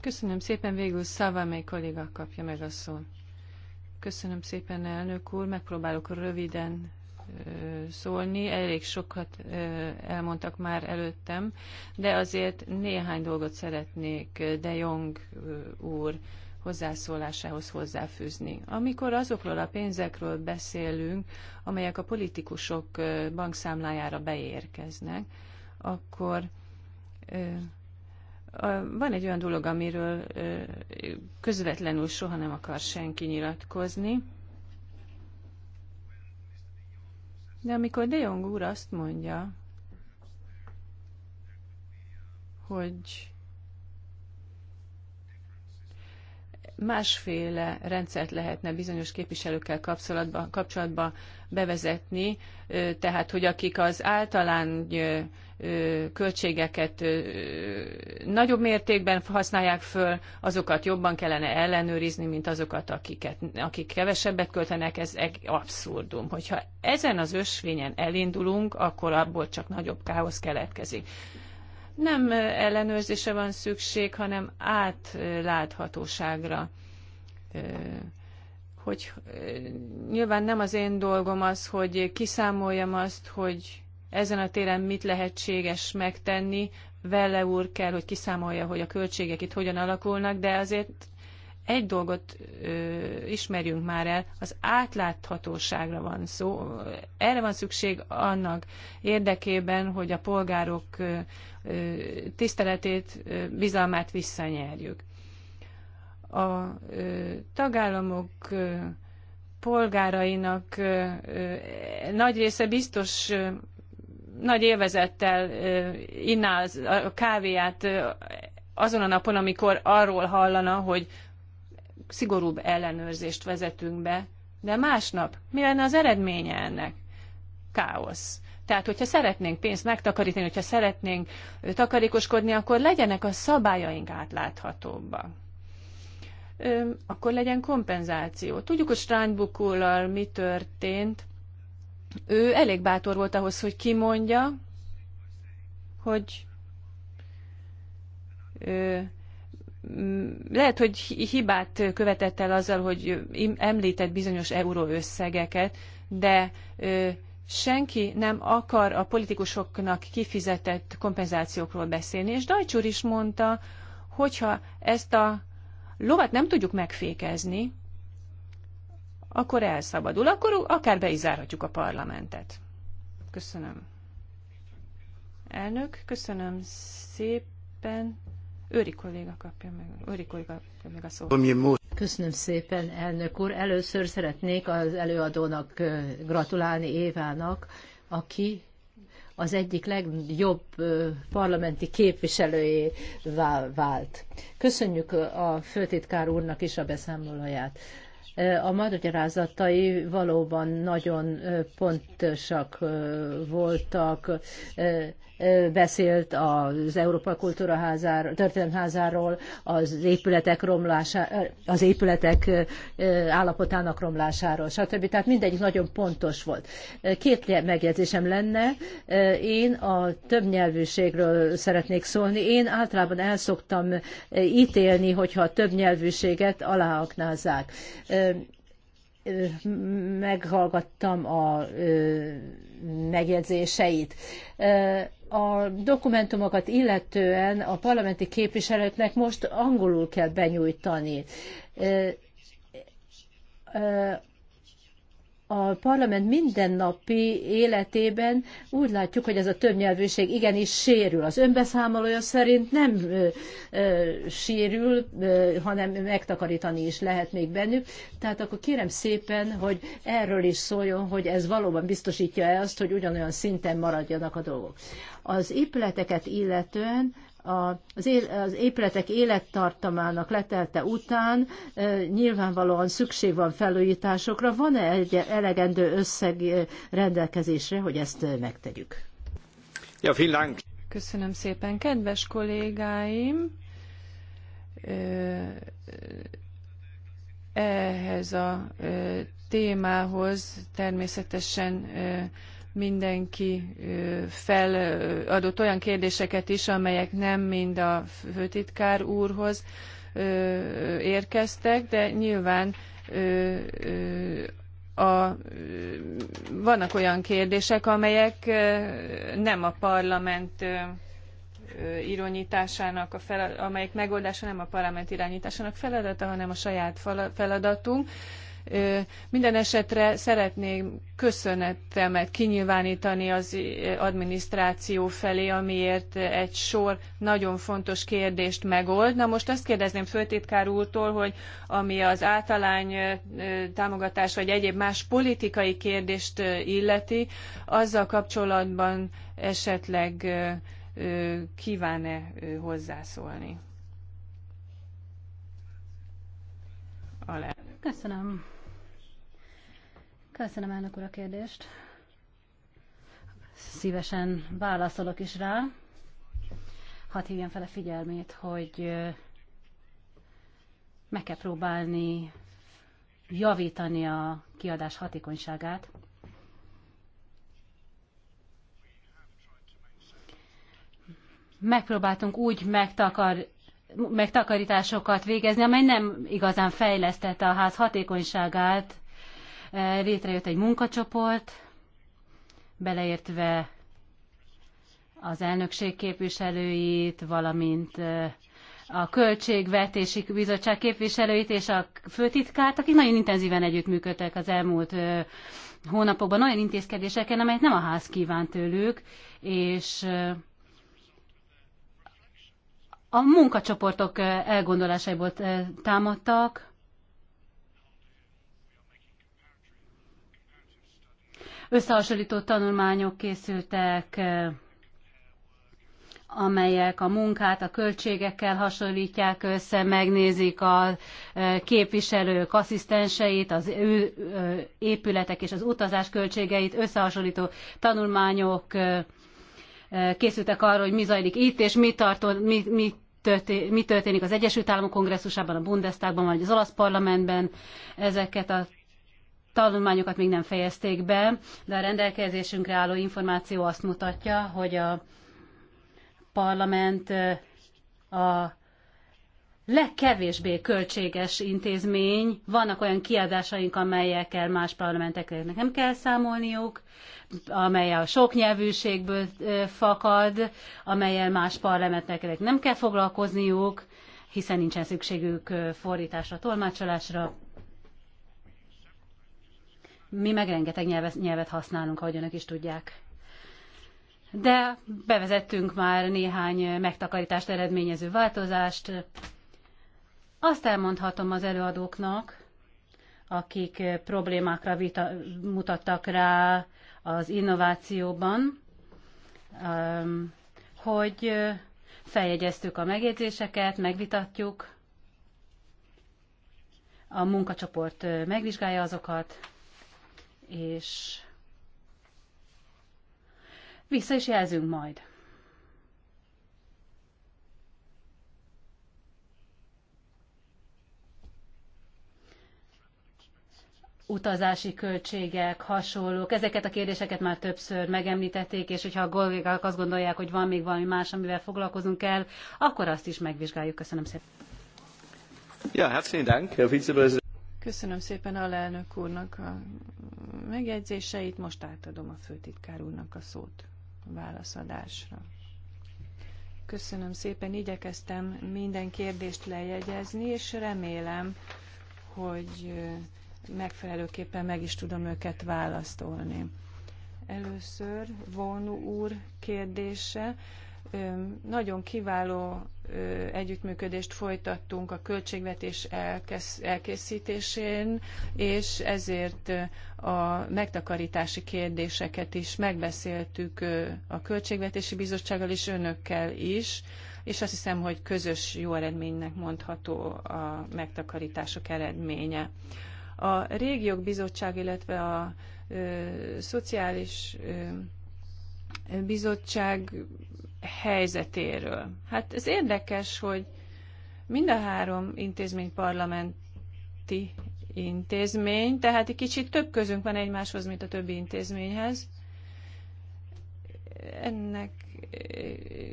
Köszönöm szépen, végül Szavamely kolléga kapja meg a szót. Köszönöm szépen, elnök úr, megpróbálok röviden szólni. Elég sokat elmondtak már előttem, de azért néhány dolgot szeretnék De Jong úr hozzászólásához hozzáfűzni. Amikor azokról a pénzekről beszélünk, amelyek a politikusok bankszámlájára beérkeznek, akkor van egy olyan dolog, amiről közvetlenül soha nem akar senki nyilatkozni, De amikor De Jong úr azt mondja, hogy másféle rendszert lehetne bizonyos képviselőkkel kapcsolatban, kapcsolatban bevezetni, tehát hogy akik az általán költségeket nagyobb mértékben használják föl, azokat jobban kellene ellenőrizni, mint azokat, akiket, akik kevesebbet költenek, ez egy abszurdum. Hogyha ezen az ösvényen elindulunk, akkor abból csak nagyobb káosz keletkezik. Nem ellenőrzése van szükség, hanem átláthatóságra hogy nyilván nem az én dolgom az, hogy kiszámoljam azt, hogy ezen a téren mit lehetséges megtenni. Velle úr kell, hogy kiszámolja, hogy a költségek itt hogyan alakulnak, de azért egy dolgot ö, ismerjünk már el, az átláthatóságra van szó. Erre van szükség annak érdekében, hogy a polgárok ö, ö, tiszteletét, ö, bizalmát visszanyerjük. A ö, tagállamok ö, polgárainak ö, ö, nagy része biztos nagy élvezettel inná a kávéját azon a napon, amikor arról hallana, hogy szigorúbb ellenőrzést vezetünk be, de másnap mi lenne az eredménye ennek? Káosz. Tehát, hogyha szeretnénk pénzt megtakarítani, hogyha szeretnénk takarékoskodni, akkor legyenek a szabályaink átláthatóbbak. Akkor legyen kompenzáció. Tudjuk, hogy Strandbukullal mi történt ő elég bátor volt ahhoz, hogy kimondja, hogy ö, lehet, hogy hibát követett el azzal, hogy említett bizonyos euróösszegeket, de ö, senki nem akar a politikusoknak kifizetett kompenzációkról beszélni. És Dajcsúr is mondta, hogyha ezt a lovat nem tudjuk megfékezni, akkor elszabadul, akkor akár be is zárhatjuk a parlamentet. Köszönöm. Elnök, köszönöm szépen. Őri kolléga kapja meg, Őri kolléga kapja meg a szót. Köszönöm szépen, elnök úr. Először szeretnék az előadónak gratulálni Évának, aki az egyik legjobb parlamenti képviselőjé vált. Köszönjük a főtitkár úrnak is a beszámolóját a magyarázatai valóban nagyon pontosak voltak. Beszélt az Európa Kultúraházáról, Történetházáról, az épületek romlása, az épületek állapotának romlásáról, stb. Tehát mindegyik nagyon pontos volt. Két megjegyzésem lenne. Én a többnyelvűségről szeretnék szólni. Én általában elszoktam ítélni, hogyha a többnyelvűséget aláaknázzák meghallgattam a megjegyzéseit. A dokumentumokat illetően a parlamenti képviselőknek most angolul kell benyújtani a parlament mindennapi életében úgy látjuk, hogy ez a többnyelvűség igenis sérül. Az önbeszámolója szerint nem ö, ö, sérül, ö, hanem megtakarítani is lehet még bennük. Tehát akkor kérem szépen, hogy erről is szóljon, hogy ez valóban biztosítja-e azt, hogy ugyanolyan szinten maradjanak a dolgok. Az épületeket illetően az, épületek élettartamának letelte után nyilvánvalóan szükség van felújításokra. Van-e egy elegendő összeg rendelkezésre, hogy ezt megtegyük? Ja, Dank. Köszönöm szépen. Kedves kollégáim, ehhez a témához természetesen mindenki feladott olyan kérdéseket is, amelyek nem mind a főtitkár úrhoz érkeztek, de nyilván a, vannak olyan kérdések, amelyek nem a parlament irányításának, a fel, amelyek megoldása nem a parlament irányításának feladata, hanem a saját feladatunk. Minden esetre szeretném köszönetemet kinyilvántani az adminisztráció felé, amiért egy sor nagyon fontos kérdést megold. Na most azt kérdezném főtitkár úrtól, hogy ami az általány támogatás vagy egyéb más politikai kérdést illeti, azzal kapcsolatban esetleg kván e hozzászólni? Alelnök. Köszönöm. Köszönöm elnök úr a kérdést. Szívesen válaszolok is rá. Hadd hívjam fel a figyelmét, hogy meg kell próbálni javítani a kiadás hatékonyságát. Megpróbáltunk úgy megtakar, megtakarításokat végezni, amely nem igazán fejlesztette a ház hatékonyságát, Létrejött egy munkacsoport, beleértve az elnökség képviselőit, valamint a Költségvetési Bizottság képviselőit és a főtitkárt, akik nagyon intenzíven együttműködtek az elmúlt hónapokban olyan intézkedéseken, amelyet nem a ház kíván tőlük, és a munkacsoportok elgondolásaiból támadtak, összehasonlító tanulmányok készültek, amelyek a munkát a költségekkel hasonlítják össze, megnézik a képviselők asszisztenseit, az ő épületek és az utazás költségeit, összehasonlító tanulmányok készültek arról, hogy mi zajlik itt, és mi, tartó, mi, mi mi történik az Egyesült Államok kongresszusában, a Bundestagban, vagy az olasz parlamentben. Ezeket a tanulmányokat még nem fejezték be, de a rendelkezésünkre álló információ azt mutatja, hogy a parlament a legkevésbé költséges intézmény. Vannak olyan kiadásaink, amelyekkel más parlamenteknek nem kell számolniuk, amely a soknyelvűségből fakad, amelyel más parlamenteknek nem kell foglalkozniuk, hiszen nincsen szükségük fordításra, tolmácsolásra. Mi meg rengeteg nyelvet, nyelvet használunk, ahogy önök is tudják. De bevezettünk már néhány megtakarítást eredményező változást. Azt elmondhatom az előadóknak, akik problémákra vita, mutattak rá az innovációban, um, hogy feljegyeztük a megjegyzéseket, megvitatjuk, a munkacsoport uh, megvizsgálja azokat, és vissza is jelzünk majd. utazási költségek, hasonlók. Ezeket a kérdéseket már többször megemlítették, és hogyha a kollégák azt gondolják, hogy van még valami más, amivel foglalkozunk kell, akkor azt is megvizsgáljuk. Köszönöm szépen. Ja, herzlichen Dank, Herr Köszönöm szépen alelnök úrnak a megjegyzéseit, most átadom a főtitkár úrnak a szót a válaszadásra. Köszönöm szépen, igyekeztem minden kérdést lejegyezni, és remélem, hogy megfelelőképpen meg is tudom őket választolni. Először Vonu úr kérdése. Nagyon kiváló együttműködést folytattunk a költségvetés elkészítésén, és ezért a megtakarítási kérdéseket is megbeszéltük a Költségvetési Bizottsággal és önökkel is, és azt hiszem, hogy közös jó eredménynek mondható a megtakarítások eredménye. A Régiók Bizottság, illetve a ö, Szociális ö, Bizottság helyzetéről. Hát ez érdekes, hogy mind a három intézmény parlamenti intézmény, tehát egy kicsit több közünk van egymáshoz, mint a többi intézményhez. Ennek,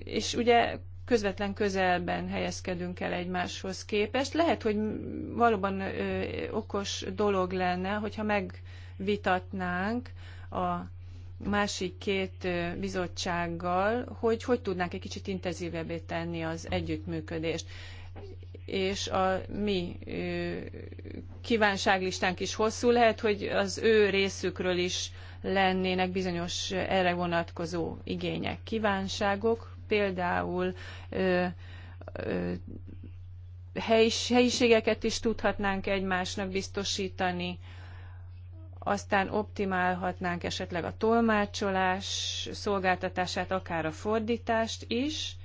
és ugye közvetlen közelben helyezkedünk el egymáshoz képest. Lehet, hogy valóban ö, okos dolog lenne, hogyha megvitatnánk a másik két bizottsággal, hogy hogy tudnánk egy kicsit intenzívebbé tenni az együttműködést. És a mi kívánságlistánk is hosszú lehet, hogy az ő részükről is lennének bizonyos erre vonatkozó igények, kívánságok, például ö, ö, helyiségeket is tudhatnánk egymásnak biztosítani, aztán optimálhatnánk esetleg a tolmácsolás szolgáltatását, akár a fordítást is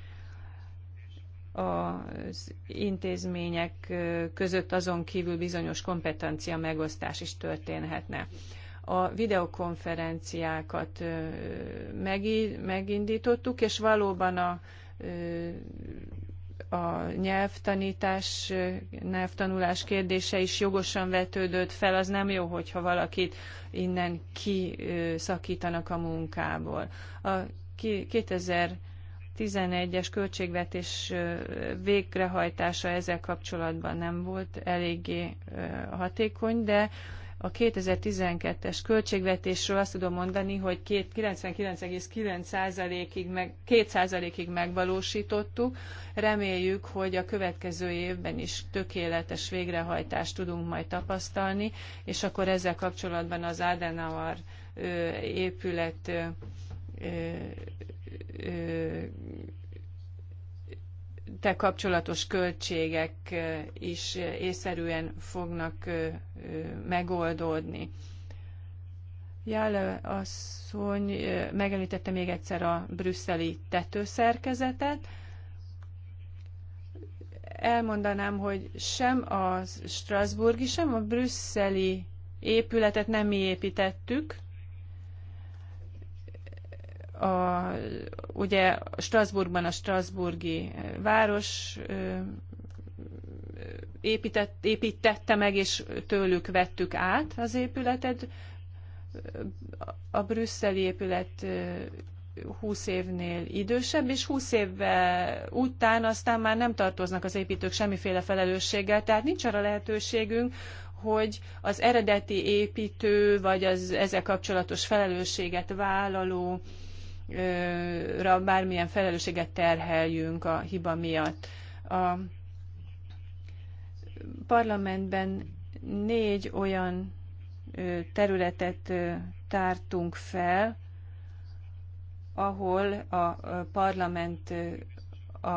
az intézmények között azon kívül bizonyos kompetencia megosztás is történhetne. A videokonferenciákat megindítottuk, és valóban a a nyelvtanítás, nyelvtanulás kérdése is jogosan vetődött fel, az nem jó, hogyha valakit innen kiszakítanak a munkából. A 2011-es költségvetés végrehajtása ezzel kapcsolatban nem volt eléggé hatékony, de a 2012-es költségvetésről azt tudom mondani, hogy 99,9%-ig meg, 2%-ig megvalósítottuk. Reméljük, hogy a következő évben is tökéletes végrehajtást tudunk majd tapasztalni, és akkor ezzel kapcsolatban az Adenauer épület te kapcsolatos költségek is észszerűen fognak megoldódni. Jale asszony megemlítette még egyszer a brüsszeli tetőszerkezetet. Elmondanám, hogy sem a Strasburgi, sem a brüsszeli épületet nem mi építettük, a, ugye Strasbourgban a Strasburgi eh, város eh, eh, épített, építette meg, és tőlük vettük át az épületet. A brüsszeli épület 20 évnél idősebb, és 20 évvel után aztán már nem tartoznak az építők semmiféle felelősséggel, tehát nincs arra lehetőségünk, hogy az eredeti építő, vagy az ezzel kapcsolatos felelősséget vállaló ra bármilyen felelősséget terheljünk a hiba miatt. A parlamentben négy olyan területet tártunk fel, ahol a parlament a,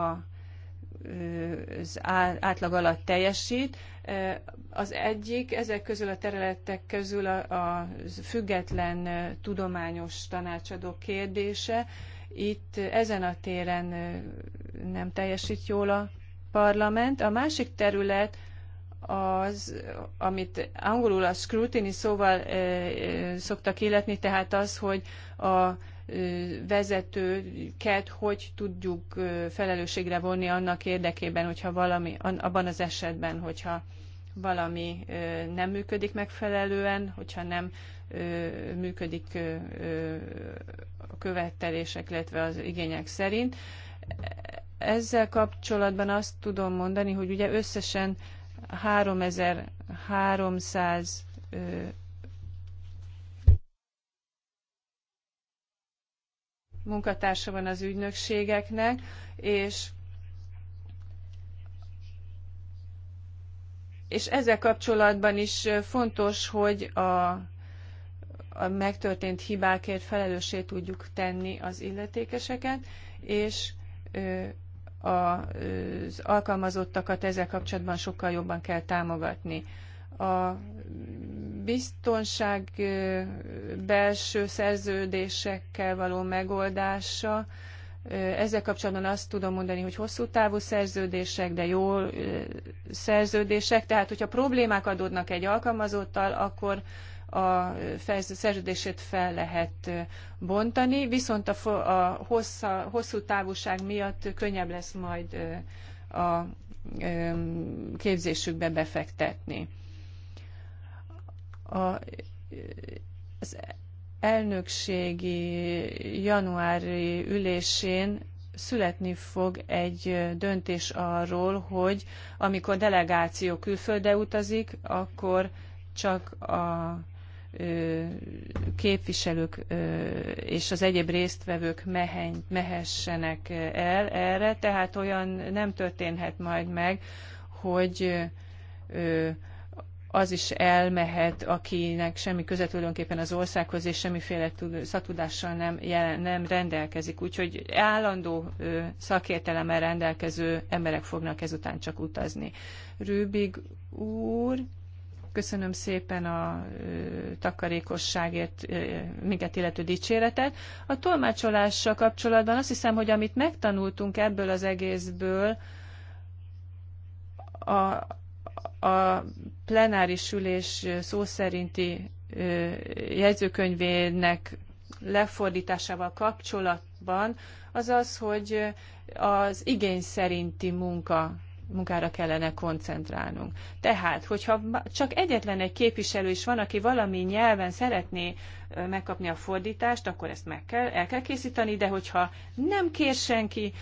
az átlag alatt teljesít. Az egyik ezek közül a területek közül a, a független tudományos tanácsadó kérdése. Itt ezen a téren nem teljesít jól a parlament. A másik terület az, amit angolul a scrutiny szóval e, e, szoktak illetni, tehát az, hogy a vezetőket hogy tudjuk felelősségre vonni annak érdekében, hogyha valami, abban az esetben, hogyha valami nem működik megfelelően, hogyha nem működik a követelések, illetve az igények szerint. Ezzel kapcsolatban azt tudom mondani, hogy ugye összesen 3300 munkatársa van az ügynökségeknek, és és ezzel kapcsolatban is fontos, hogy a, a megtörtént hibákért felelőssé tudjuk tenni az illetékeseket, és az alkalmazottakat ezzel kapcsolatban sokkal jobban kell támogatni. A biztonság belső szerződésekkel való megoldása ezzel kapcsolatban azt tudom mondani, hogy hosszú távú szerződések, de jó szerződések, tehát hogyha problémák adódnak egy alkalmazottal, akkor a szerződését fel lehet bontani, viszont a, a hossza, hosszú távúság miatt könnyebb lesz majd a képzésükbe befektetni. A, az elnökségi januári ülésén születni fog egy döntés arról, hogy amikor delegáció külföldre utazik, akkor csak a képviselők és az egyéb résztvevők mehen, mehessenek el erre, tehát olyan nem történhet majd meg, hogy az is elmehet, akinek semmi köze tulajdonképpen az országhoz, és semmiféle szatudással nem, jelen, nem rendelkezik. Úgyhogy állandó szakértelemmel rendelkező emberek fognak ezután csak utazni. Rübig úr, köszönöm szépen a ö, takarékosságért ö, minket illető dicséretet. A tolmácsolással kapcsolatban azt hiszem, hogy amit megtanultunk ebből az egészből, a, a plenáris ülés szó szerinti jegyzőkönyvének lefordításával kapcsolatban, az az, hogy az igény szerinti munka munkára kellene koncentrálnunk. Tehát, hogyha csak egyetlen egy képviselő is van, aki valami nyelven szeretné megkapni a fordítást, akkor ezt meg kell, el kell készíteni, de hogyha nem kér senki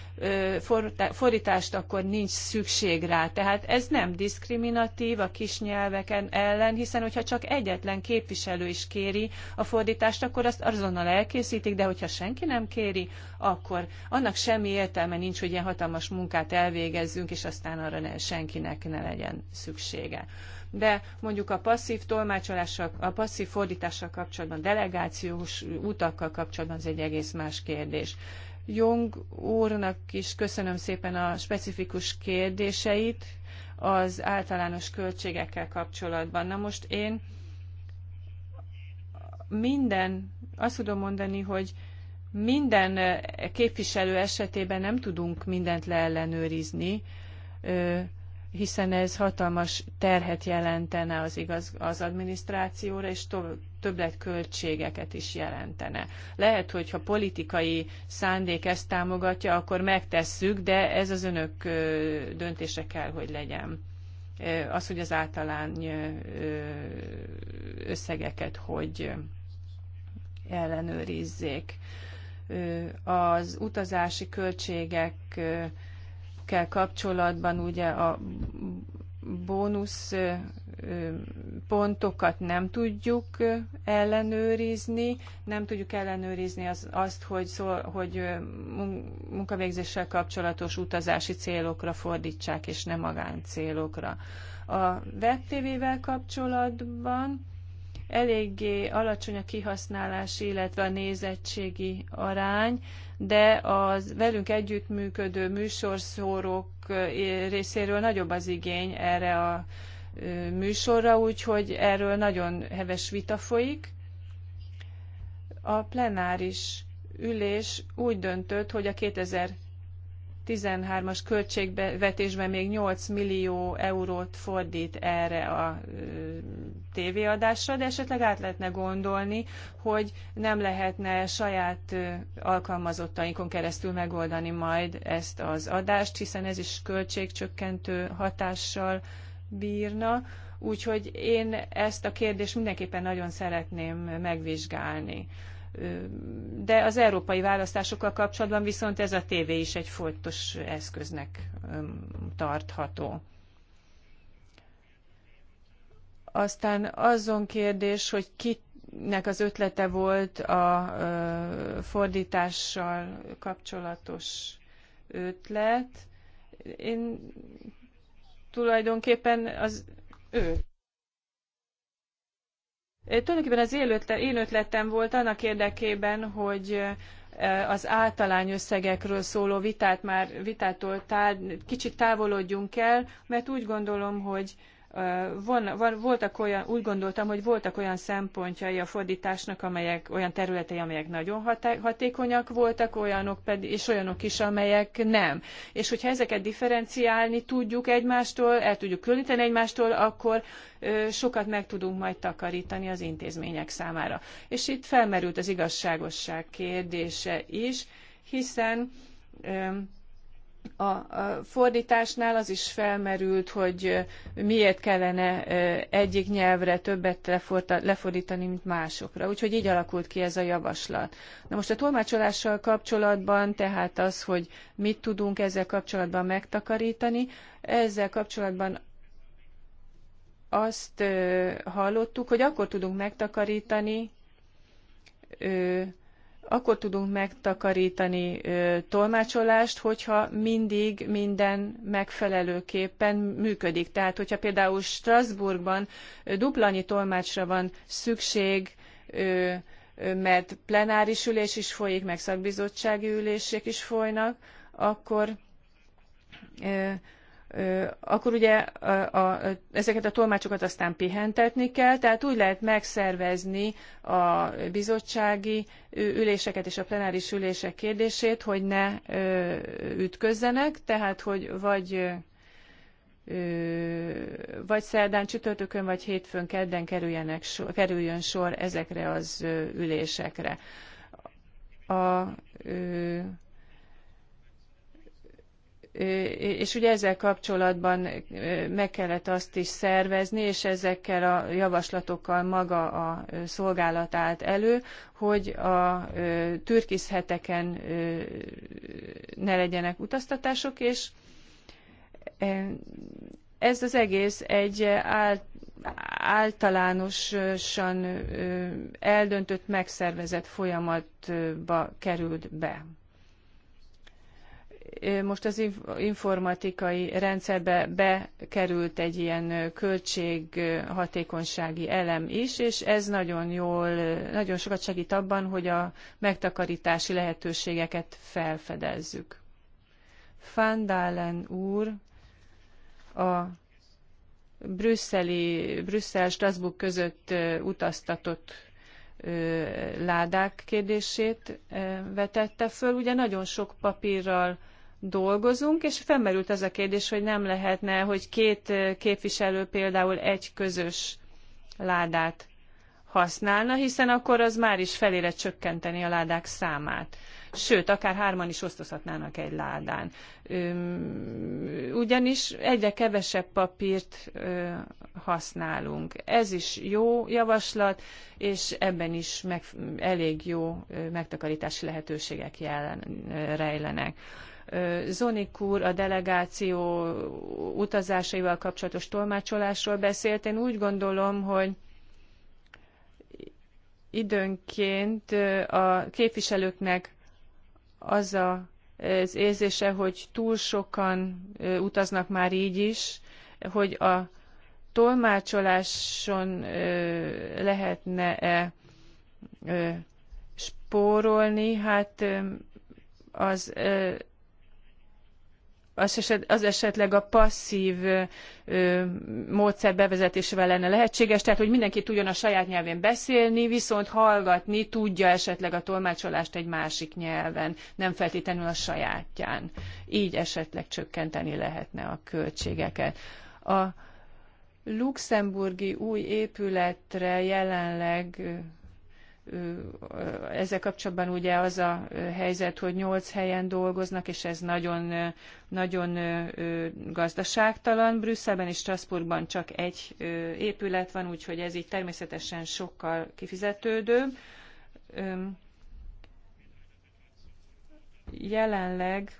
fordítást, akkor nincs szükség rá. Tehát ez nem diszkriminatív a kis nyelveken ellen, hiszen hogyha csak egyetlen képviselő is kéri a fordítást, akkor azt azonnal elkészítik, de hogyha senki nem kéri, akkor annak semmi értelme nincs, hogy ilyen hatalmas munkát elvégezzünk, és aztán arra ne, senkinek ne legyen szüksége de mondjuk a passzív tolmácsolással, a passzív fordítással kapcsolatban, delegációs utakkal kapcsolatban ez egy egész más kérdés. Jung úrnak is köszönöm szépen a specifikus kérdéseit az általános költségekkel kapcsolatban. Na most én minden, azt tudom mondani, hogy minden képviselő esetében nem tudunk mindent leellenőrizni, hiszen ez hatalmas terhet jelentene az, igaz, az adminisztrációra, és többletköltségeket is jelentene. Lehet, hogy ha politikai szándék ezt támogatja, akkor megtesszük, de ez az önök döntése kell, hogy legyen. Az, hogy az általány összegeket hogy ellenőrizzék. Az utazási költségek kell kapcsolatban ugye a bónusz pontokat nem tudjuk ellenőrizni, nem tudjuk ellenőrizni az, azt, hogy, szó, hogy munkavégzéssel kapcsolatos utazási célokra fordítsák, és nem magáncélokra. A webtv-vel kapcsolatban eléggé alacsony a kihasználási, illetve a nézettségi arány, de az velünk együttműködő műsorszórók eh, részéről nagyobb az igény erre a eh, műsorra, úgyhogy erről nagyon heves vita folyik. A plenáris ülés úgy döntött, hogy a 2000 13-as költségvetésben még 8 millió eurót fordít erre a tévéadásra, de esetleg át lehetne gondolni, hogy nem lehetne saját alkalmazottainkon keresztül megoldani majd ezt az adást, hiszen ez is költségcsökkentő hatással bírna. Úgyhogy én ezt a kérdést mindenképpen nagyon szeretném megvizsgálni de az európai választásokkal kapcsolatban viszont ez a tévé is egy fontos eszköznek tartható. Aztán azon kérdés, hogy ki nek az ötlete volt a fordítással kapcsolatos ötlet. Én tulajdonképpen az ő Tulajdonképpen az én ötletem volt annak érdekében, hogy e, az általány összegekről szóló vitát már vitától tár, kicsit távolodjunk el, mert úgy gondolom, hogy Von, van, voltak olyan, úgy gondoltam, hogy voltak olyan szempontjai a fordításnak, amelyek olyan területei, amelyek nagyon hatékonyak voltak, olyanok pedig, és olyanok is, amelyek nem. És hogyha ezeket differenciálni tudjuk egymástól, el tudjuk különíteni egymástól, akkor ö, sokat meg tudunk majd takarítani az intézmények számára. És itt felmerült az igazságosság kérdése is, hiszen ö, a fordításnál az is felmerült, hogy miért kellene egyik nyelvre többet lefordítani, mint másokra. Úgyhogy így alakult ki ez a javaslat. Na most a tolmácsolással kapcsolatban, tehát az, hogy mit tudunk ezzel kapcsolatban megtakarítani, ezzel kapcsolatban azt hallottuk, hogy akkor tudunk megtakarítani, akkor tudunk megtakarítani ö, tolmácsolást, hogyha mindig minden megfelelőképpen működik. Tehát, hogyha például Strasbourgban duplanyi tolmácsra van szükség, ö, mert plenáris ülés is folyik, meg szakbizottsági ülések is folynak, akkor akkor ugye a, a, ezeket a tolmácsokat aztán pihentetni kell, tehát úgy lehet megszervezni a bizottsági üléseket és a plenáris ülések kérdését, hogy ne ö, ütközzenek, tehát hogy vagy ö, vagy szerdán, csütörtökön, vagy hétfőn, kedden kerüljenek sor, kerüljön sor ezekre az ülésekre. A, ö, és ugye ezzel kapcsolatban meg kellett azt is szervezni, és ezekkel a javaslatokkal maga a szolgálat állt elő, hogy a türkiszheteken ne legyenek utaztatások, és ez az egész egy általánosan eldöntött, megszervezett folyamatba került be most az informatikai rendszerbe bekerült egy ilyen költséghatékonysági elem is, és ez nagyon jól, nagyon sokat segít abban, hogy a megtakarítási lehetőségeket felfedezzük. Fandálen úr a brüsszeli, Brüsszel-Strasbourg között utaztatott ládák kérdését vetette föl. Ugye nagyon sok papírral dolgozunk, és felmerült ez a kérdés, hogy nem lehetne, hogy két képviselő például egy közös ládát használna, hiszen akkor az már is felére csökkenteni a ládák számát. Sőt, akár hárman is osztozhatnának egy ládán. Ugyanis egyre kevesebb papírt használunk. Ez is jó javaslat, és ebben is meg, elég jó megtakarítási lehetőségek jelen, rejlenek. Zonik úr a delegáció utazásaival kapcsolatos tolmácsolásról beszélt. Én úgy gondolom, hogy időnként a képviselőknek az a az érzése, hogy túl sokan utaznak már így is, hogy a tolmácsoláson lehetne-e spórolni, hát az az, eset, az esetleg a passzív ö, módszer bevezetésével lenne lehetséges, tehát hogy mindenki tudjon a saját nyelvén beszélni, viszont hallgatni tudja esetleg a tolmácsolást egy másik nyelven, nem feltétlenül a sajátján. Így esetleg csökkenteni lehetne a költségeket. A luxemburgi új épületre jelenleg ezzel kapcsolatban ugye az a helyzet, hogy nyolc helyen dolgoznak, és ez nagyon, nagyon gazdaságtalan. Brüsszelben és Strasbourgban csak egy épület van, úgyhogy ez így természetesen sokkal kifizetődőbb. Jelenleg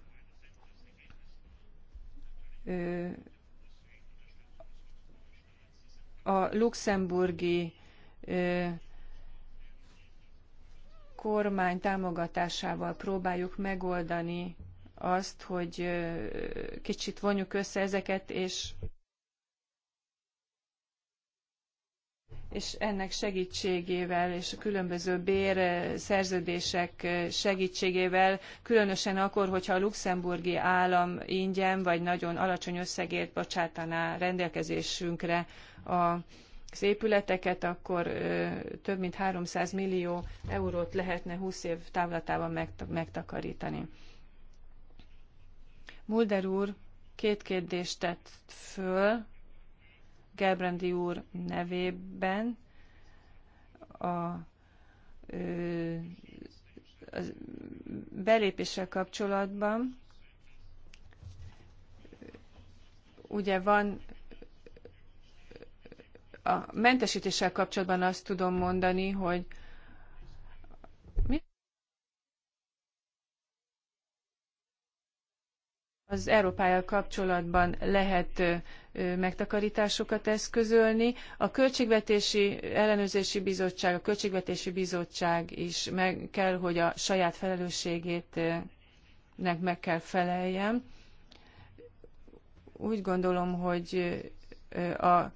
a luxemburgi kormány támogatásával próbáljuk megoldani azt, hogy kicsit vonjuk össze ezeket, és és ennek segítségével és a különböző bérszerződések segítségével, különösen akkor, hogyha a luxemburgi állam ingyen vagy nagyon alacsony összegért bocsátaná rendelkezésünkre a az épületeket, akkor több mint 300 millió eurót lehetne 20 év távlatában megtakarítani. Mulder úr két kérdést tett föl Gelbrandi úr nevében a a belépéssel kapcsolatban ugye van a mentesítéssel kapcsolatban azt tudom mondani, hogy az Európája kapcsolatban lehet megtakarításokat eszközölni. A Költségvetési Ellenőrzési Bizottság, a Költségvetési Bizottság is meg kell, hogy a saját felelősségét meg kell feleljem. Úgy gondolom, hogy a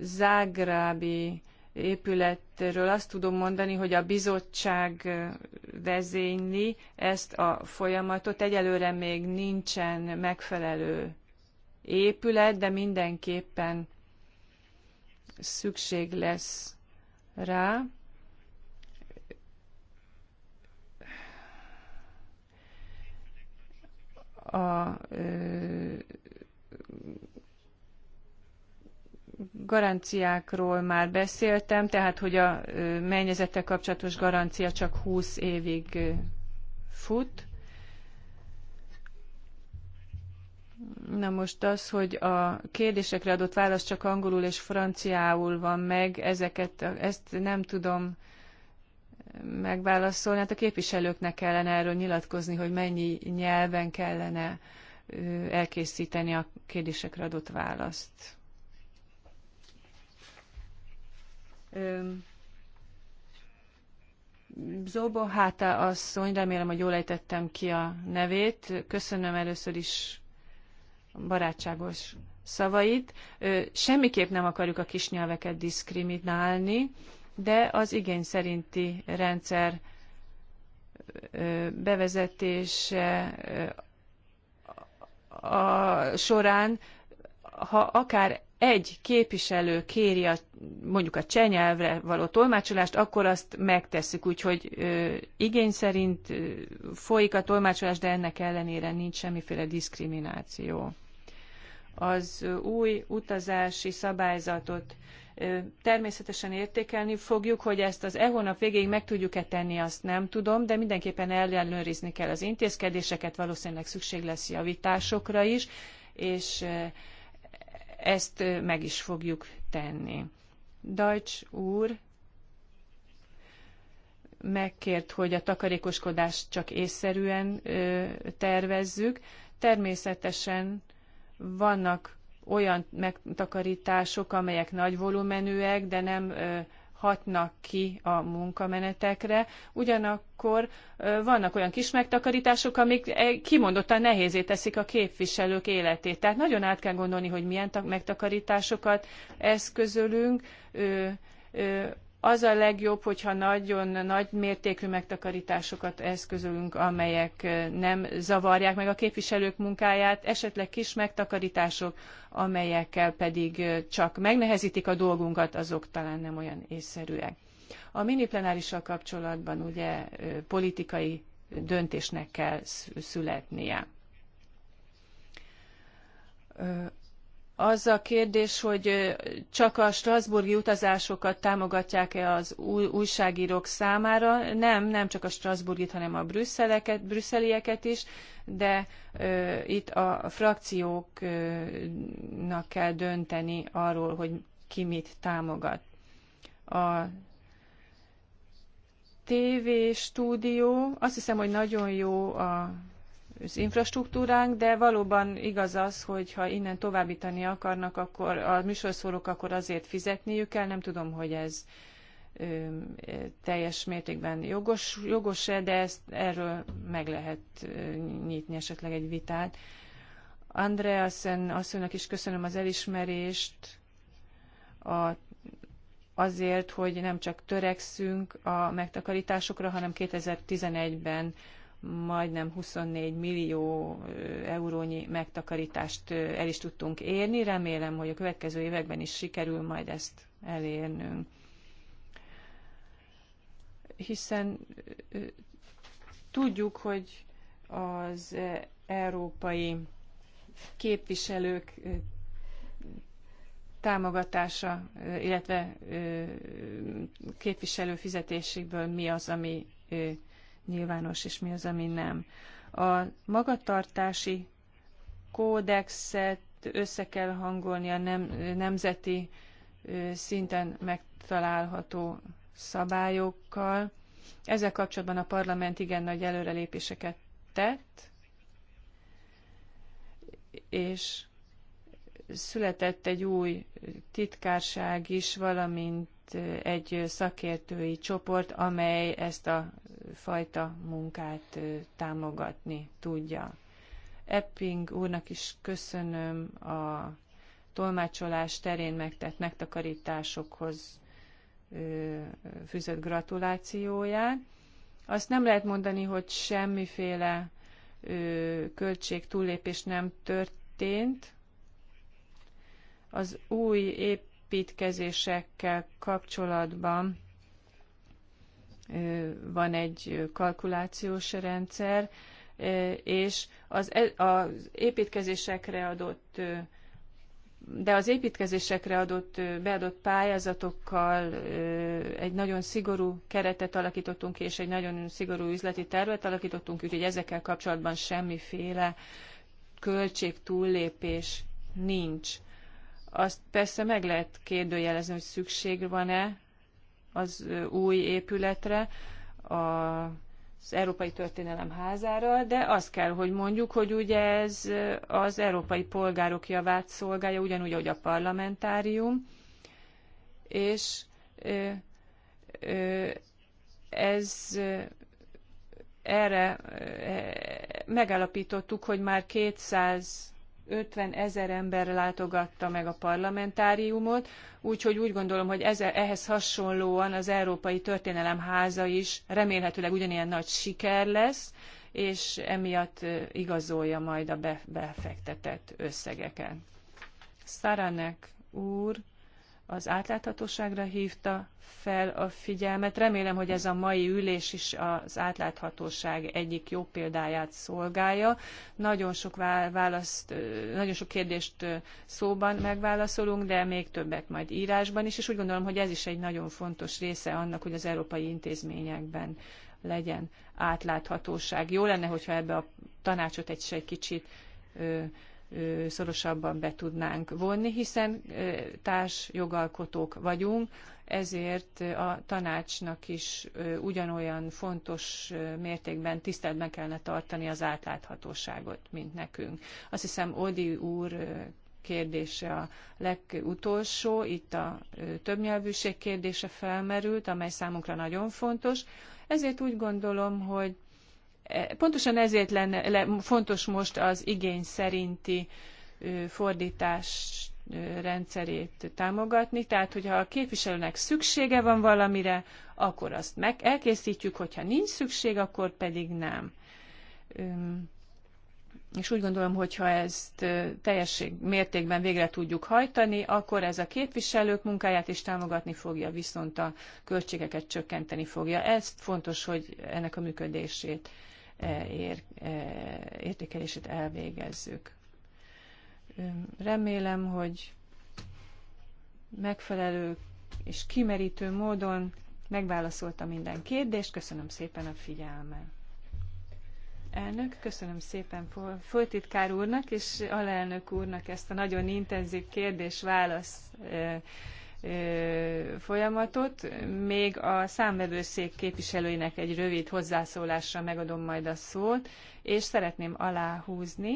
zágrábi épületről azt tudom mondani, hogy a bizottság vezényli ezt a folyamatot. Egyelőre még nincsen megfelelő épület, de mindenképpen szükség lesz rá. A, ö, garanciákról már beszéltem, tehát hogy a mennyezettel kapcsolatos garancia csak 20 évig fut. Na most az, hogy a kérdésekre adott válasz csak angolul és franciául van meg, ezeket, ezt nem tudom megválaszolni. Hát a képviselőknek kellene erről nyilatkozni, hogy mennyi nyelven kellene elkészíteni a kérdésekre adott választ. Zóbo Háta asszony, remélem, hogy jól ejtettem ki a nevét. Köszönöm először is a barátságos szavait. Semmiképp nem akarjuk a kisnyelveket diszkriminálni, de az igény szerinti rendszer bevezetése a során, ha akár egy képviselő kéri a, mondjuk a nyelvre való tolmácsolást, akkor azt megtesszük, úgyhogy ö, igény szerint ö, folyik a tolmácsolás, de ennek ellenére nincs semmiféle diszkrimináció. Az új utazási szabályzatot ö, természetesen értékelni fogjuk, hogy ezt az e hónap végéig meg tudjuk-e tenni, azt nem tudom, de mindenképpen ellenőrizni kell az intézkedéseket, valószínűleg szükség lesz javításokra is, és ezt meg is fogjuk tenni. Deutsch úr megkért, hogy a takarékoskodást csak észszerűen tervezzük. Természetesen vannak olyan megtakarítások, amelyek nagy volumenűek, de nem hatnak ki a munkamenetekre, ugyanakkor vannak olyan kis megtakarítások, amik e, kimondottan nehézé teszik a képviselők életét. Tehát nagyon át kell gondolni, hogy milyen megtakarításokat eszközölünk, az a legjobb, hogyha nagyon nagy mértékű megtakarításokat eszközölünk, amelyek eh, nem zavarják meg a képviselők munkáját, esetleg kis megtakarítások, amelyekkel pedig eh, csak megnehezítik a dolgunkat, azok talán nem olyan észszerűek. A miniplenárissal kapcsolatban ugye eh, politikai döntésnek kell születnie az a kérdés, hogy csak a strasbourgi utazásokat támogatják-e az újságírók számára. Nem, nem csak a strasbourgit, hanem a brüsszeleket, brüsszelieket is, de ö, itt a frakcióknak kell dönteni arról, hogy ki mit támogat. A TV stúdió, azt hiszem, hogy nagyon jó a az infrastruktúránk, de valóban igaz az, hogy ha innen továbbítani akarnak, akkor a műsorszórók akkor azért fizetniük kell. Nem tudom, hogy ez ö, teljes mértékben jogos, jogos-e, de ezt, erről meg lehet ö, nyitni esetleg egy vitát. Andreasen asszonynak is köszönöm az elismerést a, azért, hogy nem csak törekszünk a megtakarításokra, hanem 2011-ben majdnem 24 millió eurónyi megtakarítást el is tudtunk érni. Remélem, hogy a következő években is sikerül majd ezt elérnünk. Hiszen tudjuk, hogy az európai képviselők támogatása, illetve képviselő fizetéséből mi az, ami nyilvános, és mi az, ami nem. A magatartási kódexet össze kell hangolni a nem, nemzeti szinten megtalálható szabályokkal. Ezzel kapcsolatban a parlament igen nagy előrelépéseket tett, és született egy új titkárság is, valamint egy szakértői csoport, amely ezt a fajta munkát támogatni tudja. Epping úrnak is köszönöm a tolmácsolás terén megtett megtakarításokhoz fűzött gratulációját. Azt nem lehet mondani, hogy semmiféle költség túllépés nem történt. Az új építkezésekkel kapcsolatban van egy kalkulációs rendszer, és az, e, az építkezésekre adott de az építkezésekre adott, beadott pályázatokkal egy nagyon szigorú keretet alakítottunk, és egy nagyon szigorú üzleti tervet alakítottunk, úgyhogy ezekkel kapcsolatban semmiféle költség túllépés nincs. Azt persze meg lehet kérdőjelezni, hogy szükség van-e az új épületre, az Európai Történelem házára, de azt kell, hogy mondjuk, hogy ugye ez az európai polgárok javát szolgálja, ugyanúgy, ahogy a parlamentárium, és ez erre megállapítottuk, hogy már 200 50 ezer ember látogatta meg a parlamentáriumot, úgyhogy úgy gondolom, hogy ez, ehhez hasonlóan az Európai Történelem Háza is remélhetőleg ugyanilyen nagy siker lesz, és emiatt igazolja majd a befektetett összegeket. Szaranek úr az átláthatóságra hívta fel a figyelmet. Remélem, hogy ez a mai ülés is az átláthatóság egyik jó példáját szolgálja. Nagyon sok, választ, nagyon sok kérdést szóban megválaszolunk, de még többet majd írásban is, és úgy gondolom, hogy ez is egy nagyon fontos része annak, hogy az európai intézményekben legyen átláthatóság. Jó lenne, hogyha ebbe a tanácsot egy, egy kicsit szorosabban be tudnánk vonni, hiszen társ jogalkotók vagyunk, ezért a tanácsnak is ugyanolyan fontos mértékben tiszteletben kellene tartani az átláthatóságot, mint nekünk. Azt hiszem, Odi úr kérdése a legutolsó, itt a többnyelvűség kérdése felmerült, amely számunkra nagyon fontos. Ezért úgy gondolom, hogy E, pontosan ezért lenne, le, fontos most az igény szerinti fordítás rendszerét támogatni, tehát hogyha a képviselőnek szüksége van valamire, akkor azt meg elkészítjük, hogyha nincs szükség, akkor pedig nem. És úgy gondolom, hogyha ezt teljes mértékben végre tudjuk hajtani, akkor ez a képviselők munkáját is támogatni fogja, viszont a költségeket csökkenteni fogja. Ez fontos, hogy ennek a működését E, ér, e, értékelését elvégezzük. Remélem, hogy megfelelő és kimerítő módon megválaszolta minden kérdést. Köszönöm szépen a figyelmet. Elnök, köszönöm szépen főtitkár úrnak és alelnök úrnak ezt a nagyon intenzív kérdés-válasz e, folyamatot. Még a számvevőszék képviselőinek egy rövid hozzászólásra megadom majd a szót, és szeretném aláhúzni,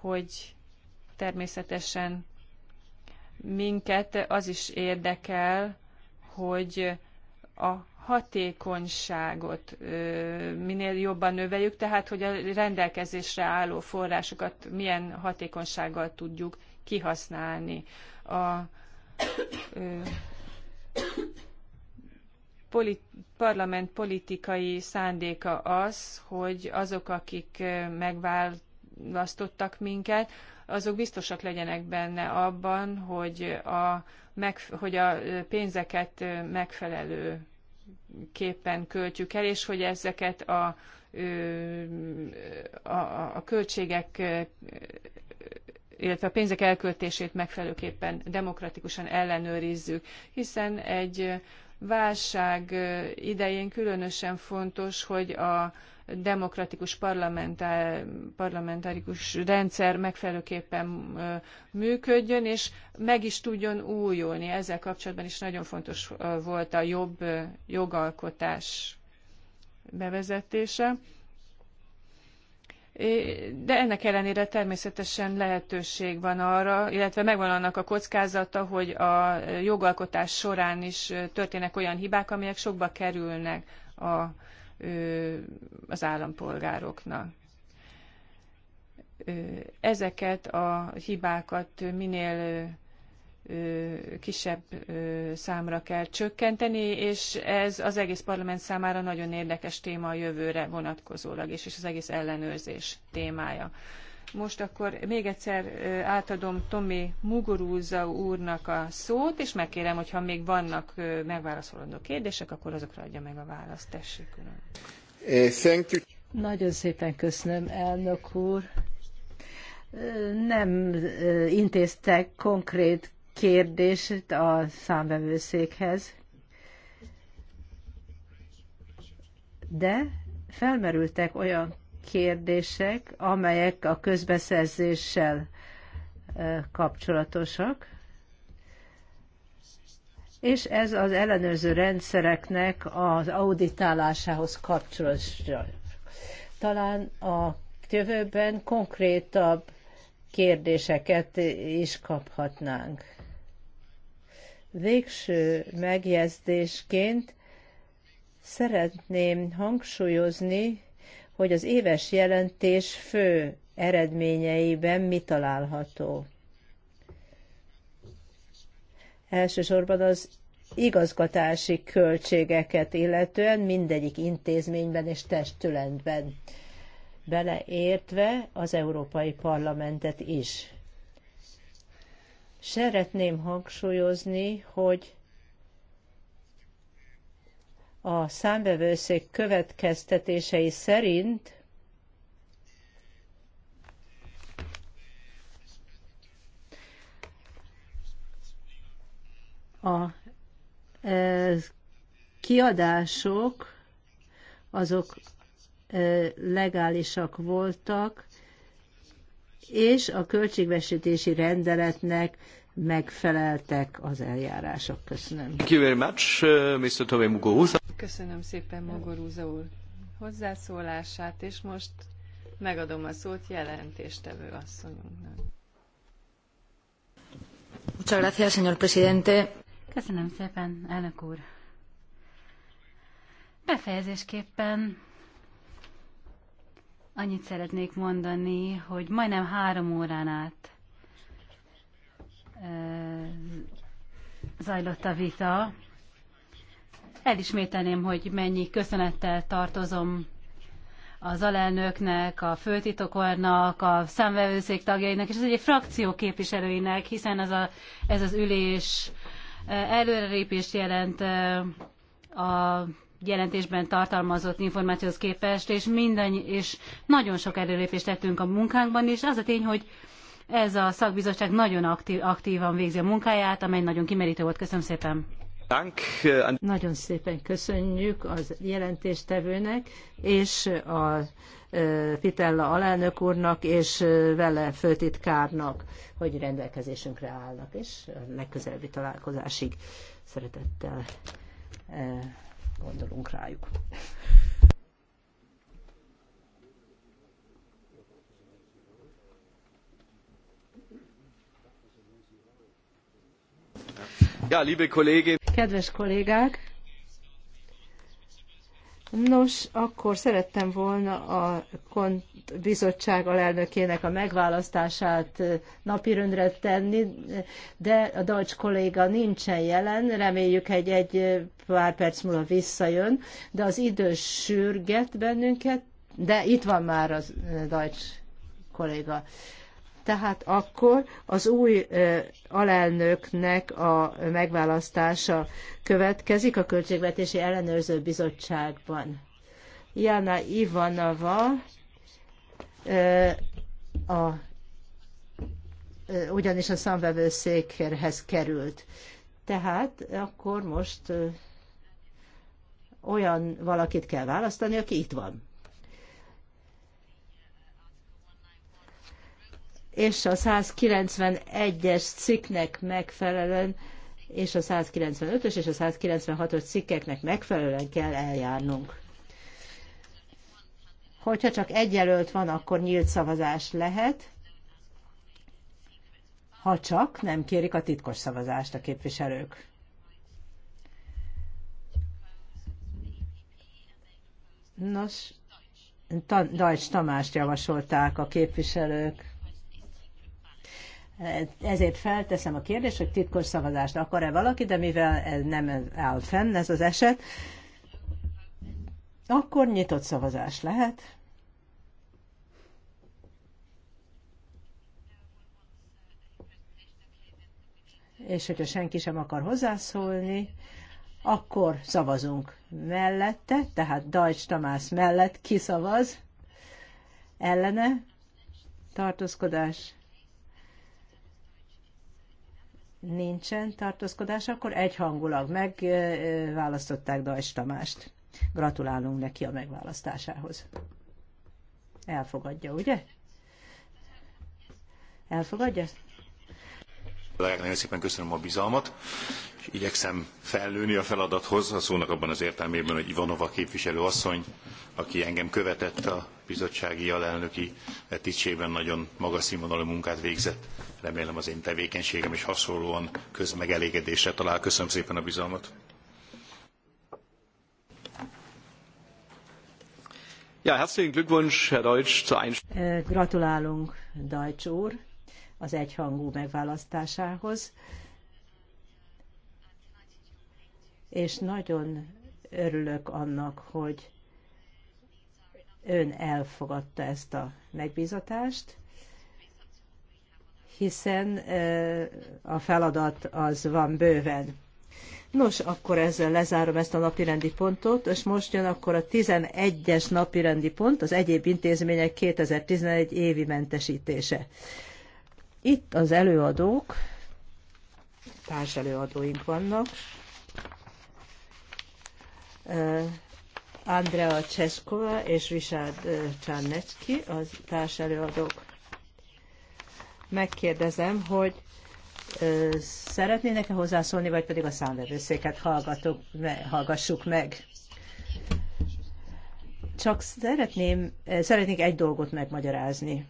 hogy természetesen minket az is érdekel, hogy a hatékonyságot minél jobban növeljük, tehát hogy a rendelkezésre álló forrásokat milyen hatékonysággal tudjuk kihasználni. A ö, polit, parlament politikai szándéka az, hogy azok, akik megválasztottak minket, azok biztosak legyenek benne abban, hogy a, meg, hogy a pénzeket megfelelő képpen költjük el, és hogy ezeket a, a, a költségek illetve a pénzek elköltését megfelelőképpen demokratikusan ellenőrizzük, hiszen egy válság idején különösen fontos, hogy a demokratikus parlamentár, parlamentárikus rendszer megfelelőképpen működjön, és meg is tudjon újulni. Ezzel kapcsolatban is nagyon fontos volt a jobb jogalkotás bevezetése de ennek ellenére természetesen lehetőség van arra, illetve megvan annak a kockázata, hogy a jogalkotás során is történnek olyan hibák, amelyek sokba kerülnek a, az állampolgároknak. Ezeket a hibákat minél kisebb számra kell csökkenteni, és ez az egész parlament számára nagyon érdekes téma a jövőre vonatkozólag, és, és az egész ellenőrzés témája. Most akkor még egyszer átadom Tomi Muguruza úrnak a szót, és megkérem, hogyha még vannak megválaszolandó kérdések, akkor azokra adja meg a választ. Tessék, Uram. Nagyon szépen köszönöm, elnök úr. Nem intéztek konkrét kérdést a számvevőszékhez, de felmerültek olyan kérdések, amelyek a közbeszerzéssel kapcsolatosak, és ez az ellenőrző rendszereknek az auditálásához kapcsolatos. Talán a jövőben konkrétabb kérdéseket is kaphatnánk. Végső megjegyzésként szeretném hangsúlyozni, hogy az éves jelentés fő eredményeiben mi található. Elsősorban az igazgatási költségeket illetően mindegyik intézményben és testületben, beleértve az Európai Parlamentet is. Szeretném hangsúlyozni, hogy a számbevőszék következtetései szerint a e, kiadások azok e, legálisak voltak, és a költségvesítési rendeletnek megfeleltek az eljárások. Köszönöm. Thank you very much, uh, Mr. Tove Köszönöm szépen Mogorúza úr hozzászólását, és most megadom a szót jelentéstevő asszonyunknak. Muchas gracias, señor presidente. Köszönöm szépen, elnök úr. Befejezésképpen Annyit szeretnék mondani, hogy majdnem három órán át zajlott a vita. Elismételném, hogy mennyi köszönettel tartozom az alelnöknek, a főtitokornak, a számvevőszék tagjainak, és az egy frakció képviselőinek, hiszen ez, a, ez az ülés előrelépést jelent a jelentésben tartalmazott információhoz képest, és mindannyi, és nagyon sok erőlépést tettünk a munkánkban, és az a tény, hogy ez a szakbizottság nagyon aktív, aktívan végzi a munkáját, amely nagyon kimerítő volt. Köszönöm szépen! Nagyon szépen köszönjük az jelentéstevőnek, és a Pitella alelnök úrnak, és vele főtitkárnak, hogy rendelkezésünkre állnak, és a legközelebbi találkozásig szeretettel gondolunk rájuk. Kedves kollégák! Nos, akkor szerettem volna a kont bizottság alelnökének a megválasztását eh, napirendre tenni, de a Dajcs kolléga nincsen jelen, reméljük egy, egy eh, pár perc múlva visszajön, de az idő sürget bennünket, de itt van már a eh, Dajcs kolléga. Tehát akkor az új alelnöknek a megválasztása következik a Költségvetési Ellenőrző Bizottságban. Jana Ivanova a, ugyanis a számvevőszékhez került. Tehát akkor most olyan valakit kell választani, aki itt van. és a 191-es cikknek megfelelően, és a 195-ös és a 196-os cikkeknek megfelelően kell eljárnunk. Hogyha csak egy jelölt van, akkor nyílt szavazás lehet, ha csak nem kérik a titkos szavazást a képviselők. Nos, Dajcs Tamást javasolták a képviselők. Ezért felteszem a kérdést, hogy titkos szavazást akar-e valaki, de mivel ez nem áll fenn ez az eset, akkor nyitott szavazás lehet. És hogyha senki sem akar hozzászólni, akkor szavazunk mellette, tehát Dajcs Tamás mellett kiszavaz, ellene, tartózkodás, nincsen tartózkodás, akkor egyhangulag megválasztották Dajs Tamást. Gratulálunk neki a megválasztásához. Elfogadja, ugye? Elfogadja? Nagyon szépen köszönöm a bizalmat, és igyekszem fellőni a feladathoz, a szónak abban az értelmében, hogy Ivanova képviselő asszony, aki engem követett a bizottsági alelnöki tisztségben, nagyon magas színvonalú munkát végzett. Remélem az én tevékenységem is hasonlóan közmegelégedésre talál. Köszönöm szépen a bizalmat. Ja, herzlichen Glückwunsch, Herr Deutsch, zur Einstellung. Gratulálunk, Deutsch úr az egyhangú megválasztásához. És nagyon örülök annak, hogy ön elfogadta ezt a megbízatást, hiszen a feladat az van bőven. Nos, akkor ezzel lezárom ezt a napirendi pontot, és most jön akkor a 11-es napirendi pont, az egyéb intézmények 2011 évi mentesítése. Itt az előadók, társ előadóink vannak. Andrea Cseszkova és Richard Csánecki az társ előadók. Megkérdezem, hogy szeretnének-e hozzászólni, vagy pedig a számvevőszéket hallgassuk meg. Csak szeretném, szeretnék egy dolgot megmagyarázni.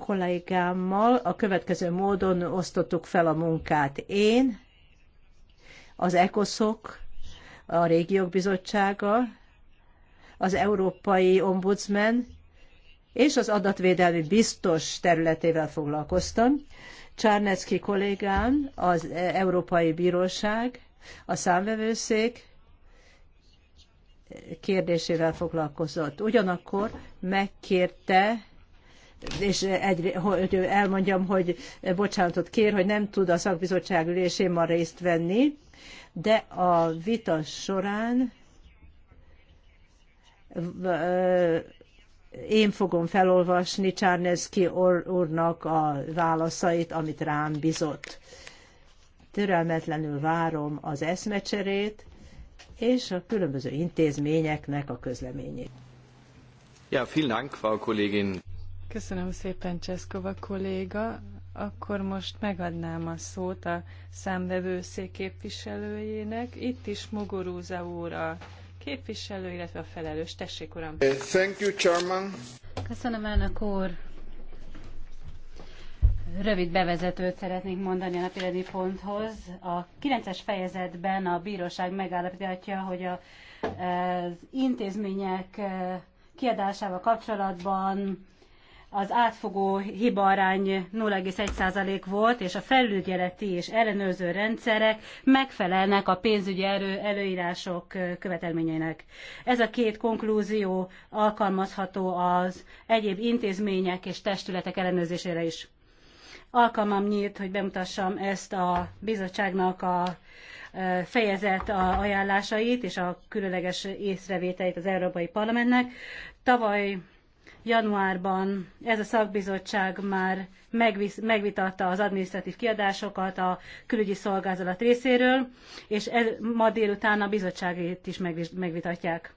kollégámmal a következő módon osztottuk fel a munkát. Én, az ECOSZOK, a Régiók Bizottsága, az Európai Ombudsman és az adatvédelmi biztos területével foglalkoztam. Csárnecki kollégám, az Európai Bíróság, a számvevőszék kérdésével foglalkozott. Ugyanakkor megkérte és egy, hogy elmondjam, hogy bocsánatot kér, hogy nem tud a szakbizottság ülésén ma részt venni, de a vita során én fogom felolvasni Csárneszki úrnak a válaszait, amit rám bizott. Türelmetlenül várom az eszmecserét és a különböző intézményeknek a közleményét. Ja, vielen Dank, Frau Kollegin. Köszönöm szépen, Cseszkova kolléga. Akkor most megadnám a szót a számvevőszék képviselőjének. Itt is Mogorúza úr a képviselő, illetve a felelős. Tessék, uram! Eh, thank you, Chairman. Köszönöm, elnök úr! Rövid bevezetőt szeretnék mondani a napirendi ponthoz. A 9-es fejezetben a bíróság megállapítja, hogy a, eh, az intézmények eh, kiadásával kapcsolatban az átfogó hibaarány 0,1% volt, és a felügyeleti és ellenőrző rendszerek megfelelnek a pénzügyi erő, előírások követelményeinek. Ez a két konklúzió alkalmazható az egyéb intézmények és testületek ellenőrzésére is. Alkalmam nyílt, hogy bemutassam ezt a bizottságnak a fejezet a ajánlásait és a különleges észrevételeit az Európai Parlamentnek. Tavaly Januárban ez a szakbizottság már megvitatta az adminisztratív kiadásokat a külügyi szolgálat részéről, és ez, ma délután a bizottságét is megvitatják.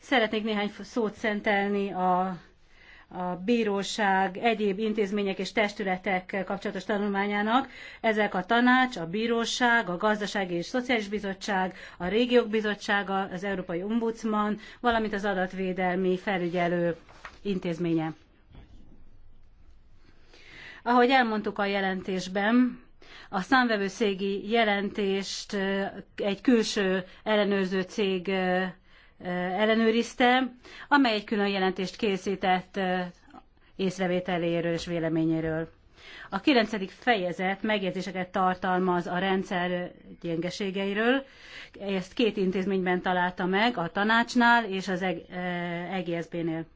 Szeretnék néhány szót szentelni a a bíróság, egyéb intézmények és testületek kapcsolatos tanulmányának. Ezek a tanács, a bíróság, a gazdasági és szociális bizottság, a régiók bizottsága, az Európai Ombudsman, valamint az adatvédelmi felügyelő intézménye. Ahogy elmondtuk a jelentésben, a számvevőszégi jelentést egy külső ellenőrző cég ellenőrizte, amely egy külön jelentést készített észrevételéről és véleményéről. A kilencedik fejezet megjegyzéseket tartalmaz a rendszer gyengeségeiről. Ezt két intézményben találta meg, a tanácsnál és az EGSZB-nél. E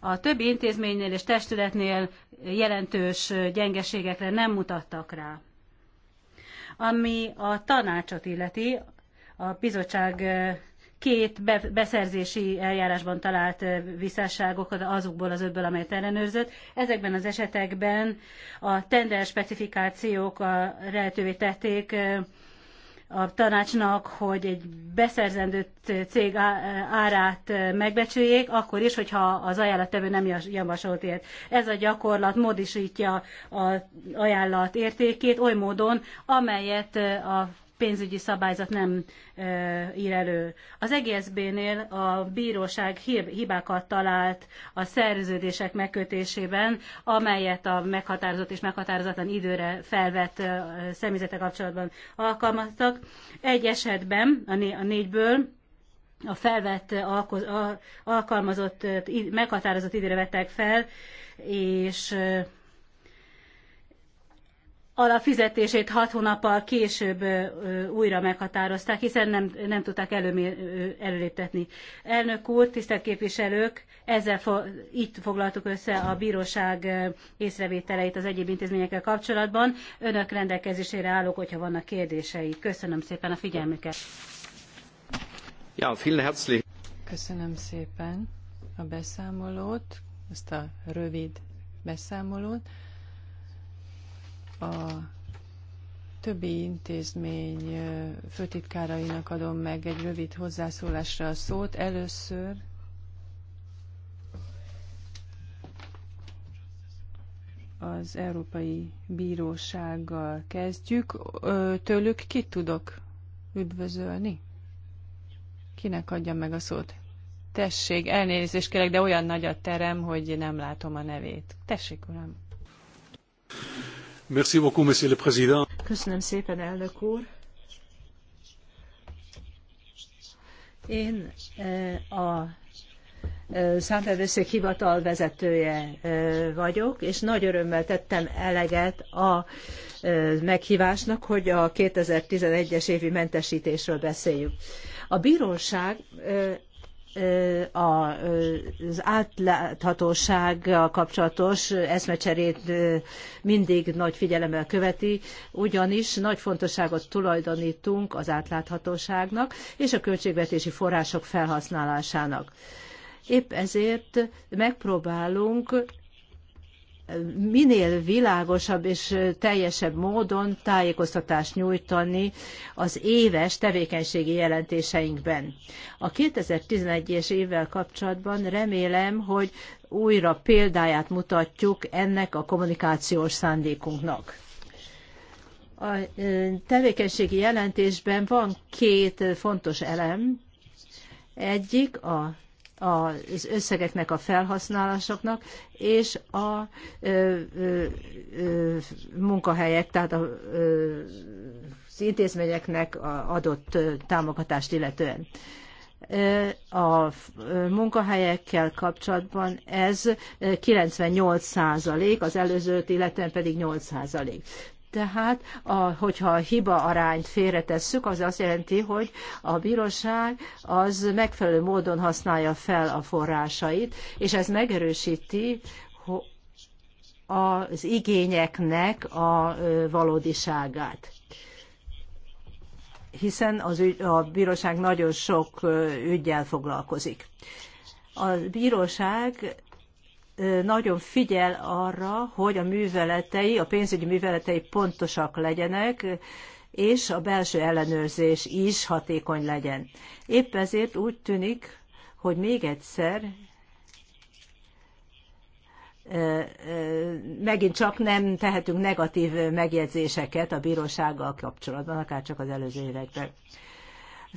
a többi intézménynél és testületnél jelentős gyengeségekre nem mutattak rá. Ami a tanácsot illeti, a bizottság két beszerzési eljárásban talált visszásságokat azokból az ötből, amelyet ellenőrzött. Ezekben az esetekben a tender specifikációk lehetővé tették a tanácsnak, hogy egy beszerzendő cég árát megbecsüljék, akkor is, hogyha az ajánlattevő nem javasolt ilyet. Ez a gyakorlat módosítja az ajánlat értékét oly módon, amelyet a pénzügyi szabályzat nem ír elő. Az EGSZB-nél a bíróság hibákat talált a szerződések megkötésében, amelyet a meghatározott és meghatározatlan időre felvett személyzete kapcsolatban alkalmaztak. Egy esetben, a négyből, a felvett alkalmazott, meghatározott időre vettek fel, és alapfizetését hat hónappal később újra meghatározták, hiszen nem, nem tudták előléptetni. Elnök úr, tisztelt képviselők, ezzel fo- itt foglaltuk össze a bíróság észrevételeit az egyéb intézményekkel kapcsolatban. Önök rendelkezésére állok, hogyha vannak kérdései. Köszönöm szépen a figyelmüket. Ja, vielen Köszönöm szépen a beszámolót, ezt a rövid beszámolót a többi intézmény főtitkárainak adom meg egy rövid hozzászólásra a szót. Először az Európai Bírósággal kezdjük. Tőlük kit tudok üdvözölni? Kinek adjam meg a szót? Tessék, elnézést kérek, de olyan nagy a terem, hogy nem látom a nevét. Tessék, uram. Köszönöm szépen, elnök úr. Én eh, a eh, számvevőszék hivatal vezetője eh, vagyok, és nagy örömmel tettem eleget a meghívásnak, hogy a 2011-es évi mentesítésről beszéljük. A bíróság az átláthatósággal kapcsolatos eszmecserét mindig nagy figyelemmel követi, ugyanis nagy fontosságot tulajdonítunk az átláthatóságnak és a költségvetési források felhasználásának. Épp ezért megpróbálunk minél világosabb és teljesebb módon tájékoztatást nyújtani az éves tevékenységi jelentéseinkben. A 2011-es évvel kapcsolatban remélem, hogy újra példáját mutatjuk ennek a kommunikációs szándékunknak. A tevékenységi jelentésben van két fontos elem. Egyik a az összegeknek a felhasználásoknak, és a ö, ö, ö, munkahelyek, tehát a, ö, az intézményeknek adott támogatást illetően. A munkahelyekkel kapcsolatban ez 98 százalék, az előzőt illetően pedig 8 százalék. Tehát, a, hogyha a hiba arányt félretesszük, az azt jelenti, hogy a bíróság az megfelelő módon használja fel a forrásait, és ez megerősíti az igényeknek a valódiságát hiszen az ügy, a bíróság nagyon sok ügyjel foglalkozik. A bíróság nagyon figyel arra, hogy a műveletei, a pénzügyi műveletei pontosak legyenek, és a belső ellenőrzés is hatékony legyen. Épp ezért úgy tűnik, hogy még egyszer megint csak nem tehetünk negatív megjegyzéseket a bírósággal kapcsolatban, akár csak az előző években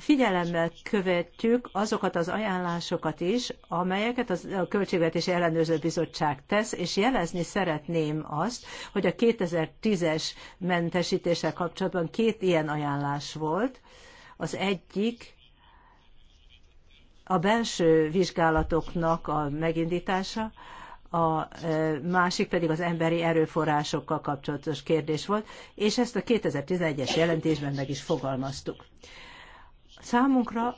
figyelemmel követjük azokat az ajánlásokat is, amelyeket a Költségvetési Ellenőrző Bizottság tesz, és jelezni szeretném azt, hogy a 2010-es mentesítéssel kapcsolatban két ilyen ajánlás volt. Az egyik a belső vizsgálatoknak a megindítása, a e, másik pedig az emberi erőforrásokkal kapcsolatos kérdés volt, és ezt a 2011-es jelentésben meg is fogalmaztuk. Számunkra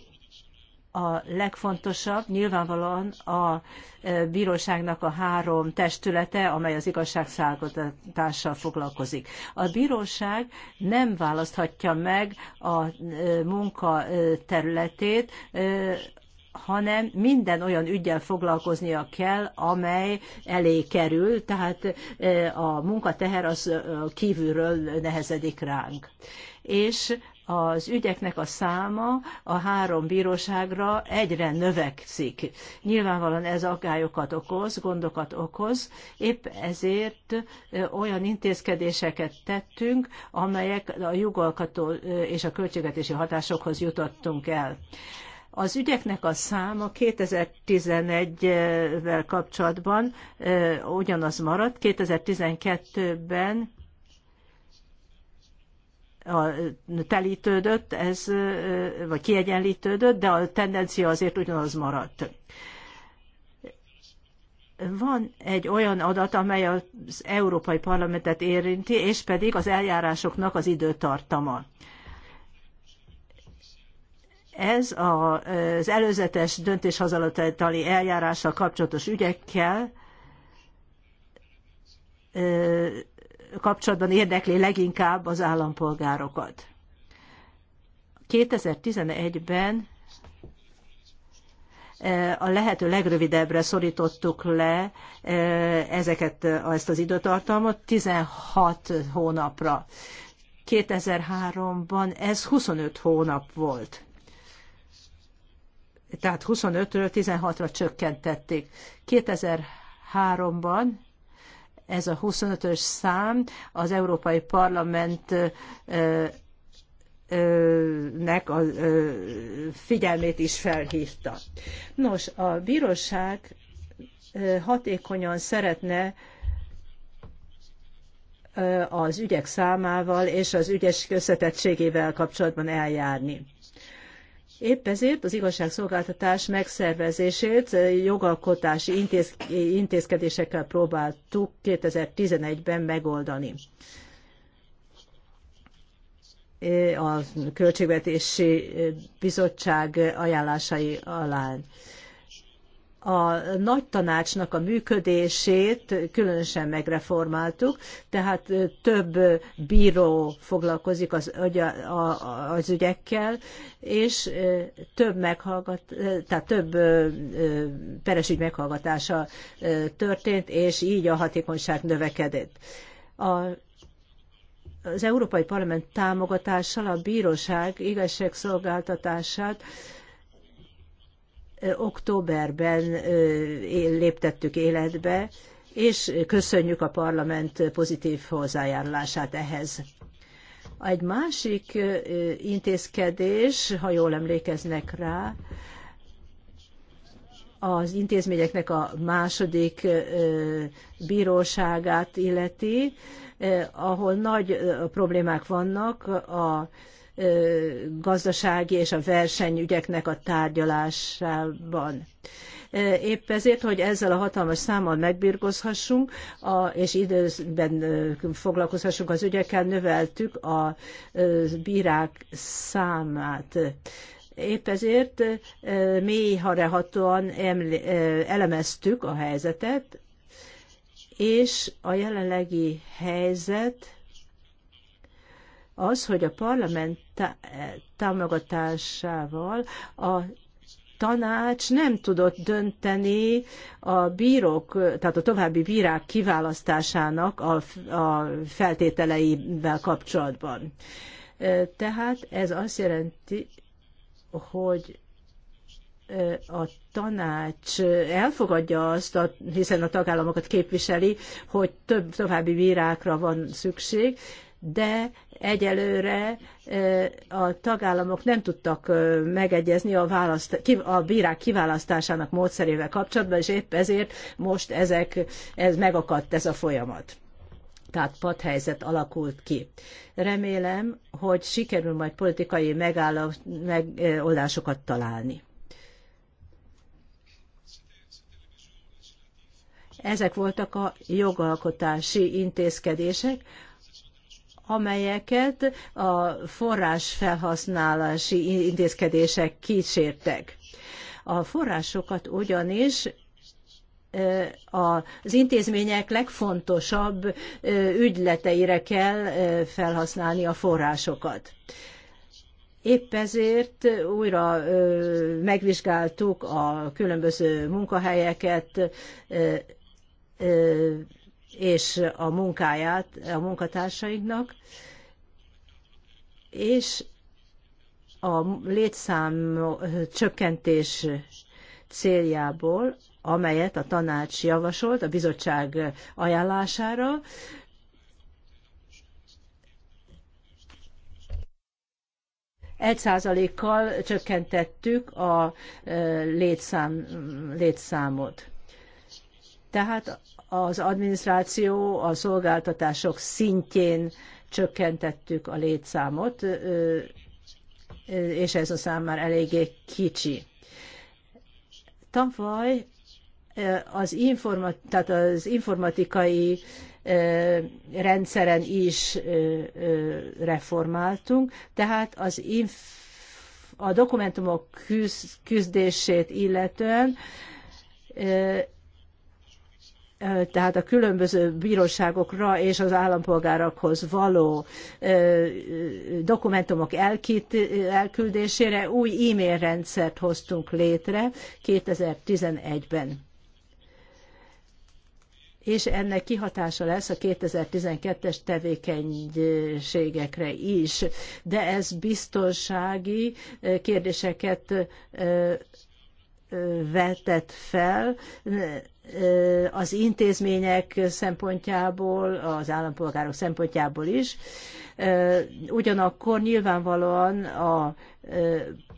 a legfontosabb nyilvánvalóan a e, bíróságnak a három testülete, amely az igazságszálkotással foglalkozik. A bíróság nem választhatja meg a e, munka e, területét, hanem minden olyan ügyel foglalkoznia kell, amely elé kerül, tehát a munkateher az kívülről nehezedik ránk. És az ügyeknek a száma a három bíróságra egyre növekszik. Nyilvánvalóan ez aggályokat okoz, gondokat okoz, épp ezért olyan intézkedéseket tettünk, amelyek a jogalkató és a költségvetési hatásokhoz jutottunk el. Az ügyeknek a száma 2011-vel kapcsolatban ugyanaz maradt, 2012-ben a, telítődött, ez, vagy kiegyenlítődött, de a tendencia azért ugyanaz maradt. Van egy olyan adat, amely az Európai Parlamentet érinti, és pedig az eljárásoknak az időtartama. Ez a, az előzetes döntéshozatali eljárással kapcsolatos ügyekkel kapcsolatban érdekli leginkább az állampolgárokat. 2011-ben eh, a lehető legrövidebbre szorítottuk le eh, ezeket, ezt az időtartalmat 16 hónapra. 2003-ban ez 25 hónap volt. Tehát 25-ről 16-ra csökkentették. 2003-ban ez a 25-ös szám az Európai Parlament nek a figyelmét is felhívta. Nos, a bíróság hatékonyan szeretne az ügyek számával és az ügyes összetettségével kapcsolatban eljárni. Épp ezért az igazságszolgáltatás megszervezését jogalkotási intéz, intézkedésekkel próbáltuk 2011-ben megoldani. A Költségvetési Bizottság ajánlásai alá a nagy tanácsnak a működését különösen megreformáltuk, tehát több bíró foglalkozik az, az ügyekkel, és több, meghallgat, tehát több peresügy meghallgatása történt, és így a hatékonyság növekedett. A az Európai Parlament támogatással a bíróság igazságszolgáltatását októberben léptettük életbe, és köszönjük a parlament pozitív hozzájárulását ehhez. Egy másik intézkedés, ha jól emlékeznek rá, az intézményeknek a második bíróságát illeti, ahol nagy problémák vannak a gazdasági és a versenyügyeknek a tárgyalásában. Épp ezért, hogy ezzel a hatalmas számmal megbirgozhassunk, a, és időben foglalkozhassunk az ügyekkel, növeltük a bírák számát. Épp ezért mélyharehatóan elemeztük a helyzetet, és a jelenlegi helyzet az, hogy a parlament támogatásával a tanács nem tudott dönteni a bírók, tehát a további bírák kiválasztásának a, a feltételeivel kapcsolatban. Tehát ez azt jelenti, hogy a tanács elfogadja azt, a, hiszen a tagállamokat képviseli, hogy több további bírákra van szükség, de Egyelőre a tagállamok nem tudtak megegyezni a, választ, a bírák kiválasztásának módszerével kapcsolatban, és épp ezért most ezek, ez megakadt ez a folyamat tehát padhelyzet alakult ki. Remélem, hogy sikerül majd politikai megoldásokat találni. Ezek voltak a jogalkotási intézkedések, amelyeket a forrásfelhasználási intézkedések kísértek. A forrásokat ugyanis az intézmények legfontosabb ügyleteire kell felhasználni a forrásokat. Épp ezért újra megvizsgáltuk a különböző munkahelyeket, és a munkáját a munkatársainknak, és a létszám csökkentés céljából, amelyet a tanács javasolt a bizottság ajánlására, Egy százalékkal csökkentettük a létszám, létszámot. Tehát az adminisztráció, a szolgáltatások szintjén csökkentettük a létszámot, és ez a szám már eléggé kicsi. Tanfaj az, informat, tehát az informatikai rendszeren is reformáltunk, tehát az inf, a dokumentumok küzdését illetően tehát a különböző bíróságokra és az állampolgárokhoz való dokumentumok elküldésére új e-mail rendszert hoztunk létre 2011-ben. És ennek kihatása lesz a 2012-es tevékenységekre is. De ez biztonsági kérdéseket vetett fel, az intézmények szempontjából, az állampolgárok szempontjából is. Ugyanakkor nyilvánvalóan a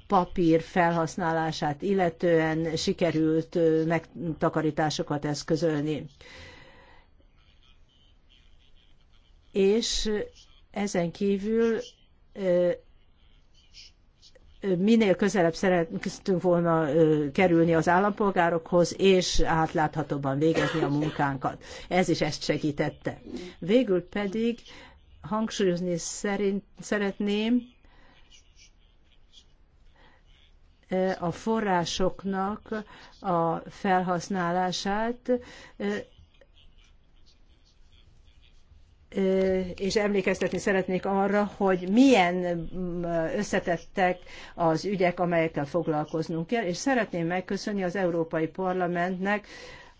papír felhasználását illetően sikerült megtakarításokat eszközölni. És ezen kívül minél közelebb szerettünk volna kerülni az állampolgárokhoz, és átláthatóban végezni a munkánkat. Ez is ezt segítette. Végül pedig hangsúlyozni szerint, szeretném a forrásoknak a felhasználását és emlékeztetni szeretnék arra, hogy milyen összetettek az ügyek, amelyekkel foglalkoznunk kell, és szeretném megköszönni az Európai Parlamentnek,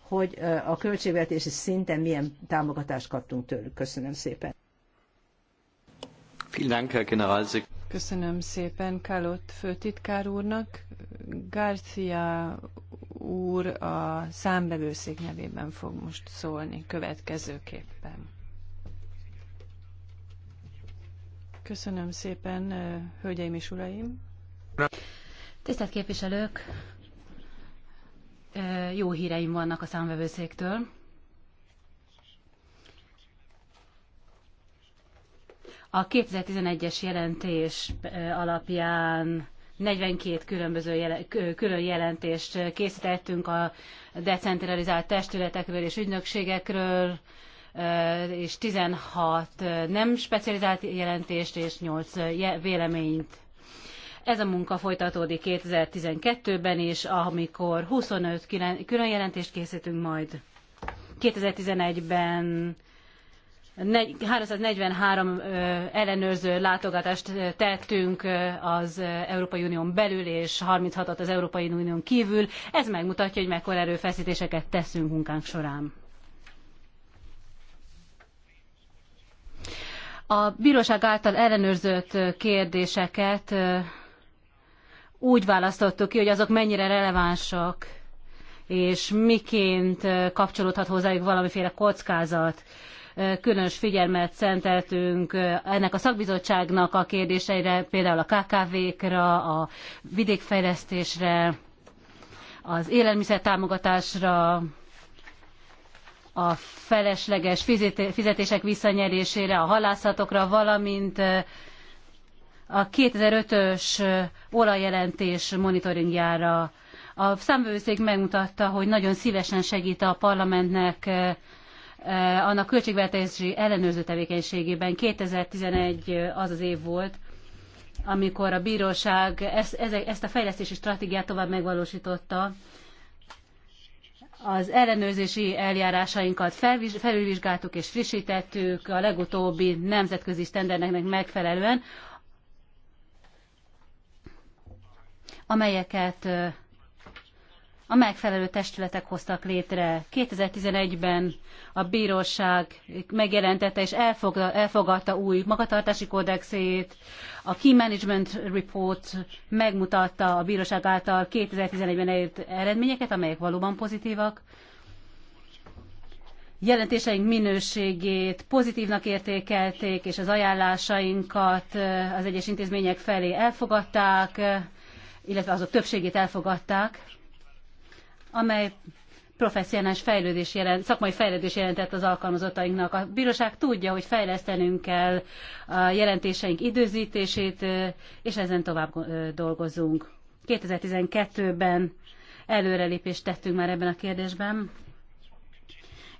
hogy a költségvetési szinten milyen támogatást kaptunk tőlük. Köszönöm szépen. Köszönöm szépen kalot, főtitkár úrnak. Garcia úr a számbevőszék nevében fog most szólni következőképpen. Köszönöm szépen, hölgyeim és uraim. Tisztelt képviselők, jó híreim vannak a számvevőszéktől. A 2011-es jelentés alapján 42 különböző jel külön jelentést készítettünk a decentralizált testületekről és ügynökségekről, és 16 nem specializált jelentést és 8 véleményt. Ez a munka folytatódik 2012-ben is, amikor 25 külön jelentést készítünk majd. 2011-ben 343 ellenőrző látogatást tettünk az Európai Unión belül, és 36-at az Európai Unión kívül. Ez megmutatja, hogy mekkora erőfeszítéseket teszünk munkánk során. a bíróság által ellenőrzött kérdéseket úgy választottuk ki, hogy azok mennyire relevánsak, és miként kapcsolódhat hozzájuk valamiféle kockázat. Különös figyelmet szenteltünk ennek a szakbizottságnak a kérdéseire, például a KKV-kra, a vidékfejlesztésre, az élelmiszer támogatásra, a felesleges fizetések visszanyerésére, a halászatokra, valamint a 2005-ös olajjelentés monitoringjára. A számvevőszék megmutatta, hogy nagyon szívesen segít a parlamentnek annak költségvetési ellenőrző tevékenységében. 2011 az az év volt, amikor a bíróság ezt, ezt a fejlesztési stratégiát tovább megvalósította, az ellenőrzési eljárásainkat felülvizsgáltuk és frissítettük a legutóbbi nemzetközi sztenderdeknek megfelelően, amelyeket a megfelelő testületek hoztak létre. 2011-ben a bíróság megjelentette és elfogadta új magatartási kódexét. A Key Management Report megmutatta a bíróság által 2011-ben elért eredményeket, amelyek valóban pozitívak. Jelentéseink minőségét pozitívnak értékelték, és az ajánlásainkat az egyes intézmények felé elfogadták, illetve azok többségét elfogadták amely professzionális fejlődés jelent, szakmai fejlődés jelentett az alkalmazottainknak. A bíróság tudja, hogy fejlesztenünk kell a jelentéseink időzítését, és ezen tovább dolgozunk. 2012-ben előrelépést tettünk már ebben a kérdésben,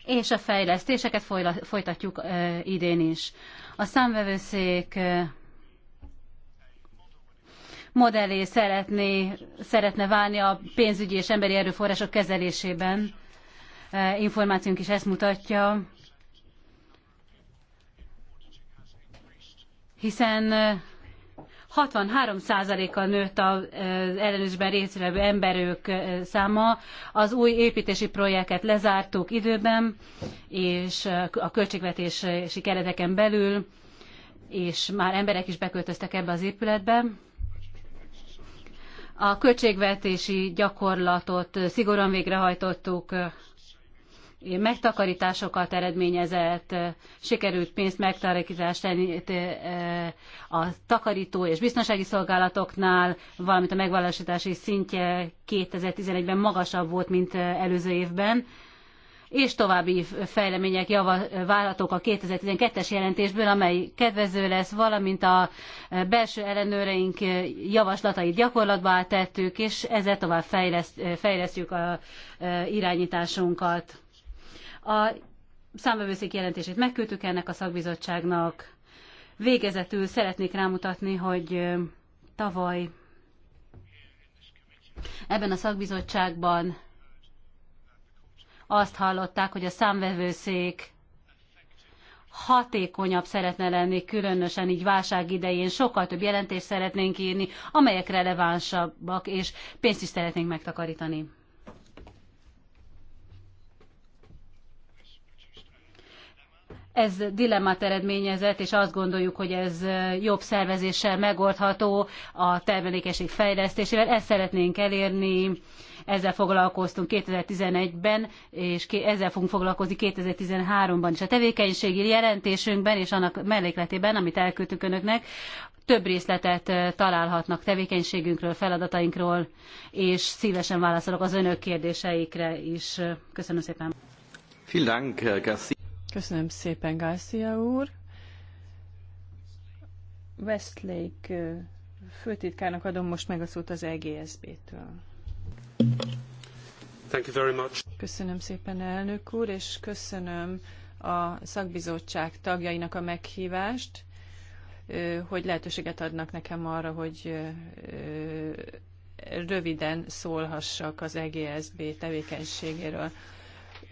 és a fejlesztéseket folytatjuk idén is. A számvevőszék modellé szeretné, szeretne válni a pénzügyi és emberi erőforrások kezelésében. E, információnk is ezt mutatja. Hiszen 63 e, a nőtt az e, ellenőrzésben részvevő emberők száma. Az új építési projektet lezártuk időben, és a költségvetési kereteken belül, és már emberek is beköltöztek ebbe az épületbe. A költségvetési gyakorlatot szigorúan végrehajtottuk, megtakarításokat eredményezett, sikerült pénzt megtakarítást tenni eh, a takarító és biztonsági szolgálatoknál, valamint a megvalósítási szintje 2011-ben magasabb volt, mint előző évben és további fejlemények java, várhatók a 2012-es jelentésből, amely kedvező lesz, valamint a belső ellenőreink javaslatait gyakorlatba tettük és ezzel tovább fejleszt, fejlesztjük a e, irányításunkat. A számbevőszék jelentését megküldtük ennek a szakbizottságnak. Végezetül szeretnék rámutatni, hogy e, tavaly ebben a szakbizottságban azt hallották, hogy a számvevőszék hatékonyabb szeretne lenni, különösen így válság idején. Sokkal több jelentést szeretnénk írni, amelyek relevánsabbak, és pénzt is szeretnénk megtakarítani. Ez dilemmát eredményezett, és azt gondoljuk, hogy ez jobb szervezéssel megoldható a termelékenység fejlesztésével. Ezt szeretnénk elérni ezzel foglalkoztunk 2011-ben, és ezzel fogunk foglalkozni 2013-ban is. A tevékenységi jelentésünkben és annak mellékletében, amit elküldtük önöknek, több részletet találhatnak tevékenységünkről, feladatainkról, és szívesen válaszolok az önök kérdéseikre is. Köszönöm szépen. Köszönöm szépen, Garcia úr. Westlake főtitkárnak adom most meg a szót az EGSB-től. Thank you very much. Köszönöm szépen, elnök úr, és köszönöm a szakbizottság tagjainak a meghívást, hogy lehetőséget adnak nekem arra, hogy röviden szólhassak az EGSB tevékenységéről.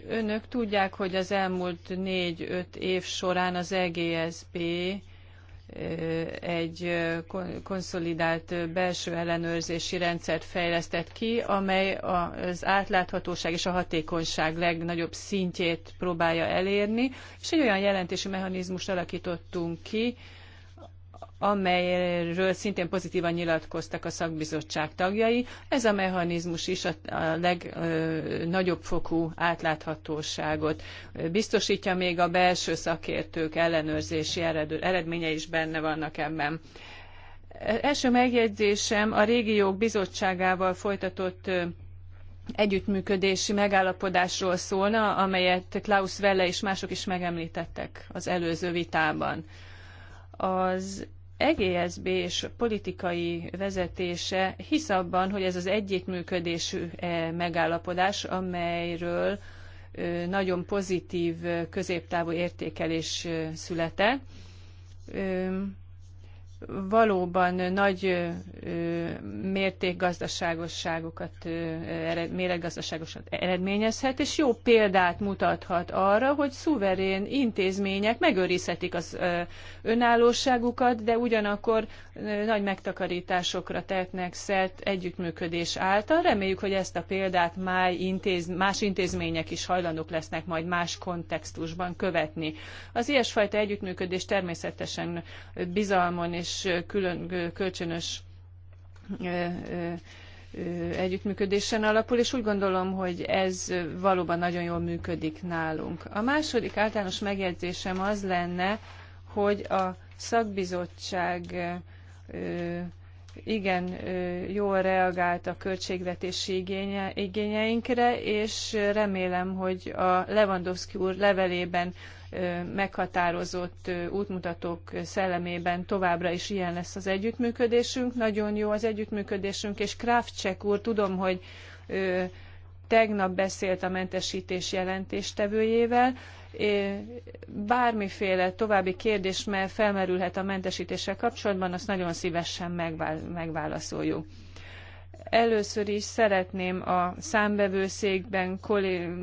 Önök tudják, hogy az elmúlt négy-öt év során az EGSB egy konszolidált belső ellenőrzési rendszert fejlesztett ki, amely az átláthatóság és a hatékonyság legnagyobb szintjét próbálja elérni, és egy olyan jelentési mechanizmust alakítottunk ki, amelyről szintén pozitívan nyilatkoztak a szakbizottság tagjai. Ez a mechanizmus is a legnagyobb fokú átláthatóságot biztosítja, még a belső szakértők ellenőrzési eredménye is benne vannak ebben. Első megjegyzésem a régiók bizottságával folytatott együttműködési megállapodásról szólna, amelyet Klaus Welle és mások is megemlítettek az előző vitában. Az EGSB és politikai vezetése hisz abban, hogy ez az együttműködésű e, megállapodás, amelyről nagyon pozitív középtávú értékelés született, valóban nagy mértékgazdaságosságokat, méretgazdaságosokat eredményezhet, és jó példát mutathat arra, hogy szuverén intézmények megőrizhetik az önállóságukat, de ugyanakkor nagy megtakarításokra tehetnek szert együttműködés által. Reméljük, hogy ezt a példát más intézmények is hajlandók lesznek majd más kontextusban követni. Az ilyesfajta együttműködés természetesen bizalmon és és külön kölcsönös együttműködésen alapul, és úgy gondolom, hogy ez valóban nagyon jól működik nálunk. A második általános megjegyzésem az lenne, hogy a szakbizottság igen jól reagált a költségvetési igénye, igényeinkre, és remélem, hogy a Lewandowski úr levelében meghatározott útmutatók szellemében továbbra is ilyen lesz az együttműködésünk. Nagyon jó az együttműködésünk, és Kravcsek úr, tudom, hogy tegnap beszélt a mentesítés jelentéstevőjével, bármiféle további kérdés felmerülhet a mentesítéssel kapcsolatban, azt nagyon szívesen megválaszoljuk. Először is szeretném a számbevőszékben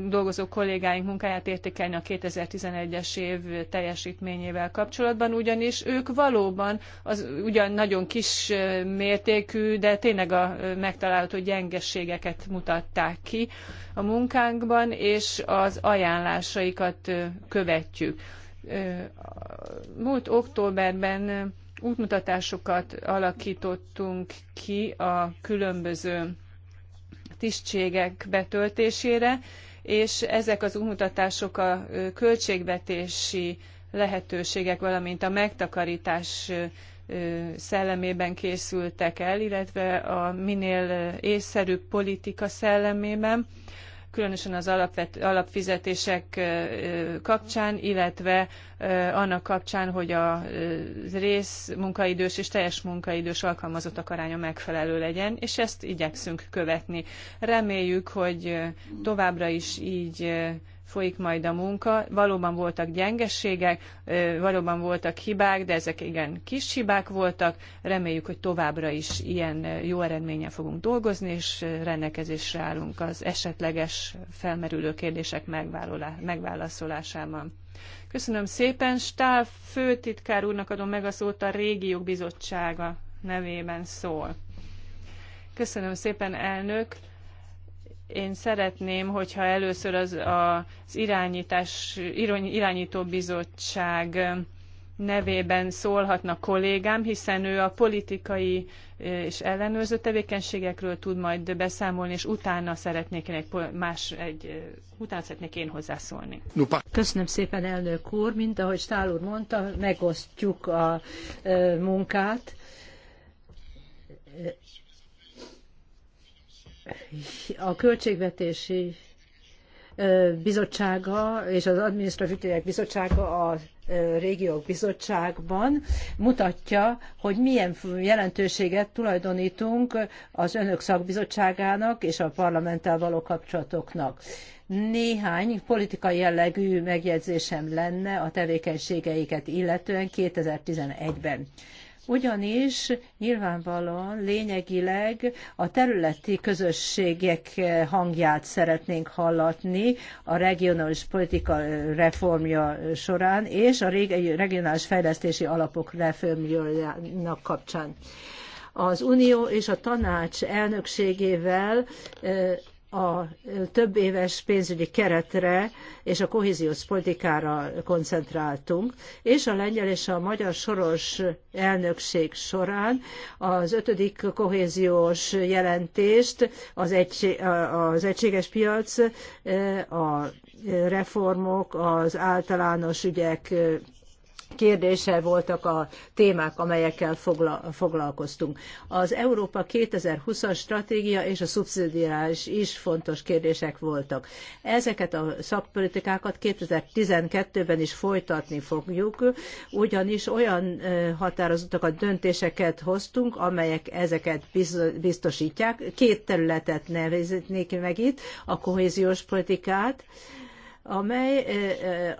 dolgozó kollégáink munkáját értékelni a 2011-es év teljesítményével kapcsolatban, ugyanis ők valóban az ugyan nagyon kis mértékű, de tényleg a megtalálható gyengességeket mutatták ki a munkánkban, és az ajánlásaikat követjük. Múlt októberben útmutatásokat alakítottunk ki a különböző tisztségek betöltésére, és ezek az útmutatások a költségvetési lehetőségek, valamint a megtakarítás szellemében készültek el, illetve a minél észszerűbb politika szellemében különösen az alapvet, alapfizetések kapcsán, illetve annak kapcsán, hogy a rész munkaidős és teljes munkaidős alkalmazottak aránya megfelelő legyen, és ezt igyekszünk követni. Reméljük, hogy továbbra is így folyik majd a munka. Valóban voltak gyengességek, valóban voltak hibák, de ezek igen kis hibák voltak. Reméljük, hogy továbbra is ilyen jó eredménnyel fogunk dolgozni, és rendelkezésre állunk az esetleges felmerülő kérdések megválaszolásában. Köszönöm szépen. Stál főtitkár úrnak adom meg a szót a Régiók Bizottsága nevében szól. Köszönöm szépen, elnök én szeretném, hogyha először az, az irányítás, irányító bizottság nevében szólhatna kollégám, hiszen ő a politikai eh, és ellenőrző tevékenységekről tud majd beszámolni, és utána szeretnék én egy, más, egy, eh, utána szeretnék én hozzászólni. Köszönöm szépen, elnök úr. Mint ahogy Stál úr mondta, megosztjuk a eh, munkát a költségvetési bizottsága és az adminisztratívek bizottsága a régiók bizottságban mutatja, hogy milyen jelentőséget tulajdonítunk az önök szakbizottságának és a parlamenttel való kapcsolatoknak. Néhány politikai jellegű megjegyzésem lenne a tevékenységeiket illetően 2011-ben ugyanis nyilvánvalóan lényegileg a területi közösségek hangját szeretnénk hallatni a regionális politika reformja során és a regionális fejlesztési alapok reformjának kapcsán az Unió és a Tanács elnökségével a több éves pénzügyi keretre és a kohéziós politikára koncentráltunk, és a lengyel és a magyar soros elnökség során az ötödik kohéziós jelentést, az, egység, az egységes piac, a reformok, az általános ügyek kérdése voltak a témák, amelyekkel foglalkoztunk. Az Európa 2020-as stratégia és a szubszidiális is fontos kérdések voltak. Ezeket a szakpolitikákat 2012-ben is folytatni fogjuk, ugyanis olyan határozatokat, döntéseket hoztunk, amelyek ezeket biztosítják. Két területet nevezetnék meg itt, a kohéziós politikát, amely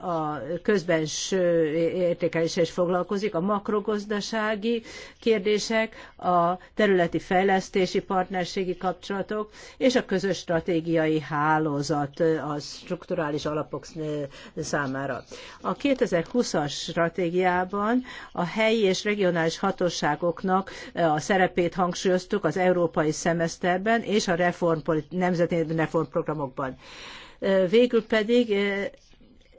a közbenső értékeléssel is foglalkozik, a makrogazdasági kérdések, a területi fejlesztési partnerségi kapcsolatok és a közös stratégiai hálózat a strukturális alapok számára. A 2020-as stratégiában a helyi és regionális hatóságoknak a szerepét hangsúlyoztuk az európai szemeszterben és a reform, nemzeti reformprogramokban. Végül pedig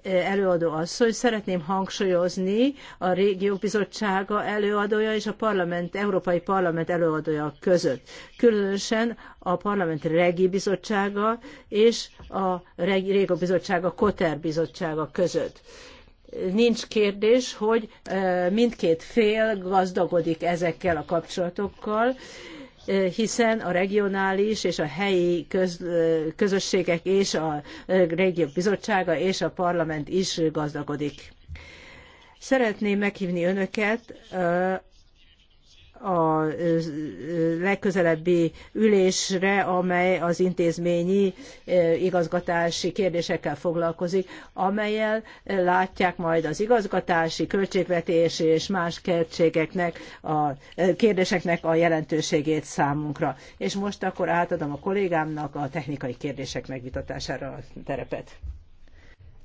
előadó asszony, szeretném hangsúlyozni a régiók bizottsága előadója és a parlament, Európai Parlament előadója között. Különösen a parlament regi bizottsága és a regi, régió bizottsága, Koter bizottsága között. Nincs kérdés, hogy mindkét fél gazdagodik ezekkel a kapcsolatokkal, hiszen a regionális és a helyi köz, közösségek és a régiók bizottsága és a parlament is gazdagodik. Szeretném meghívni önöket a legközelebbi ülésre, amely az intézményi igazgatási kérdésekkel foglalkozik, amelyel látják majd az igazgatási, költségvetési és más költségeknek a kérdéseknek a jelentőségét számunkra. És most akkor átadom a kollégámnak a technikai kérdések megvitatására a terepet.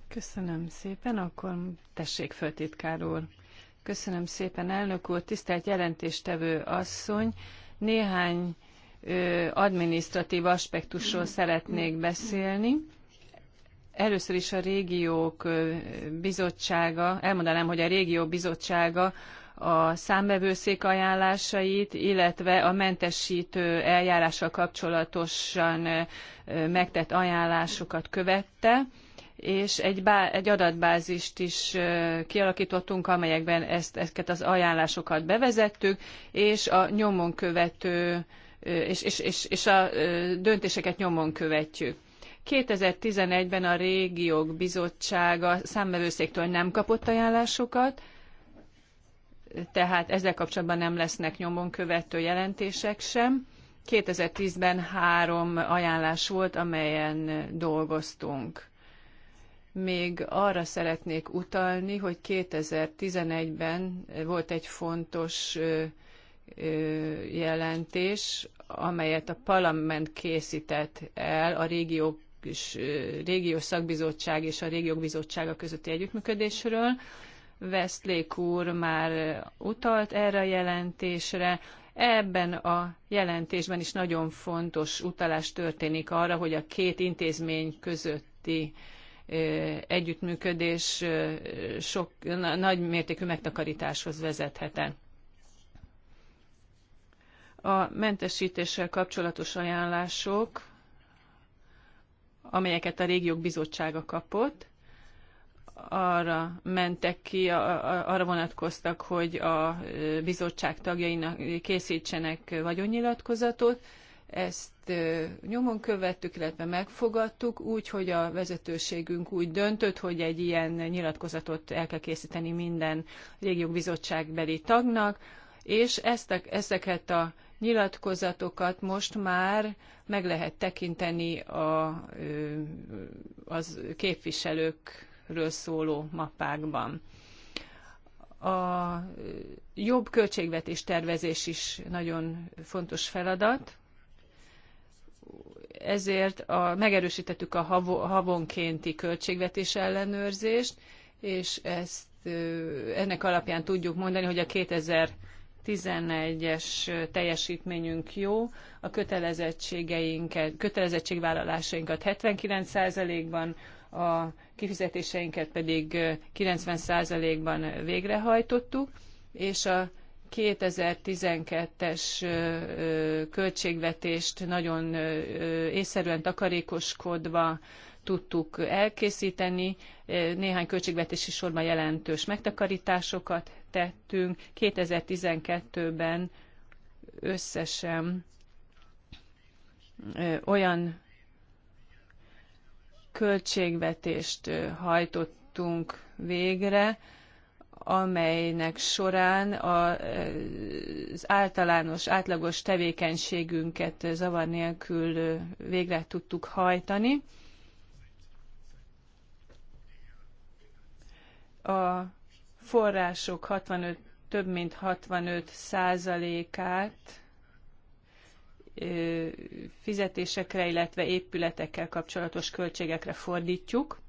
Köszönöm szépen, akkor tessék föltitkár úr. Köszönöm szépen, elnök úr, tisztelt jelentéstevő asszony. Néhány ö, administratív aspektusról szeretnék beszélni. Először is a régiók bizottsága, elmondanám, hogy a régió bizottsága a számbevőszék ajánlásait, illetve a mentesítő eljárással kapcsolatosan megtett ajánlásokat követte és egy, bá, egy adatbázist is kialakítottunk, amelyekben ezt, ezeket az ajánlásokat bevezettük, és a nyomon követő és, és, és, és a döntéseket nyomon követjük. 2011-ben a régiók bizottsága számvevőszéktől nem kapott ajánlásokat, tehát ezzel kapcsolatban nem lesznek nyomon követő jelentések sem. 2010-ben három ajánlás volt, amelyen dolgoztunk még arra szeretnék utalni, hogy 2011-ben volt egy fontos jelentés, amelyet a parlament készített el a régiók és régiós szakbizottság és a régiók bizottsága közötti együttműködésről. Westlake úr már utalt erre a jelentésre. Ebben a jelentésben is nagyon fontos utalás történik arra, hogy a két intézmény közötti együttműködés sok nagy mértékű megtakarításhoz vezethetett. A mentesítéssel kapcsolatos ajánlások, amelyeket a régiók bizottsága kapott, arra mentek ki, arra vonatkoztak, hogy a bizottság tagjainak készítsenek vagyonnyilatkozatot, ezt nyomon követtük, illetve megfogadtuk, úgy, hogy a vezetőségünk úgy döntött, hogy egy ilyen nyilatkozatot el kell készíteni minden régiók bizottságbeli tagnak, és ezt, ezeket a nyilatkozatokat most már meg lehet tekinteni a, az képviselőkről szóló mappákban a jobb költségvetés tervezés is nagyon fontos feladat ezért a, megerősítettük a havonkénti költségvetés ellenőrzést, és ezt ennek alapján tudjuk mondani, hogy a 2011-es teljesítményünk jó, a kötelezettségeinket, kötelezettségvállalásainkat 79%-ban, a kifizetéseinket pedig 90%-ban végrehajtottuk, és a 2012-es költségvetést nagyon észszerűen takarékoskodva tudtuk elkészíteni. Néhány költségvetési sorban jelentős megtakarításokat tettünk. 2012-ben összesen olyan költségvetést hajtottunk végre, amelynek során az általános, átlagos tevékenységünket zavar nélkül végre tudtuk hajtani. A források 65, több mint 65 százalékát fizetésekre, illetve épületekkel kapcsolatos költségekre fordítjuk.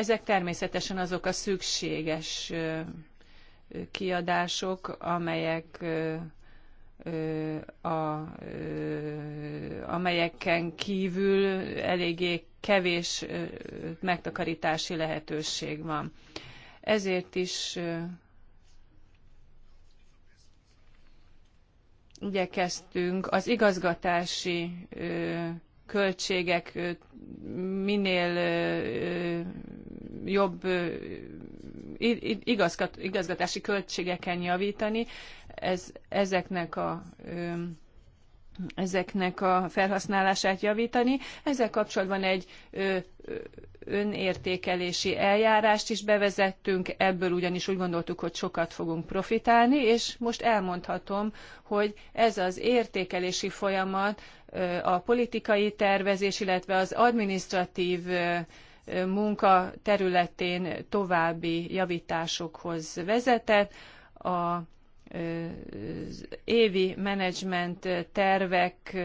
Ezek természetesen azok a szükséges kiadások, amelyek a, amelyeken kívül eléggé kevés megtakarítási lehetőség van. Ezért is igyekeztünk az igazgatási költségek minél jobb igazgatási költségeken javítani. Ez, ezeknek a ezeknek a felhasználását javítani. Ezzel kapcsolatban egy ö, önértékelési eljárást is bevezettünk, ebből ugyanis úgy gondoltuk, hogy sokat fogunk profitálni, és most elmondhatom, hogy ez az értékelési folyamat ö, a politikai tervezés, illetve az administratív ö, munka területén további javításokhoz vezetett. A évi menedzsment tervek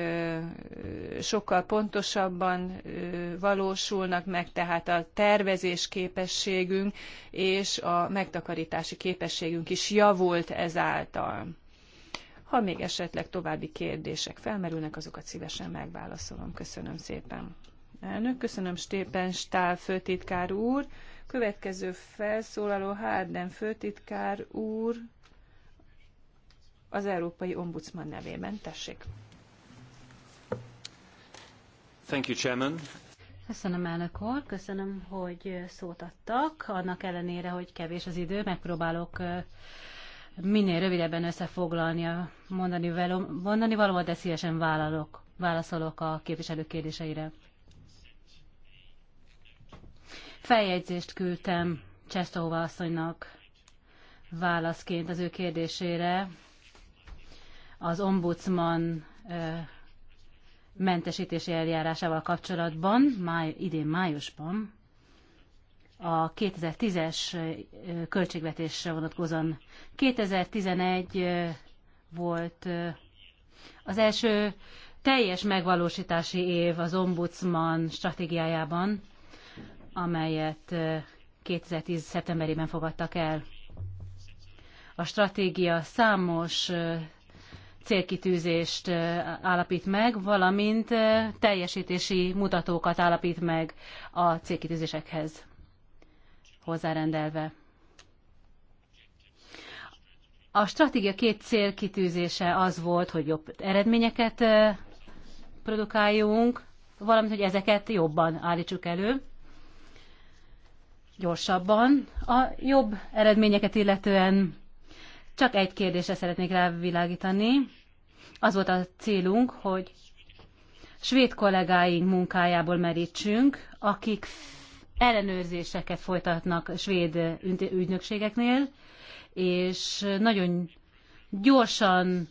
sokkal pontosabban valósulnak meg, tehát a tervezés képességünk és a megtakarítási képességünk is javult ezáltal. Ha még esetleg további kérdések felmerülnek, azokat szívesen megválaszolom. Köszönöm szépen. Elnök, köszönöm Stépen Stál főtitkár úr. Következő felszólaló Harden főtitkár úr az Európai Ombudsman nevében. Tessék. Thank you, Chairman. Köszönöm, elnök úr, köszönöm, hogy szót adtak. Annak ellenére, hogy kevés az idő, megpróbálok minél rövidebben összefoglalni a mondani, való, mondani valóban, de szívesen vállalok, válaszolok a képviselők kérdéseire feljegyzést küldtem Csesztóva asszonynak válaszként az ő kérdésére az ombudsman mentesítési eljárásával kapcsolatban, máj, idén májusban, a 2010-es költségvetésre vonatkozóan. 2011 volt az első teljes megvalósítási év az ombudsman stratégiájában, amelyet 2010. szeptemberében fogadtak el. A stratégia számos célkitűzést állapít meg, valamint teljesítési mutatókat állapít meg a célkitűzésekhez hozzárendelve. A stratégia két célkitűzése az volt, hogy jobb eredményeket produkáljunk, valamint, hogy ezeket jobban állítsuk elő gyorsabban. A jobb eredményeket illetően csak egy kérdésre szeretnék rávilágítani. Az volt a célunk, hogy svéd kollégáink munkájából merítsünk, akik ellenőrzéseket folytatnak svéd ügynökségeknél, és nagyon gyorsan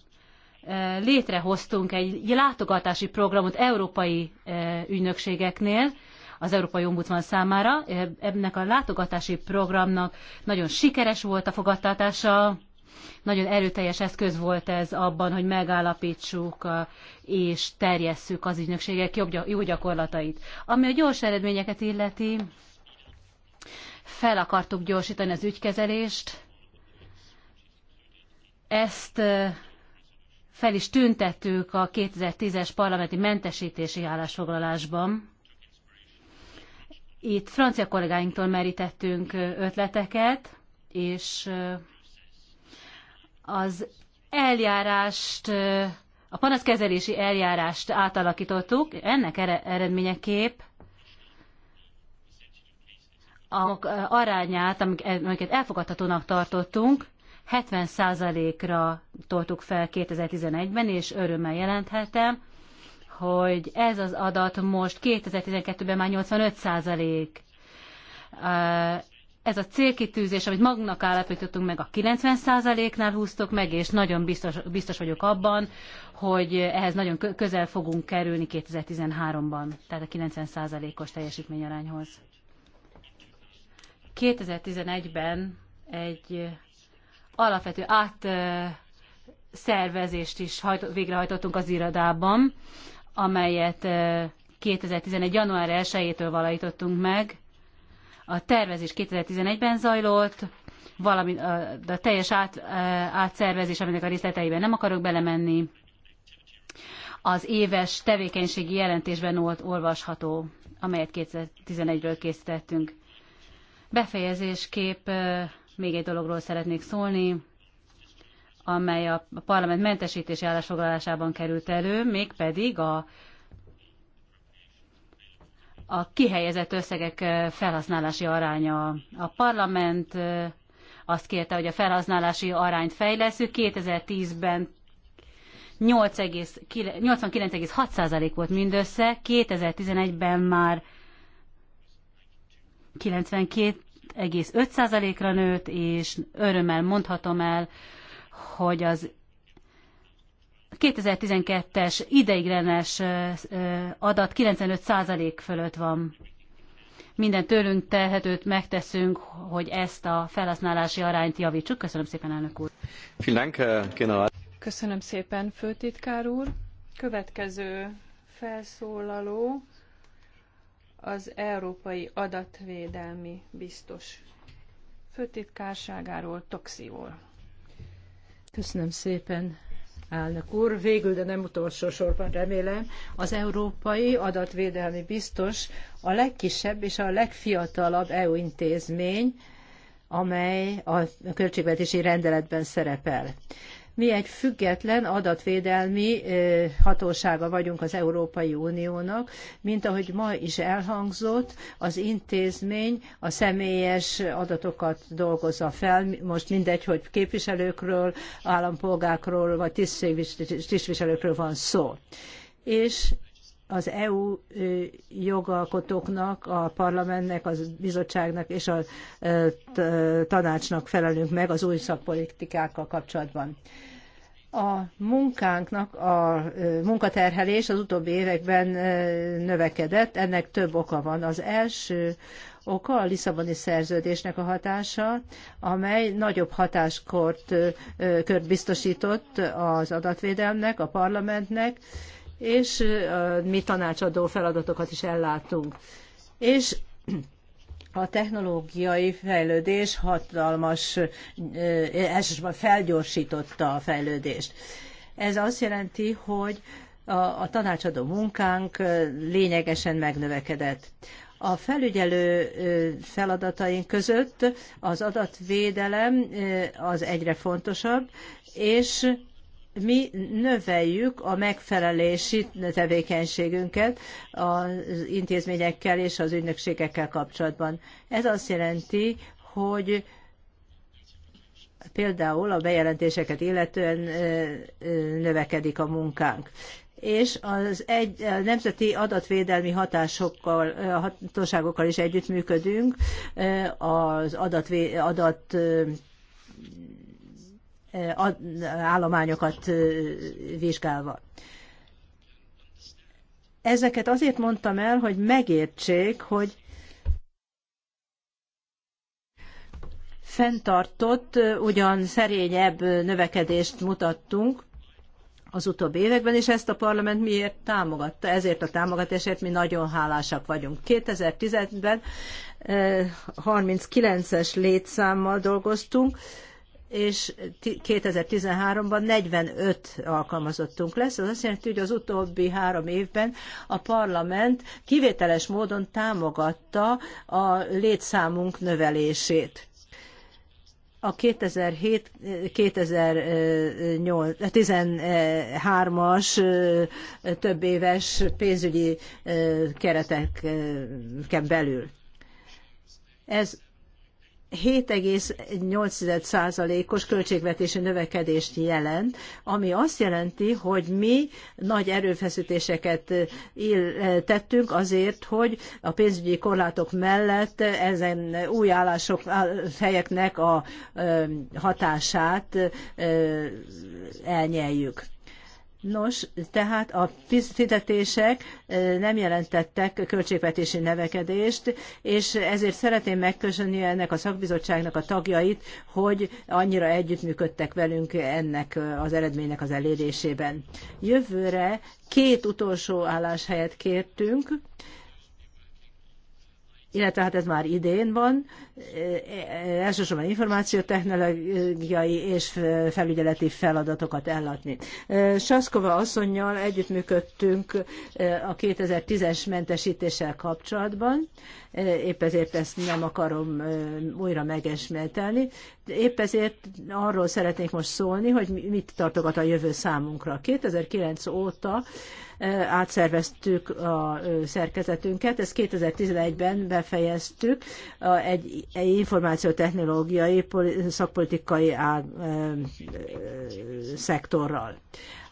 eh, létrehoztunk egy látogatási programot európai eh, ügynökségeknél, az Európai Ombudsman számára. Ennek a látogatási programnak nagyon sikeres volt a fogadtatása, nagyon erőteljes eszköz volt ez abban, hogy megállapítsuk és terjesszük az ügynökségek jó gyakorlatait. Ami a gyors eredményeket illeti, fel akartuk gyorsítani az ügykezelést, ezt fel is tüntettük a 2010-es parlamenti mentesítési állásfoglalásban. Itt francia kollégáinktól merítettünk ötleteket, és az eljárást, a panaszkezelési eljárást átalakítottuk, ennek eredményeképp a arányát, e-, amiket elfogadhatónak tartottunk, 70%-ra toltuk fel 2011-ben, és örömmel jelenthetem, hogy ez az adat most 2012-ben már 85 százalék. Ez a célkitűzés, amit magunknak állapítottunk meg, a 90 százaléknál húztok meg, és nagyon biztos, biztos vagyok abban, hogy ehhez nagyon közel fogunk kerülni 2013-ban, tehát a 90 százalékos teljesítményarányhoz. 2011-ben egy alapvető átszervezést is hajt, végrehajtottunk az irodában, amelyet 2011. január 1-től valahítottunk meg. A tervezés 2011-ben zajlott, a, a, teljes át, átszervezés, aminek a részleteiben nem akarok belemenni, az éves tevékenységi jelentésben volt olvasható, amelyet 2011-ről készítettünk. Befejezésképp még egy dologról szeretnék szólni amely a parlament mentesítési állásfoglalásában került elő, mégpedig a, a kihelyezett összegek eh, felhasználási aránya. A parlament eh, azt kérte, hogy a felhasználási arányt fejleszünk. 2010-ben 89,6% volt mindössze, 2011-ben már 92,5%-ra nőtt, és örömmel mondhatom el, hogy az 2012-es ideiglenes adat 95% fölött van. Minden tőlünk tehetőt megteszünk, hogy ezt a felhasználási arányt javítsuk. Köszönöm szépen, elnök úr. Köszönöm szépen, főtitkár úr. Következő felszólaló az Európai Adatvédelmi Biztos főtitkárságáról, Toxiról. Köszönöm szépen, elnök úr. Végül, de nem utolsó sorban remélem, az európai adatvédelmi biztos a legkisebb és a legfiatalabb EU intézmény, amely a költségvetési rendeletben szerepel. Mi egy független adatvédelmi hatósága vagyunk az Európai Uniónak, mint ahogy ma is elhangzott, az intézmény a személyes adatokat dolgozza fel, most mindegy, hogy képviselőkről, állampolgákról vagy tisztviselőkről van szó. És az EU jogalkotóknak, a parlamentnek, a bizottságnak és a tanácsnak felelünk meg az új szakpolitikákkal kapcsolatban. A munkánknak a munkaterhelés az utóbbi években növekedett, ennek több oka van. Az első oka a Lisszaboni szerződésnek a hatása, amely nagyobb hatáskort kört biztosított az adatvédelmnek, a parlamentnek, és mi tanácsadó feladatokat is ellátunk. És a technológiai fejlődés hatalmas, elsősorban felgyorsította a fejlődést. Ez azt jelenti, hogy a, a tanácsadó munkánk lényegesen megnövekedett. A felügyelő feladataink között az adatvédelem az egyre fontosabb, és mi növeljük a megfelelési tevékenységünket az intézményekkel és az ügynökségekkel kapcsolatban. Ez azt jelenti, hogy például a bejelentéseket illetően növekedik a munkánk és az egy, a nemzeti adatvédelmi hatásokkal, hatóságokkal is együttműködünk az adatvé, adat állományokat vizsgálva. Ezeket azért mondtam el, hogy megértsék, hogy fenntartott, ugyan szerényebb növekedést mutattunk az utóbbi években, és ezt a parlament miért támogatta? Ezért a támogatásért mi nagyon hálásak vagyunk. 2010-ben 39-es létszámmal dolgoztunk, és 2013-ban 45 alkalmazottunk lesz. az azt jelenti, hogy az utóbbi három évben a parlament kivételes módon támogatta a létszámunk növelését a 2007-2013-as több éves pénzügyi kereteken belül. Ez 7,8%-os költségvetési növekedést jelent, ami azt jelenti, hogy mi nagy erőfeszítéseket eh, eh, tettünk azért, hogy a pénzügyi korlátok mellett ezen új állások, helyeknek a eh, hatását elnyeljük. Nos, tehát a fizetések nem jelentettek költségvetési nevekedést, és ezért szeretném megköszönni ennek a szakbizottságnak a tagjait, hogy annyira együttműködtek velünk ennek az eredménynek az elérésében. Jövőre két utolsó álláshelyet kértünk, illetve hát ez már idén van, elsősorban információtechnológiai és felügyeleti feladatokat ellátni. Saszkova asszonynal együttműködtünk a 2010-es mentesítéssel kapcsolatban, épp ezért ezt nem akarom újra megesmételni. Épp ezért arról szeretnék most szólni, hogy mit tartogat a jövő számunkra. 2009 óta átszerveztük a szerkezetünket. Ezt 2011-ben befejeztük egy információtechnológiai szakpolitikai szektorral.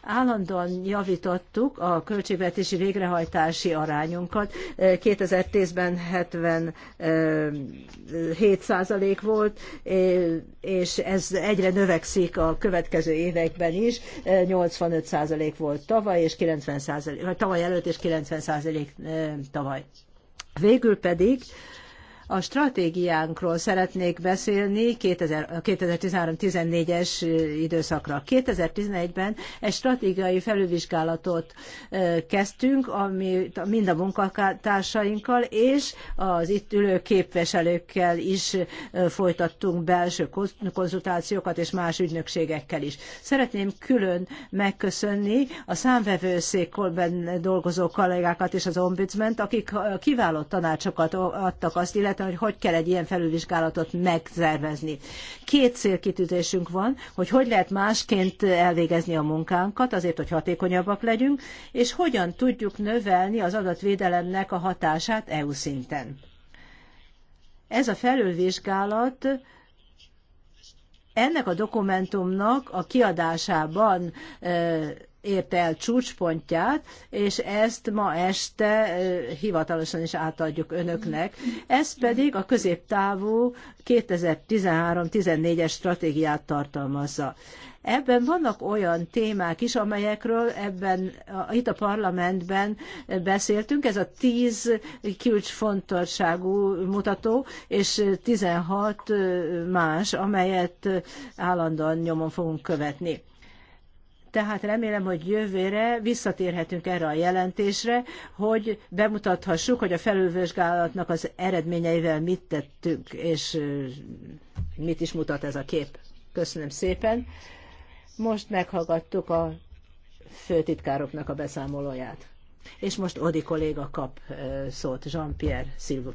Állandóan javítottuk a költségvetési végrehajtási arányunkat. 2010-ben eh, 77 eh, volt, eh, és ez egyre növekszik a következő években is. 85 volt tavaly, és 90 tavaly előtt és 90 tavaly. Végül pedig a stratégiánkról szeretnék beszélni 2013-14-es időszakra. 2011-ben egy stratégiai felülvizsgálatot kezdtünk, amit mind a munkatársainkkal és az itt ülő képviselőkkel is folytattunk belső konzultációkat és más ügynökségekkel is. Szeretném külön megköszönni a számvevőszékben dolgozó kollégákat és az ombudsment, akik kiváló tanácsokat adtak azt, illetve területen, hogy hogy kell egy ilyen felülvizsgálatot megszervezni. Két célkitűzésünk van, hogy hogy lehet másként elvégezni a munkánkat, azért, hogy hatékonyabbak legyünk, és hogyan tudjuk növelni az adatvédelemnek a hatását EU szinten. Ez a felülvizsgálat ennek a dokumentumnak a kiadásában érte el csúcspontját, és ezt ma este hivatalosan is átadjuk önöknek. Ez pedig a középtávú 2013-14-es stratégiát tartalmazza. Ebben vannak olyan témák is, amelyekről ebben, itt a parlamentben beszéltünk. Ez a 10 kulcsfontosságú mutató, és 16 más, amelyet állandóan nyomon fogunk követni tehát remélem, hogy jövőre visszatérhetünk erre a jelentésre, hogy bemutathassuk, hogy a felülvizsgálatnak az eredményeivel mit tettünk, és mit is mutat ez a kép. Köszönöm szépen. Most meghallgattuk a főtitkároknak a beszámolóját. És most Odi kolléga kap szót, Jean-Pierre, s'il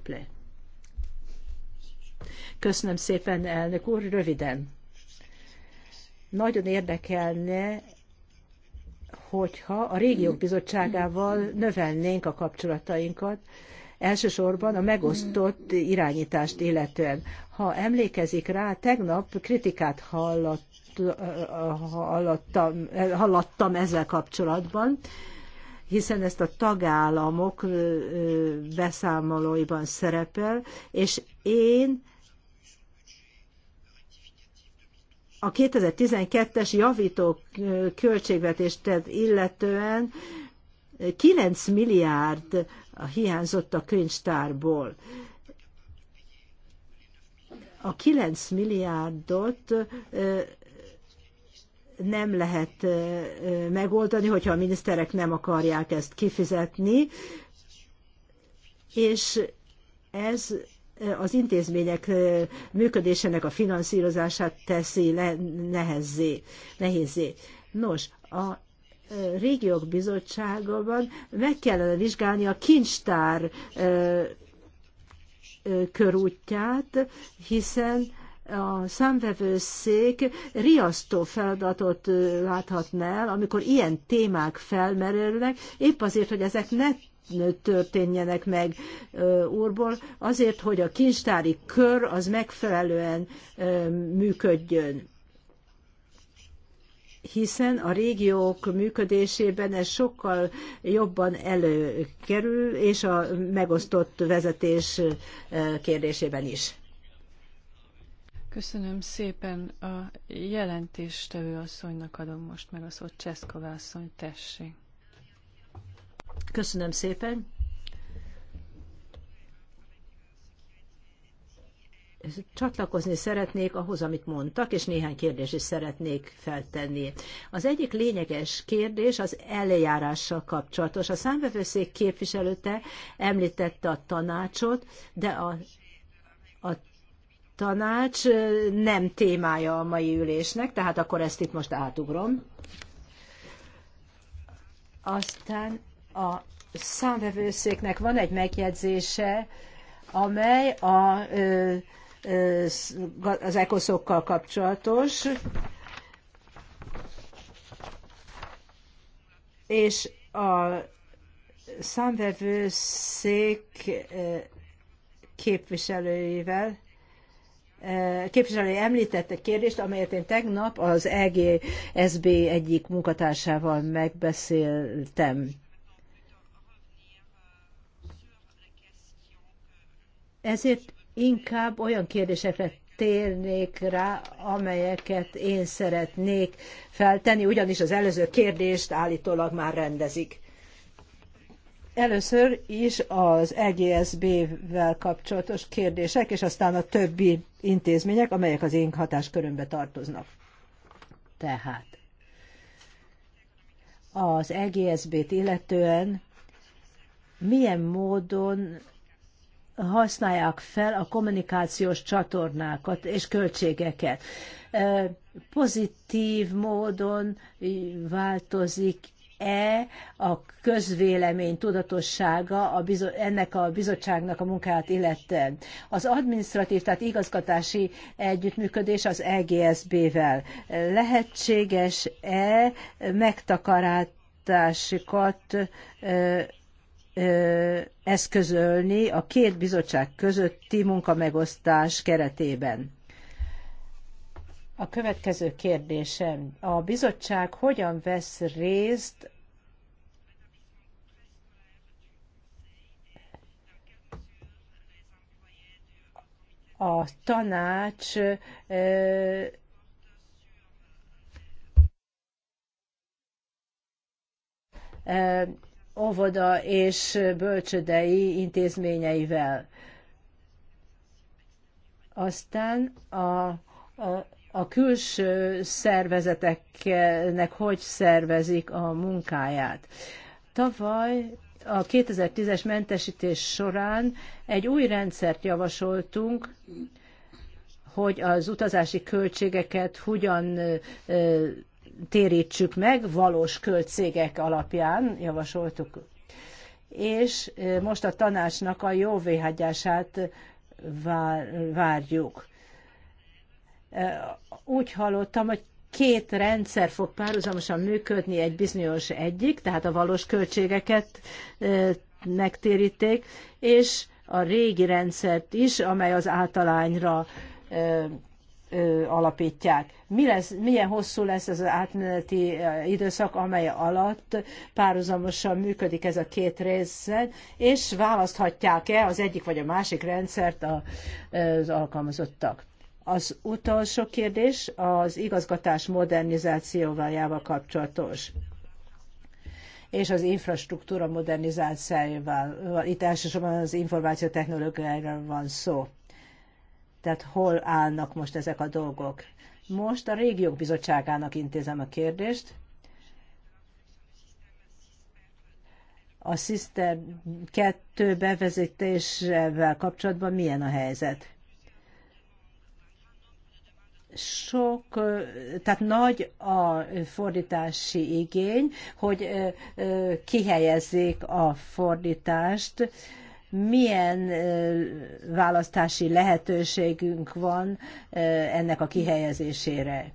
Köszönöm szépen, elnök úr, röviden. Nagyon érdekelne hogyha a régiók bizottságával növelnénk a kapcsolatainkat, elsősorban a megosztott irányítást illetően. Ha emlékezik rá, tegnap kritikát hallott, hallottam, hallottam ezzel kapcsolatban, hiszen ezt a tagállamok beszámolóiban szerepel, és én a 2012-es javító költségvetést illetően 9 milliárd hiányzott a könyvtárból. A 9 milliárdot nem lehet megoldani, hogyha a miniszterek nem akarják ezt kifizetni, és ez az intézmények működésének a finanszírozását teszi le, nehezzé, nehézé. Nos, a régiók bizottságában meg kellene vizsgálni a kincstár körútját, hiszen a számvevőszék riasztó feladatot láthatná el, amikor ilyen témák felmerülnek, épp azért, hogy ezek ne történjenek meg úrból, azért, hogy a kincstári kör az megfelelően működjön hiszen a régiók működésében ez sokkal jobban előkerül, és a megosztott vezetés kérdésében is. Köszönöm szépen. A jelentéstevő asszonynak adom most meg a szót. Cseszkova asszony, tessék. Köszönöm szépen. Csatlakozni szeretnék ahhoz, amit mondtak, és néhány kérdést is szeretnék feltenni. Az egyik lényeges kérdés az eljárással kapcsolatos. A számvevőszék képviselőte említette a tanácsot, de a, a tanács nem témája a mai ülésnek, tehát akkor ezt itt most átugrom. Aztán a számvevőszéknek van egy megjegyzése, amely a, az ekoszokkal kapcsolatos, és a számvevőszék képviselőivel képviselő említette kérdést, amelyet én tegnap az EGSB egyik munkatársával megbeszéltem. Ezért inkább olyan kérdésekre térnék rá, amelyeket én szeretnék feltenni, ugyanis az előző kérdést állítólag már rendezik. Először is az EGSB-vel kapcsolatos kérdések, és aztán a többi intézmények, amelyek az én hatáskörömbe tartoznak. Tehát az EGSB-t illetően milyen módon használják fel a kommunikációs csatornákat és költségeket. Pozitív módon változik e a közvélemény tudatossága a bizo- ennek a bizottságnak a munkáját illetően. Az administratív, tehát igazgatási együttműködés az EGSB-vel lehetséges-e megtakarátásokat eszközölni a két bizottság közötti munkamegosztás keretében. A következő kérdésem. A bizottság hogyan vesz részt a tanács óvoda és bölcsödei intézményeivel. Aztán a, a, a külső szervezeteknek hogy szervezik a munkáját. Tavaly a 2010-es mentesítés során egy új rendszert javasoltunk, hogy az utazási költségeket hogyan térítsük meg, valós költségek alapján javasoltuk. És most a tanácsnak a jóvéhagyását várjuk. Úgy hallottam, hogy két rendszer fog párhuzamosan működni, egy bizonyos egyik, tehát a valós költségeket megtéríték, és a régi rendszert is, amely az általányra alapítják. Mi lesz, milyen hosszú lesz ez az átmeneti időszak, amely alatt párhuzamosan működik ez a két részen, és választhatják-e az egyik vagy a másik rendszert az alkalmazottak? Az utolsó kérdés az igazgatás modernizációval kapcsolatos és az infrastruktúra modernizációval. Itt elsősorban az információtechnológiáról van szó tehát hol állnak most ezek a dolgok? Most a régiók bizottságának intézem a kérdést. A Sister 2 bevezetésével kapcsolatban milyen a helyzet? sok, tehát nagy a fordítási igény, hogy kihelyezzék a fordítást milyen választási lehetőségünk van ennek a kihelyezésére.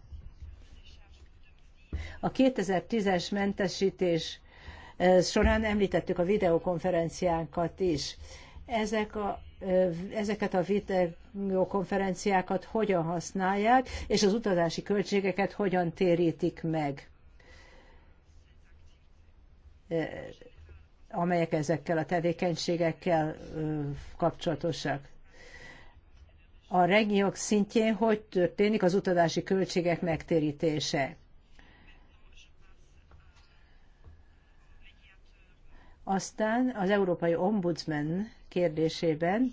A 2010-es mentesítés során említettük a videokonferenciánkat is. Ezek a, ezeket a videokonferenciákat hogyan használják, és az utazási költségeket hogyan térítik meg amelyek ezekkel a tevékenységekkel kapcsolatosak. A regiók szintjén hogy történik az utazási költségek megtérítése? Aztán az Európai Ombudsman kérdésében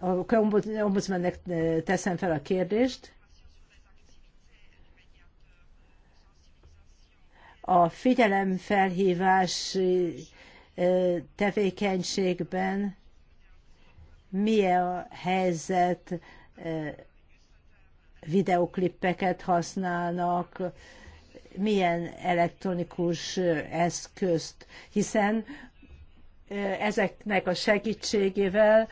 a ombudsmannek teszem fel a kérdést, a figyelemfelhívás tevékenységben mi a helyzet, videoklippeket használnak, milyen elektronikus eszközt, hiszen ezeknek a segítségével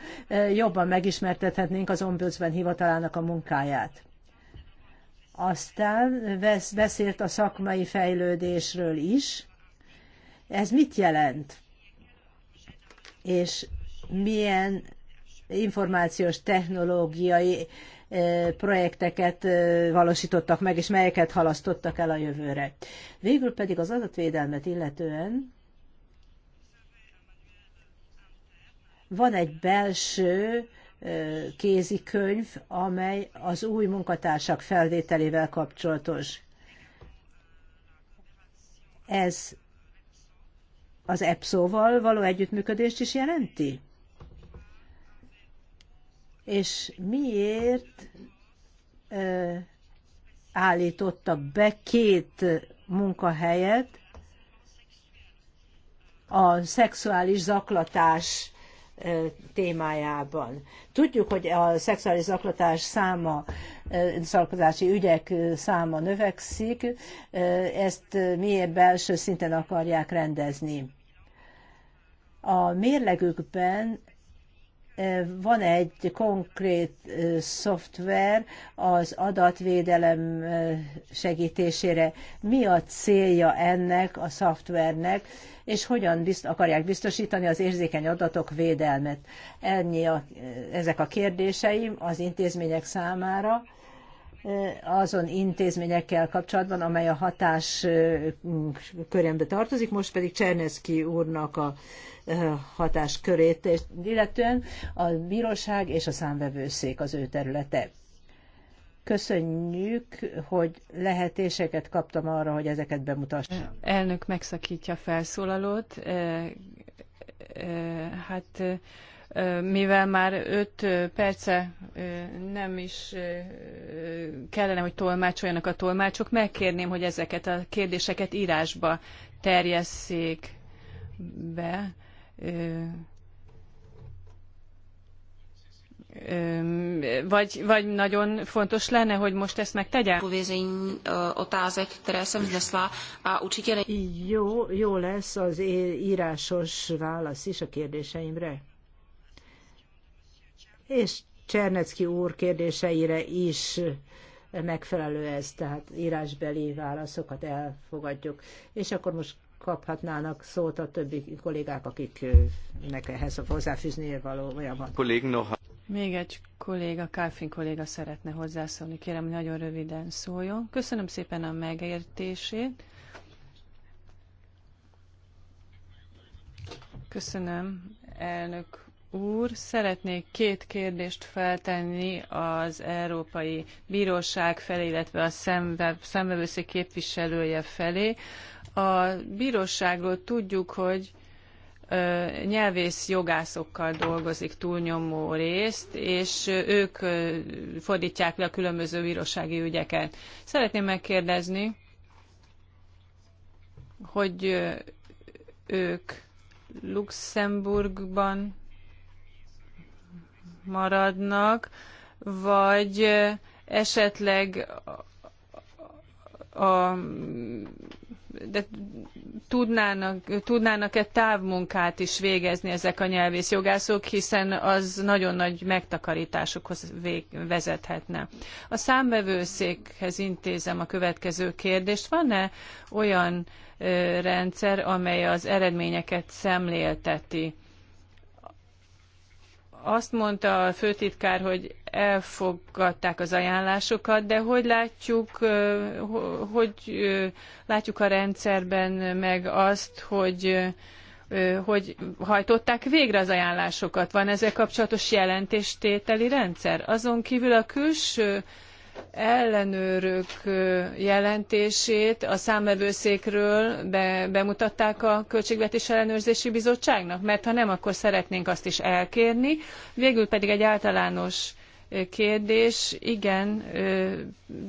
jobban megismertethetnénk az ombudsman hivatalának a munkáját. Aztán beszélt a szakmai fejlődésről is. Ez mit jelent? És milyen információs technológiai eh, projekteket eh, valósítottak meg, és melyeket halasztottak el a jövőre. Végül pedig az adatvédelmet illetően van egy belső kézikönyv, amely az új munkatársak felvételével kapcsolatos. Ez az epso val való együttműködést is jelenti? És miért ö, állította be két munkahelyet a szexuális zaklatás témájában. Tudjuk, hogy a szexuális zaklatás száma, zaklatási ügyek száma növekszik, ezt miért belső szinten akarják rendezni. A mérlegükben van egy konkrét szoftver az adatvédelem segítésére. Mi a célja ennek a szoftvernek, és hogyan bizt, akarják biztosítani az érzékeny adatok védelmet? Ennyi a, ezek a kérdéseim az intézmények számára azon intézményekkel kapcsolatban, amely a hatás körembe tartozik, most pedig Cserneszki úrnak a hatáskörét, illetően a bíróság és a számvevőszék az ő területe. Köszönjük, hogy lehetéseket kaptam arra, hogy ezeket bemutassam. Elnök megszakítja felszólalót. E, e, hát mivel már öt perce nem is kellene, hogy tolmácsoljanak a tolmácsok, megkérném, hogy ezeket a kérdéseket írásba terjesszék be vagy, vagy nagyon fontos lenne, hogy most ezt megtegye? Povězení e, otázek, které jsem vznesla a určitě ne... Jó, jó lesz az írásos válasz is a kérdéseimre. És Csernecki úr kérdéseire is megfelelő ez, tehát írásbeli válaszokat elfogadjuk. És akkor most kaphatnának szót a többi kollégák, akiknek ehhez hozzáfűzni olyan van. Még egy kolléga, Kálfin kolléga szeretne hozzászólni. Kérem, nagyon röviden szóljon. Köszönöm szépen a megértését. Köszönöm, elnök úr. Szeretnék két kérdést feltenni az Európai Bíróság felé, illetve a szembevőszék képviselője felé. A bíróságról tudjuk, hogy nyelvész jogászokkal dolgozik túlnyomó részt, és ők fordítják le a különböző bírósági ügyeket. Szeretném megkérdezni, hogy ők Luxemburgban maradnak, vagy esetleg a, a de tudnának, tudnának-e távmunkát is végezni ezek a jogászok, hiszen az nagyon nagy megtakarításokhoz vég, vezethetne. A számvevőszékhez intézem a következő kérdést. Van-e olyan ö, rendszer, amely az eredményeket szemlélteti? azt mondta a főtitkár, hogy elfogadták az ajánlásokat, de hogy látjuk, hogy látjuk a rendszerben meg azt, hogy hogy hajtották végre az ajánlásokat? Van ezzel kapcsolatos jelentéstételi rendszer? Azon kívül a külső ellenőrök jelentését a számvevőszékről be, bemutatták a Költségvetés Ellenőrzési Bizottságnak? Mert ha nem, akkor szeretnénk azt is elkérni. Végül pedig egy általános kérdés. Igen,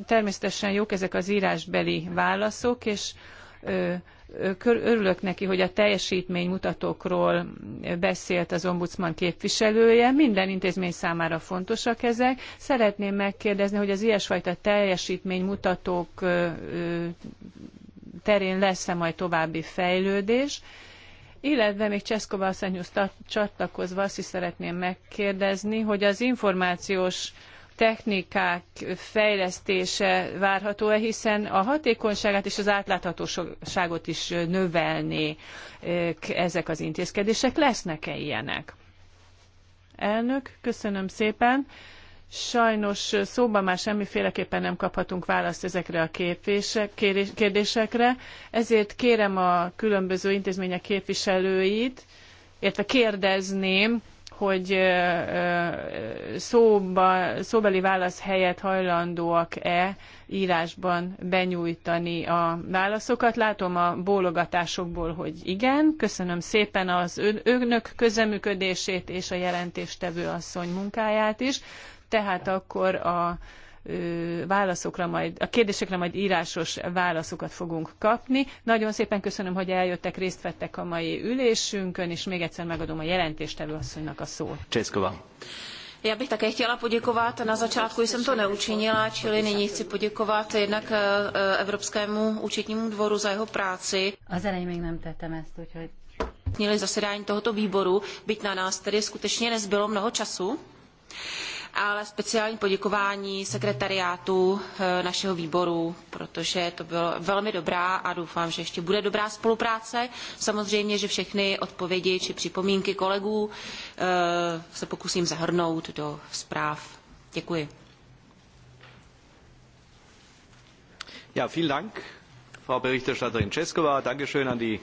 természetesen jók ezek az írásbeli válaszok, és örülök neki, hogy a teljesítménymutatókról beszélt az ombudsman képviselője. Minden intézmény számára fontosak ezek. Szeretném megkérdezni, hogy az ilyesfajta teljesítménymutatók terén lesz-e majd további fejlődés. Illetve még Cseszkova asszonyhoz csatlakozva azt is szeretném megkérdezni, hogy az információs technikák fejlesztése várható-e, hiszen a hatékonyságát és az átláthatóságot is növelni eh, ezek az intézkedések. Lesznek-e ilyenek? Elnök, köszönöm szépen. Sajnos szóban már semmiféleképpen nem kaphatunk választ ezekre a kérdésekre, ezért kérem a különböző intézmények képviselőit, illetve kérdezném hogy szóba, szóbeli válasz helyett hajlandóak-e írásban benyújtani a válaszokat. Látom a bólogatásokból, hogy igen. Köszönöm szépen az önök közeműködését és a jelentéstevő asszony munkáját is. Tehát akkor a válaszokra majd, a kérdésekre majd írásos válaszokat fogunk kapni. Nagyon szépen köszönöm, hogy eljöttek, részt vettek a mai ülésünkön, és még egyszer megadom a jelentéstevő asszonynak a szót. Csészkova. Já bych také chtěla poděkovat. Na začátku jsem to neučinila, čili nyní chci poděkovat jednak e, e, Evropskému účetnímu dvoru za jeho práci. A elején még nem tettem ezt, Měli zasedání tohoto výboru, byť na nás tedy skutečně nezbylo mnoho času ale speciální poděkování sekretariátu eh, našeho výboru, protože to bylo velmi dobrá a doufám, že ještě bude dobrá spolupráce. Samozřejmě, že všechny odpovědi či připomínky kolegů eh, se pokusím zahrnout do zpráv. Děkuji. Ja, vielen Dank. Frau Berichterstatterin Ceskova. Dankeschön an die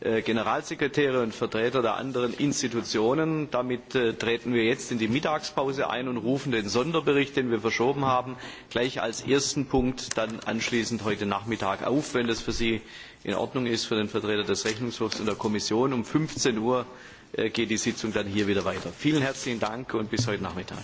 äh, Generalsekretäre und Vertreter der anderen Institutionen. Damit äh, treten wir jetzt in die Mittagspause ein und rufen den Sonderbericht, den wir verschoben haben, gleich als ersten Punkt dann anschließend heute Nachmittag auf, wenn das für Sie in Ordnung ist, für den Vertreter des Rechnungshofs und der Kommission. Um 15 Uhr äh, geht die Sitzung dann hier wieder weiter. Vielen herzlichen Dank und bis heute Nachmittag.